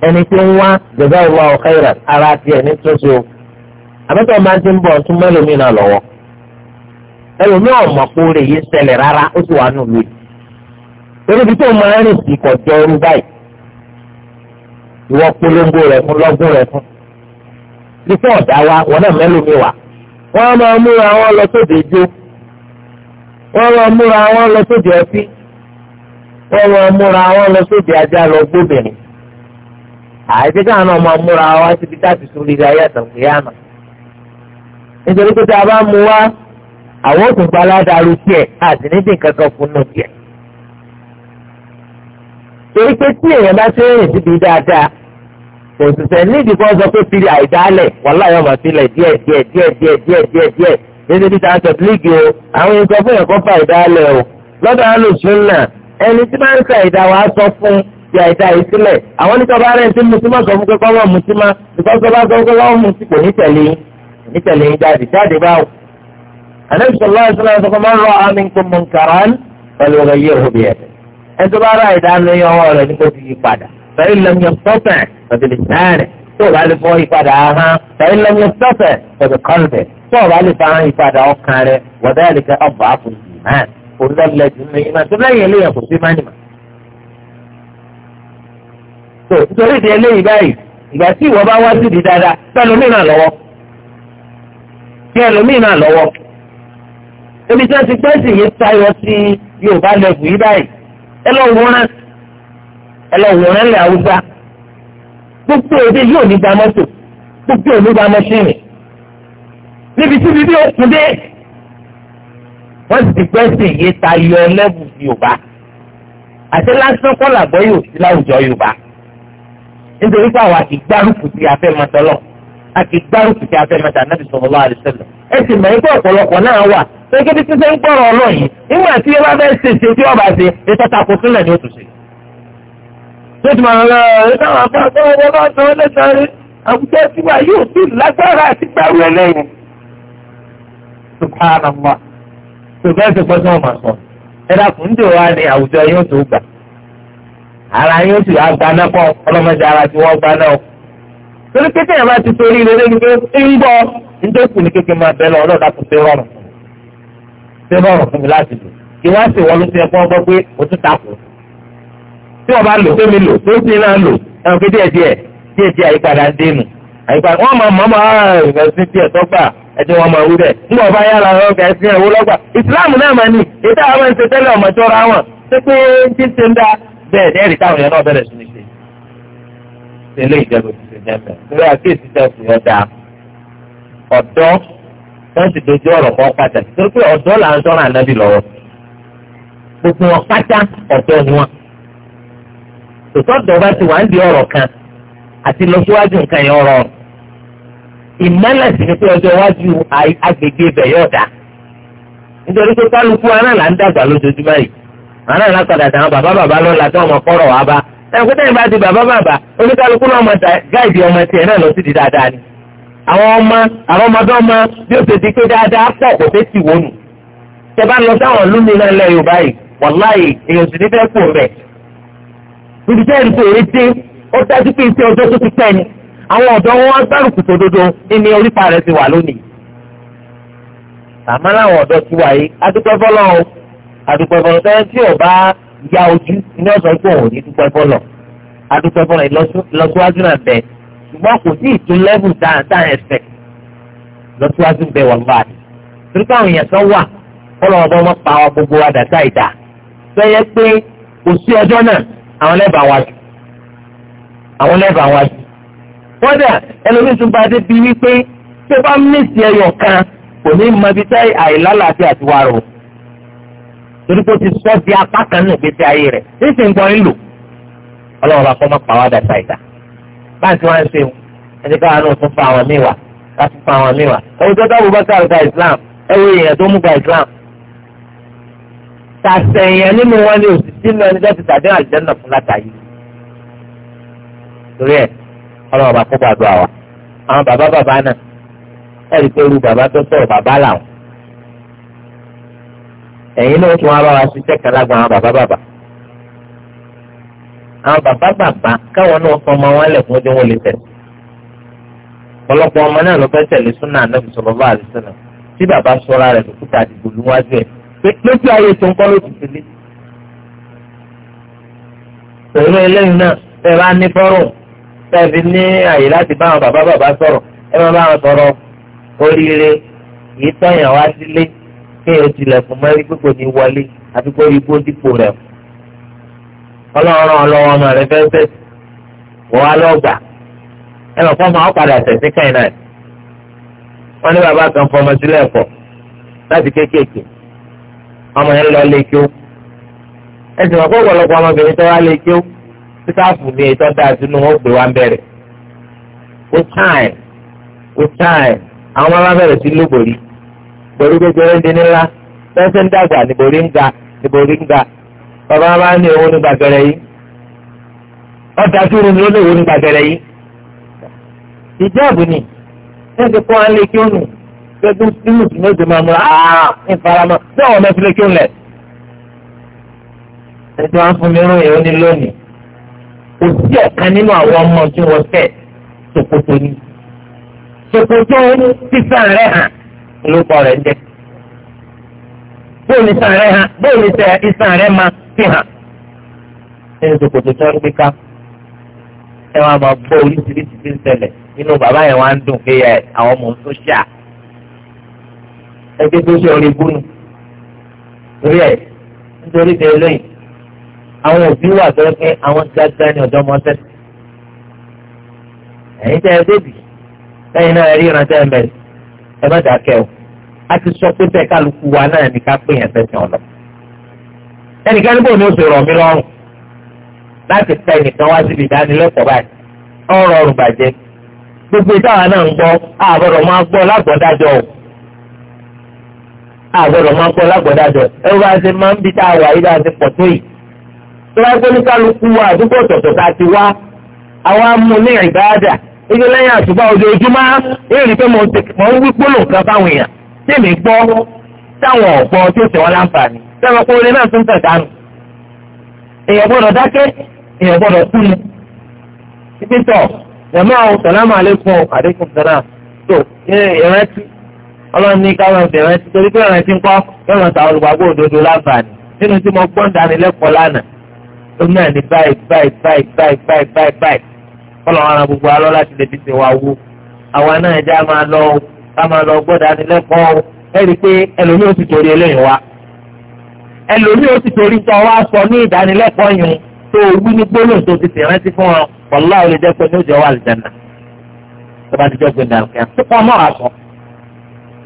ẹni tí ń wá ara tiẹ̀ ní àbẹ́tọ̀ máa ti ń bọ̀ tún mẹ́lòmínà lọ́wọ́ rárá ó sì wà yìí torí ibi tó máa rìn sí ọrú báyìí ìwọ polongo rẹ fún lọ́gùn rẹ fún ọ̀dà wa wọn náà mẹ́lòmíì wà wọ́n máa múra wọn lọ sóde ijó wọ́n máa múra wọn lọ sóde ọtí wọ́n máa múra wọn lọ àìsí káwọn náà máa múra wá síbi táàtì sórí ilé ayé àtàkùn yá mà nítorí pé tá a bá mú wá àwọn òkùn gbaládàrú tiẹ̀ àti níbi nǹkan kan fún nù tiẹ̀ torí pé tí èèyàn bá ṣe rìn síbi dáadáa kò sì sẹ́ níbi kan sọ pé fi àìdálẹ̀ wàhálà yóò máa filẹ̀ díẹ̀ díẹ̀ díẹ̀ díẹ̀ díẹ̀ díẹ̀ díẹ̀ níbi tí táwọn tẹ̀sílíìgì o àwọn èèyàn sọ fún yẹn kó fa àìdálẹ̀ o lọ́dọ̀ àlùsùn náà ẹni tí bá ń sa ìdáwà sọ fún un fi àìdá yìí sílẹ̀ àwọn oníṣẹ́ ọba rẹ̀ ti mutí má sọ fún pé kọ́wọ́ mutí má ìfọ́sọ́ bá sọ fún pé kọ́wọ́ mutí kò ní tẹ̀lé ní tẹ̀lé jáde jáde báwò. àlejò sọlá ìṣúná sọ fún máa ń rọ àmì nǹkan mọ̀ nkàrán pẹ̀lú ọ̀rọ̀ yìí òbí ẹ̀. ẹni tó bá rà ìdáná yẹn ọwọ́ rẹ̀ nígbà tí yìí padà fẹ́ẹ́ lẹ́mìí ọ̀sọ́fẹ̀ pẹ̀lú ìpadà fẹ́ẹ́ lẹ́mìí ọ̀sọ́fẹ̀ tó nítorí ìdí eléyìí báyìí ìgbà tí ìwọ bá wá síbi dáadáa kí ẹlòmíì náà lọ́wọ́ kí ẹlòmíì náà lọ́wọ́ ebi tí wọ́n ti gbé sí yìí tayọ sí Yorùbá lẹ́gùn yìí báyìí ẹ lọ lẹ́ Haúsá gbogbo èdè yóò ní gba mọ́tò gbogbo èdè gba mọ́ṣíìnì níbi tí bíbí òkun dé wọ́n ti gbé sí yìí tayọ lẹ́gùn Yorùbá àti lásán kọ́là gbọ́ yóò sí láwùjọ Yorùbá nítorí pé àwọn àkìgbárùkù ti afẹ́ mọ́tọ́lọ́ àkìgbárùkù ti afẹ́ mọ́tọ́ anábì sallallahu alaihi wasallam ẹ sì mọ̀ ẹgbẹ́ ọ̀pọ̀lọpọ̀ náà wà gẹ́gẹ́ bí títí ń gbọ́rọ̀ ọlọ́yìn nígbà tí ẹ bá fẹ́ ṣe ṣe tí ọba ṣe ètò àtakò sílẹ̀ ni ó tún ṣe. tó ti máa lọ ẹ táwọn afẹ́ àgbọ̀wọ́ bá tán lẹ́sàn-án àwùjọ tí wà yóò sì lágbára àti gbàrú ẹlẹ́yìn. subhanallah tó bẹ́ẹ̀ ṣe gbọ́dọ̀ máa sọ ẹ dàkún dè wá ní àwùjọ yóò tó gbà. ara yín ó sì agbaná kọ ọlọ́mọdé ara tí wọ́n gbaná o. torí pé téèyàn bá ti torí rere ni pé ń bọ̀ nítòsí ní kékeré máa bẹ lọ ọlọ́dà tó ṣe rọrùn ṣe rọrùn fún mi láti lò kí ọgbọ́ pé o tí wọ́n bá lò mi lò sì lò ẹ̀rọ pé díẹ̀ díẹ̀ bẹ́ẹ̀ dẹ́rì táwọn èèyàn náà bẹ̀rẹ̀ sí ní ṣe ilé ìjọba ti ṣe jẹ́mẹ̀ lórí àkéèsí tẹ̀sí ọ̀dà ọ̀dọ́ wọ́n sì dojú ọ̀rọ̀ kan pàtàkì tó pé ọ̀dọ́ là ń sọ̀rọ̀ ànábì lọ́wọ́ gbogbo wọn pátá ọ̀dọ́ ni wọn tòtọ́dọ̀ bá ti wà ń di ọ̀rọ̀ kan àti lọ síwájú nǹkan yẹn ọ̀rọ̀ ìmọ̀lẹ̀ sì ni pé ọjọ́ iwájú agbègbè ibẹ̀ yóò dá nítorí pé kálukú aráàlá ń dàgbà lójoojúmọ́ yìí àná ìlà padà tàwọn bàbá bàbá lọ́la tí wọ́n mọ kọ́rọ̀ wá bá ẹ̀kú tẹ́yìn bá di bàbá bàbá oníkálukú náà mọ gáìdì ọmọ tiẹ̀ náà lọ sí di dáadáa ni. àwọn ọmọ àwọn ọmọdé ọmọ bí ó ṣe di pé dáadáa pọ̀ kò fẹ́ tì wónù. tẹ bá lọ sáwọn lómi náà lẹ yorùbá yìí wàláyé èèyàn sì ní fẹ́ kú rẹ̀. ibi tẹ́ ẹ̀rí kò rí dé ó dájú pé iṣẹ́ ọjọ́ tó ti pẹ́ ni àwọn ọ̀dọ́ wọn wá gbárùkù tó dodo ní orípa rẹ̀ ti wà lónìí. àmọ́ láwọn ọ̀dọ́ ti wà yìí adúpẹ́ fọlọ́run àdúpẹ́ fọlọ́ sẹ́yìn tí o bá ya ojú ní ọ̀sán pé òun ní dúpẹ́ fọlọ́ àdúpẹ́ fọlọ́ ìlọsíwájú náà bẹ̀ ṣùgbọ́n kò sí ìtún lẹ́bù dáadáa ẹ̀sẹ̀ lọ́síwájú bẹ̀ wọ́n bá rẹ̀ torí káwọn èèyàn kan wà kọ́lọ́ ọ̀bọ wọn pa àwọn gbogbo wa dàtà ìdá sẹ́yẹ pé kò sí ọjọ́ náà àwọn lẹ́bàá wájú àwọn lẹ́bàá wájú kódà ẹlòmíín tún bá dé bí wípé tó bá mí torí kó ti sọ di apá kan nù gbèsè ayé rẹ̀ níṣẹ ń gbọ ń lò Ọlọ́run bá kọ má pa wá dàtà ìdá báńkì wá ń ṣe ẹni káwọn náà tún fa àwọn míì wá fa àwọn míì wá tó dábò bá sáà gba Islam ẹwọ èèyàn tó mú gba Islam tàṣẹ èèyàn nínú wọn ni òsì sínú ẹni tó ti tàdé àlùjẹ́nà fún látàyè torí ẹ Ọlọ́run bá kó gbàdúrà wa àwọn bàbá bàbá náà ẹ̀rí pé irú bàbá tó sọ̀rọ̀ bàbá làwọn ẹ̀yin náà tún wá bá wa ṣiṣẹ́ kan lágbà àwọn bàbá bàbá àwọn bàbá bàbá káwọn náà fọ ọmọ wọn lẹ̀ fún ojú wọn lè tẹ̀lé ọ̀pọ̀lọpọ̀ ọmọ náà ló fẹ́ tẹ̀lé súnà anábì sọ̀rọ̀ bá àdìsẹ́ náà tí bàbá sọra rẹ̀ lòkúta àdìgbò níwájú ẹ̀ pé lójú ayé tó ń kọ́ ló ti tẹ̀lé. pẹ̀lú eléyìí náà tẹ́ bá ní fọ́rùn tẹ́ fi ní àyè láti bá àwọn bàbá bàbá sọ̀rọ̀ ẹ kéèyàn tilẹ̀kùn mọ́ ẹgbẹ́ kò ní wọlé àti kó igbó dípò rẹ̀ ọlọ́run ọlọ́wọ́ ọmọ rẹ̀ fẹ́ fẹ́ wọ́n á lọ́gbà ẹ lọ́ fọ́ máa padà tẹ̀sí kẹ́hìn náà wọ́n ní bàbá kan fọmọ sílẹ̀ ẹ̀kọ́ láti kéékèèké ọmọ yẹn lọ lé kí ó ẹ sì mọ̀ pé ọ̀pọ̀lọpọ̀ ọmọbìnrin tó wá lé kí sítáàfù ní ètò ọ̀dà àtinú wọn gbé wá ń bẹ̀rẹ̀ ó táì ó táì àwọn ọmọ bá bẹ̀rẹ̀ sí lóbòrí borí kékeré ń di nílá tẹ́sí ń dàgbà ní borí ń ga ní borí ń ga bàbá wa ní òun ní gbàgẹ̀rẹ̀ yìí ọ̀dà sórí ni ó lè òun ní gbàgẹ̀rẹ̀ yìí. ìjọ́ọ̀bù ni wọ́n ti kọ́ alẹ́ kí ó nù gbẹ́dún sí mùsùlùmí ọ̀dọ̀ máa múra áá ìfaramọ́ náà wọ́n mẹ́fìlẹ́ kí ó lẹ̀. ẹ̀sìn wa fún mi rún èèyàn ní lónìí kò sí ọ̀kan nínú àwọn ọmọ tí wọ́n fẹ́ ṣòkòtò ni ṣòkòtò sísàn rẹ̀ hàn. olùkọ́ re jẹ́. bóòlù sàn rẹ̀ hàn bóòlù sàn rẹ̀ máa fi hàn. nínú ṣòkòtò tó ń ká ẹ wá máa oríṣiríṣi ń bàbá yẹn wá ń dùn pé ẹ àwọn ọmọ tó ṣà ẹgbẹ́ tó ṣe orí torí ẹ nítorí àwọn òbí wà tó pé àwọn gbàgbà ní tẹ ẹ débi a ti sọ pé bẹ́ẹ̀ kálukú wa náà ní ká pé yẹn sẹ́sìn ọ̀nà. ẹnìkan níbo ni ó sì rọ̀ mí lọ́rùn láti tẹ ẹnìkan wá síbi ìdánilẹ́kọ̀ọ́ báyìí ọ̀rọ̀ ọ̀rùn bàjẹ́ gbogbo ìtawà náà ń gbọ́ àbọ̀dọ̀ máa gbọ́ lágbọ̀dájọ́ o àbọ̀dọ̀ máa gbọ́ lágbọ̀dájọ́ ẹ̀rọ bá ṣe máa ń bi tá a dáa ṣe pọ̀ tó yìí tó bá gbé ní kálukú wa àdúgbò tọ̀tọ̀ tá a ti wá àwa mú ní ìbáradà ìdílẹ́yìn àtúbà ojoojúmọ́ èrè pé mo ń wí gbólóǹkan fáwọn èèyàn tèmi gbọ́ táwọn ọ̀gbọ́n tí ó ṣe wọ́n láǹfààní sẹ́wọ́n pé orin náà tún tẹ̀ dánù èèyàn gbọ́dọ̀ dákẹ́ èèyàn gbọ́dọ̀ kú ni títí tọ̀ jẹ̀mọ́ àwọn sàlámù alẹ́kùn àdékùn sàlám tó ìrántí ọlọ́run ní káwọn ọ̀sẹ̀ ìrántí torí pé ìrántí ń kọ́ yọ̀ràn tàwọn olùgbàgbọ́ òdodo láǹfààní nínú tí mo gbọ́n dánilẹ́kọ̀ọ́ lánàá tó náà ní báyìí báyìí báyìí báyìí báyìí báyìí báyìí kọ́lọ̀ wọn gbogbo alọ́ láti lè fi ṣèwà wo àwa ká máa lọ gbọ́dọ̀ adilẹ́kọ̀ọ́ ẹ rí i pé ẹlòmíì ó sì torí eléyìí wá ẹlòmíì ó sì torí tó wá sọ ní ìdánilẹ́kọ̀ọ́ yìí tó wí ní gbólóhùn tó ti tẹ̀rántí fún wọn wàlúwà ó lè jẹ́ pé ní ó jẹ́ wà lìjànà tó bá ti jọ́ gbẹ̀dà kẹ́ tó kọ́ mọ́ àṣọ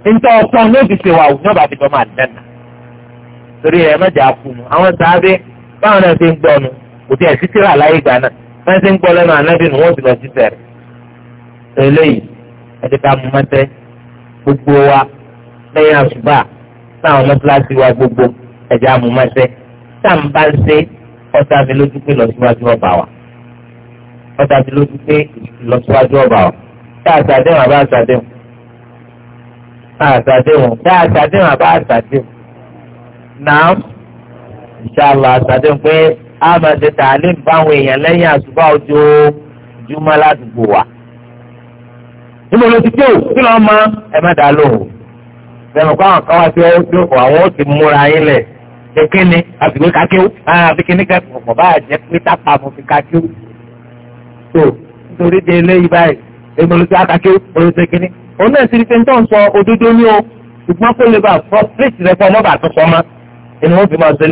nítorí ọ̀sán ní òbí ṣe wà ó ní ọ̀bà ti jọ máa lìjànà torí ẹ̀ mẹ́jà kùnú àwọn sàábé báwọn náà ṣe ń gbọ́ nu kò tí ẹ̀ sí tíra láyé ìgbà náà wọ́n ṣe ń gbọ́ lẹ́nu ànábì gbogbo wa lẹ́yìn àṣùbà táwọn mọ́tíláṣí wa gbogbo ẹ̀jẹ̀ amúmọ́sẹ́ tá n bá ń ṣe ọ̀tá mi lójú pé lọ́síwájú ọba wa ọ̀tá mi lójú pé lọ́síwájú ọba wa tá a ṣàdéhùn àbá ṣàdéhùn tá a ṣàdéhùn tá a ṣàdéhùn àbá ṣàdéhùn náà ìṣàlọ̀ àṣàdéhùn pé a máa ṣe tààlí báwọn èèyàn lẹ́yìn àṣùbà ojoojúmọ́ ládùúgbò wa nínú olóòtú tó kí lọ́ọ́ mọ ẹ má dá lóhùn bẹ̀rù kó àwọn káwá tí àwọn ó ti múra yín lẹ̀ ṣe kí ni àbíwé kákéwú àbí kí ni kẹ́kọ̀ọ́ bá jẹ́ pé tápà mo fi kákéwú tó nítorí de eléyìí báyìí èmi olóòtú akákéwú olóòtú kí ni òun náà sì rí pẹ́ńtọ́ ń sọ òdodo ní o ṣùgbọ́n kó lè bá fọ́ọ̀tì rẹ fọmọ́ bàtú fọmọ́ inú wọn fi máa ṣe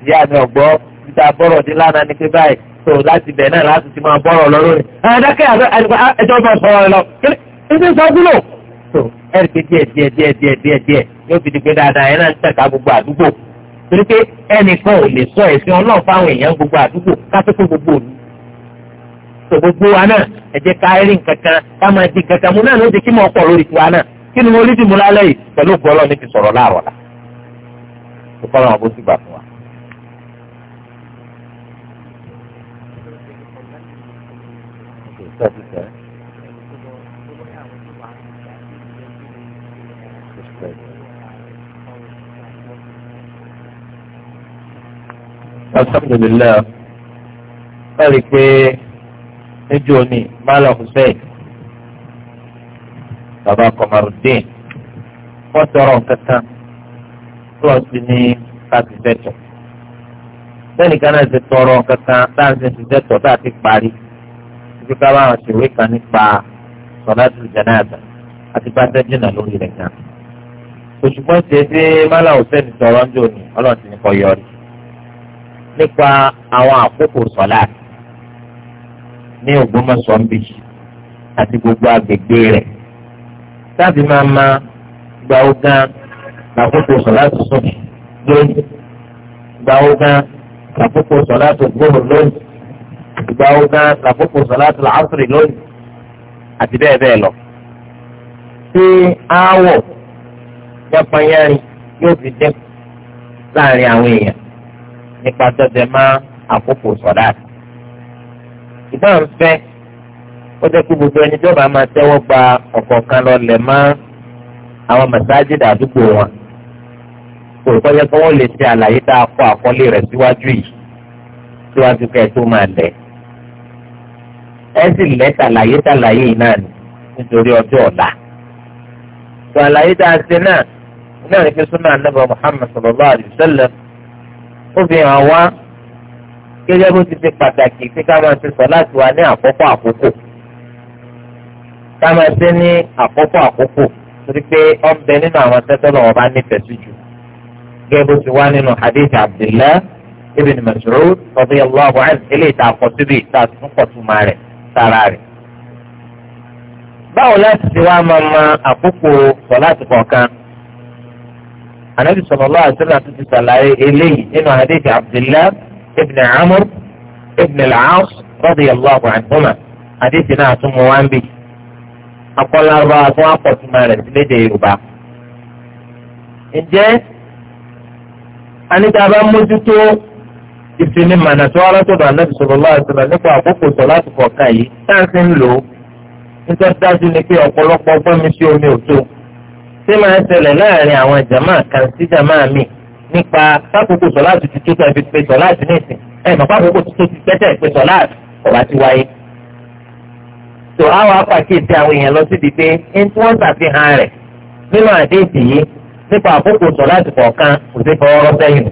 lẹ́yìn tá a bọ̀rọ̀ dín lánàá ní pé báyìí tó láti bẹ̀ náà láti ti máa bọ̀rọ̀ lọ lónìí. àdákẹ́ ẹjọ́ bá sọ̀rọ̀ lọ kíni sọ dúró. tó ẹ̀rí pé díẹ̀ díẹ̀ díẹ̀ díẹ̀ díẹ̀ díẹ̀ yóò fi di pé dáadáa ẹ̀ náà ń tẹ̀ka gbogbo àdúgbò torí pé ẹnìkan ò lè sọ ẹ̀sìn ọlọ́run fáwọn èèyàn gbogbo àdúgbò kápẹ́kọ̀ gbogbo òní. tó gbogbo wa náà ẹ jẹ́ ká rí nǹkan kan ká máa di nǹkan kan mo náà ló di kí mo pọ̀ lórí tiwa náà kí ni mo rí dìmú lálẹ́ yìí pẹ̀lú ògbọ́lọ́ ní ti sọ̀rọ̀ láàrọ̀ la. ó kọ́ alhamdulilayi wọ́n rí i pé níjó ni mala hussein baba kọmarudin wọ́n tọrọ kankan kílọ̀sì ní káàtì fẹ́tọ̀ sẹ́nìkan náà ti tọrọ kankan táàsì ti fẹ́tọ̀ tá a ti parí ibi ká bá wọn ṣèwé kan nípa sọ̀láṣí jẹnáàtà àti pàṣẹ jìnnà lórí rẹ̀ kan òṣùpọ̀ ṣe é sí mala hussein tọrọ ń jò ọlọ́run ti ní kọ́ yọrí nípa àwọn àkókò sọ̀lá ní Ògbómọ̀ṣọ́ ń bì àti gbogbo agbègbè rẹ̀ sáàbì máa ma gba ogan àkókò sọ̀lá tuntun lónìí gba ogan àkókò sọ̀lá tuntun lónìí gba ogan àkókò sọ̀lá tuntun àṣírí lónìí àti bẹ́ẹ̀ bẹ́ẹ̀ lọ. ṣé aáwọ̀ yápanyárin yóò fi dẹ́kun láàrin àwọn èèyàn? nípa dọ́jẹ́ máa àkókò sọ̀dá. ìdáhùn fẹ́ ó jẹ́ kí gbogbo ẹni tó bá máa tẹ́wọ́ gba ọ̀kọ̀ọ̀kan lọ lẹ̀ mọ́ àwọn mẹ̀sáájì dàdúgbò wọn. kò kọ́jọ́ pé wọ́n lè ṣe àlàyé tá a kọ́ àkọlé rẹ̀ síwájú yìí síwájú kẹ́ ẹ tó máa lẹ̀. ẹ sì lẹ́ tàlàyé tàlàyé yìí náà nítorí ọjọ́ ọ̀la. tó àlàyé ṣe náà náà ní kí súnà anábọ̀ Muhammad sallallahu alaihi ó fi hàn wá gẹ́gẹ́ bó ti ṣe pàtàkì pé ká máa ṣe sọ láti wá ní àkọ́kọ́ àkókò ká máa ṣe ní àkọ́kọ́ àkókò torí pé ọ̀bẹ nínú àwọn tẹ́tọ́ lọ́wọ́ bá nífẹ̀ẹ́ sí jù gẹ́gẹ́ bó ti wá nínú hadith Abdullah ibn Mas'ud radiyallahu anhu eléyìí tá a kọ síbi tá a tún kọ tuma rẹ̀ sára rẹ̀. báwo láti ṣe wá máa ma àkókò sọ láti kọ̀ọ̀kan anabi sallallahu alaihi wasallam ti sàlàyé eléyìí nínú hadithi abdullahi ibn amr ibn al-aas radiyallahu anhuma hadithi náà tún mú wá ń bì akọlárúbá fún akọtuma rẹ̀ sí léde yorùbá. ǹjẹ́ anita bá mójútó ìsinmi mànà tó alátọ̀dọ̀ anabi sallallahu alaihi wasallam nípa àkókò sọ láti kọ̀ọ̀kan yìí táà ń lò ó ń dájú ni pé ọ̀pọ̀lọpọ̀ ọgbọ́n mi sí omi ò ṣé máa ń ṣẹlẹ̀ láàrin àwọn jàmá kan sí jàmá mi nípa sákòókò sọláàtì ti tó tẹ̀ fi pe sọláàtì nìsín ẹ̀ mọ̀ sákòókò tó ti tẹ́tẹ̀ pe sọláàtì ọ̀bá ti wáyé. tó àwọn apàkíyèsí àwọn èèyàn lọ síbi pé ẹni tí wọ́n ṣàfihàn rẹ̀ nínú àdéhìí yìí nípa àkókò sọláàtì kọ̀ọ̀kan kò sí fọwọ́rọ́ sẹ́yìn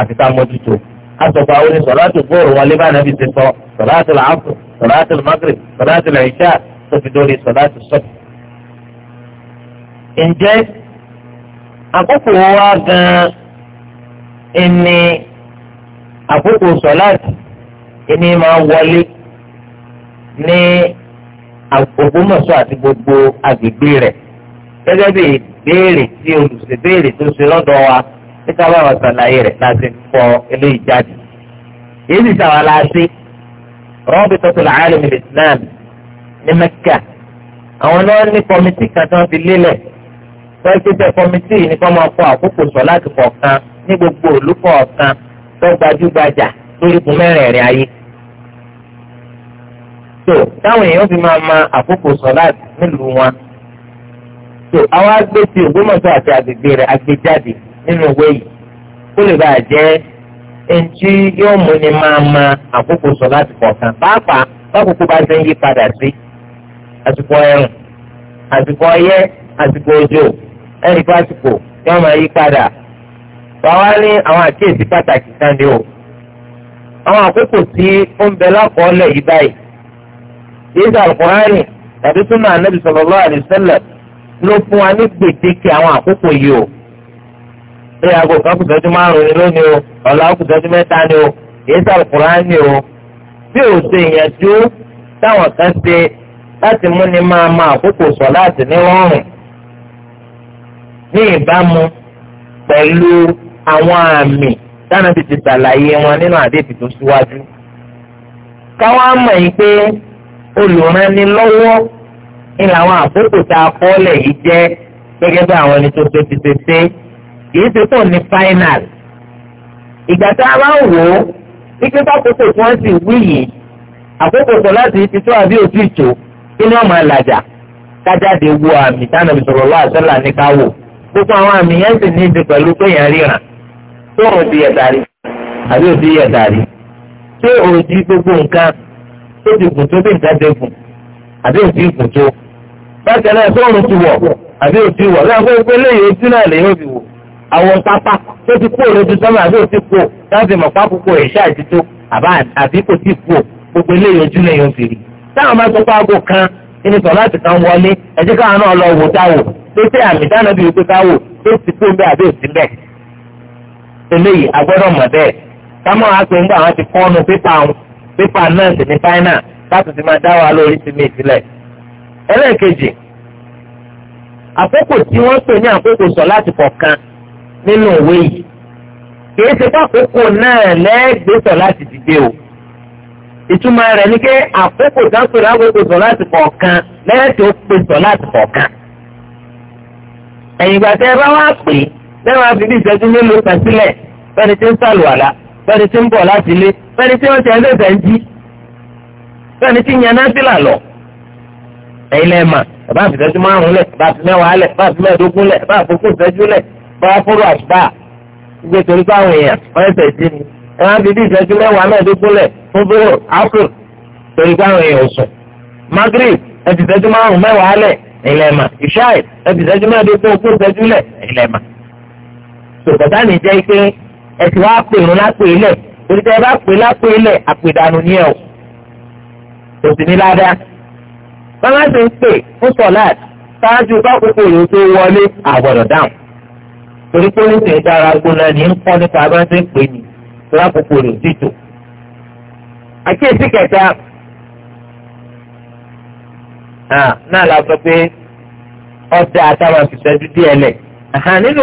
àti ká mójútó asọ̀gbà wo sọláàtì gbòòrò wọn lé bá nàbì ti sọ sọláàtì làásù sọláàtì maghrib sọláàtì làìṣà tó fi dórí sọláàtì sọ́tù ǹjẹ́ àkókò wa gan-an ẹni àkókò sọ̀láàtì ẹni máa wọlé ní Ògbómọ̀ṣọ́ àti gbogbo agbègbè rẹ̀ gẹ́gẹ́ bí ìbéèrè tí olùṣèbéèrè tó ṣe lọ́dọ̀ wa níta bá wà sàlàyé rẹ̀ láti fọ eléyìí jáde èyí sì sàwọn aláṣẹ Rabitatul Alamin Islam ní Mẹ́kà àwọn náà ní kọ́mítì kan tí wọ́n fi lélẹ̀ wọ́n ti tẹ kọ́mítì ní kọ́ máa fọ àkókò sọ láti kọ̀ọ̀kan ní gbogbo òlú kọ̀ọ̀kan tó gbajúgbajà lórígun mẹ́rẹ̀ẹ̀rin ayé. tó táwọn èèyàn fi máa ma àkókò sọ láti nílùú wọn. tó àwọn agbésí Ògbómọ̀ṣọ́ àti àgbègbè rẹ̀ agbéjáde nínú ìwé yìí kó lè bàa jẹ́ ẹnjí yóò mú ni máa ma àkókò sọ láti kọ̀ọ̀kan pàápàá bákòókò bá ṣe ń yí padà sí àsìkò ẹ̀rùn àsìkò ọyẹ́ àsìkò òjò. ẹnì pásítọ̀ yóò máa yí padà ní àwọn àkíyèsí pàtàkì kan ní o àwọn àkókò tí ó ń bẹ lákọọ́lẹ̀ yìí báyìí yíṣà alukóhánì tàbí súnmọ́ anábì sallallahu alaihi wasallam ló fún wa ní gbèdéke àwọn àkókò yìí o kan lónìí o ọ̀la mẹ́ta o o bí o ṣe táwọn kan ṣe láti máa ma àkókò sọ láti ní ní ìbámu pẹ̀lú àwọn àmì dáná ti ti ṣàlàyé wọn nínú àdéhùn tó síwájú. káwọn á mọ̀ yín pé olùrànilọ́wọ́ ni làwọn àkókò tá a kọ́ lẹ̀ yìí jẹ́ gẹ́gẹ́ bí àwọn ẹni tó ṣe ti ṣe ṣe kìí ṣe tó ní final. ìgbà tá a bá ń wò ó wípé bákòókò tí wọ́n sì wí yìí àkókò sọ láti ti tó àbí òtún ìtò kí ni wọ́n máa làjà kájáde wo àmì tánàbí sọ̀rọ̀ wá àṣọ́là ní káwò gbogbo àwọn àmì yẹn sì ní í ṣe pẹ̀lú pé yẹn ríran tó òdi ẹ̀dàrí àbí òdi ẹ̀dàrí tó òdi gbogbo nǹkan tó ti gùn tó bí nǹkan ti gùn àbí òdi gùn tó bákan náà tó òun ti wọ̀ àbí òdi wọ̀ láàbọ̀ gbogbo eléyìí ojú náà lè yóò fi wò àwọn pápá tó ti kú òlójú sọ́mọ́ àbí òdi kú láti mọ̀ pápákọ̀ ẹ̀ṣẹ́ àti tó àbí kò tí kú gbogbo eléyìí ojú náà yóò fi rí táwọn bá tó pàgọ́ kan ẹni sọ̀ láti kan wọlé ẹ̀jẹ̀ káwọn náà lọ wò táwọn pé ṣé àmì dáná bíi pé káwò tó ti kú bẹ́ẹ̀ àbí òsì bẹ́ẹ̀. eléyìí agbọ́dọ̀ mọ̀ bẹ́ẹ̀ kámọ́ àgbẹ̀ ńgbà wọn ti kọ́nu pépà wọn pépà náà sì ní fáínà láti ti máa dá wa lórí ti mi sílẹ̀. ẹlẹ́ẹ̀kejì àkókò tí wọ́n pè ní àkókò sọ láti kọ̀ọ̀kan nínú òwe yìí kìí ṣe fákòókò náà lẹ́ẹ̀gbẹ́sọ̀ láti dìde o ìtumọ̀ rẹ̀ ni pé àkókò dáńpẹ̀lú àkókò sọ láti kọ̀ọ̀kan lẹ́yìn tó pè sọ láti kọ̀ọ̀kan ẹ̀yìn ìgbà tẹ́ ẹ bá wá pè é bẹ́ẹ̀ máa fi bí ìṣẹ́jú mélòó kan sílẹ̀ bẹ́ẹ̀ni tí ń sàlùwàlà bẹ́ẹ̀ni tí ń bọ̀ láti ilé bẹ́ẹ̀ni tí wọ́n ti ẹ̀ lẹ́sẹ̀ ń jí bẹ́ẹ̀ni tí ń yan nábìlà lọ. ẹ̀yin lẹ́ẹ̀ mà bàbá àfìṣẹ́jú márùn-ún lẹ̀ bàbá àfi mẹ́wàá lẹ̀ bàbá àfi mẹ́ẹ̀ẹ́dógún lẹ̀ bàbá àfọkù ìṣẹ́jú lẹ̀ bàbá fúru àṣùbà gbé torí báwọn èèyàn ọ̀ẹ́sẹ̀ sí ni ẹ máa fi bí ìṣẹ́jú mẹ́wàá mẹ́ẹ̀ẹ́dógún lẹ̀ fún bírò áfù torí báwọn èèyàn ò sùn. magreth ẹ̀ ti ìṣẹ́jú márùn ilẹ̀ mà ìṣáì ẹbí ìṣẹ́jú náà dé tó ogún ìṣẹ́jú lẹ̀ ilẹ̀ mà. sòkòtà ní jẹ́ pé ẹ ti wá pè ní lápè ilẹ̀ torí tẹ́ ẹ bá pè lápè ilẹ̀ àpèdànù ni ẹ̀ o kò sì ní ládàá. báwa ṣe ń pè fún sọ̀láàt ṣáájú kákòókò rẹ̀ tó wọlé àgbọ̀dọ̀ dáhùn. torí pé oúnjẹ ìdára gbóná ni ń kọ́ nípa bá ń ń pè ní lákòókò Ah, náà la sọ pé ọ̀dà àtàwọn àfìsẹ́jú díẹ̀ lẹ̀ nínú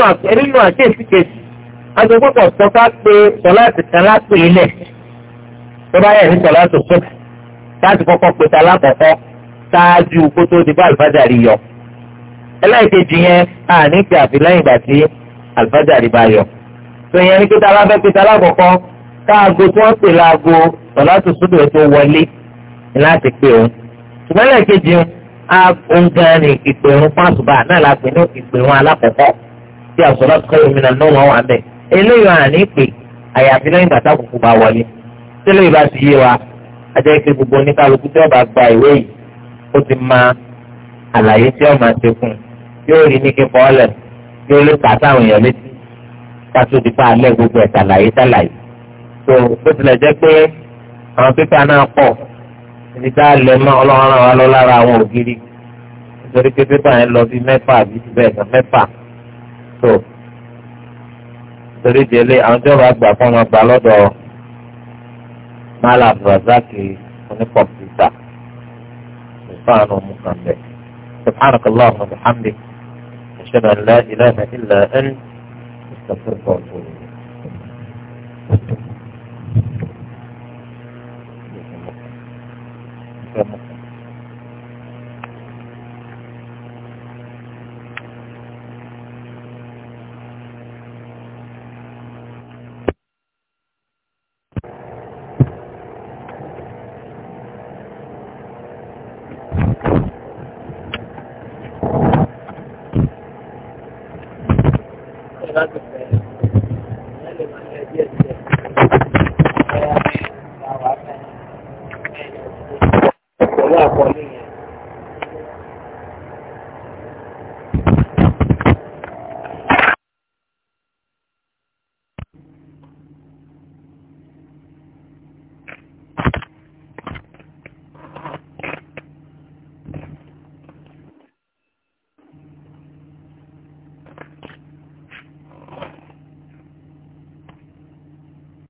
àkéèsí kejì agbẹ́gbọ́dọ̀ sọ ká pé sọláàtì kan lápè ilẹ̀ tó bá yẹ ní sọláàtì sọ láti kọ́kọ́ pé ta lákọ̀ọ́kọ́ ṣáájú kó tó di bá àlùfáàjàrí yọ ẹlẹ́ẹ̀kejì yẹn a ní pé àfi lẹ́yìn ìgbà tí àlùfáàjàrí bá yọ tó yẹn ní pé ta lábẹ́ pé ta lákọ̀ọ́kọ́ káàgó tí wọ́n pè láago sọláàtì sọ́dọ̀ tó wọlé láti pé òun ṣùgbọ́n lẹ́ẹ̀kejì oúnjẹ ni ìpèrún pàṣùbà náà la pè ní ìpèrún alákọ̀ọ́kọ́ tí àṣọlá tó kọ́yọ̀ mìíràn náà wọ́n wà mẹ́ eléyìí wà ní ìpè àyàfi lẹ́yìn bàtà kùkù bá wọlé tẹ́lẹ̀ ìbá ti yé wa ajẹ́ pé gbogbo oníkàlùkù tí ọba gba ìwé yìí ó ti ma àlàyé tí ọba ti kún yóò rí ní kíkọ́ ọ̀lẹ̀ yóò lè kà sáwọn èèyàn létí pàtó ti alẹ́ gbogbo ẹ̀ tàlàyé tàlàyé tó bó tilẹ̀ jẹ́ pé àwọn pépà náà pọ̀ ibi tá a lẹ̀ mọ́ ọlọ́run ràn wá lọ lára àwọn ògiri nítorí pé pépà yẹn lọ bí mẹ́fà àbí bẹ́ẹ̀ kan mẹ́fà tó torí délé àwọn ìjọba àgbà fún wọn gbà lọ́dọ̀ mala abdulrasaq oníkọ̀mpútà ìfáànù mùkànbẹ سبحانك اللهم وبحمدك أشهد أن لا إله إلا أنت أستغفرك وأتوب إليك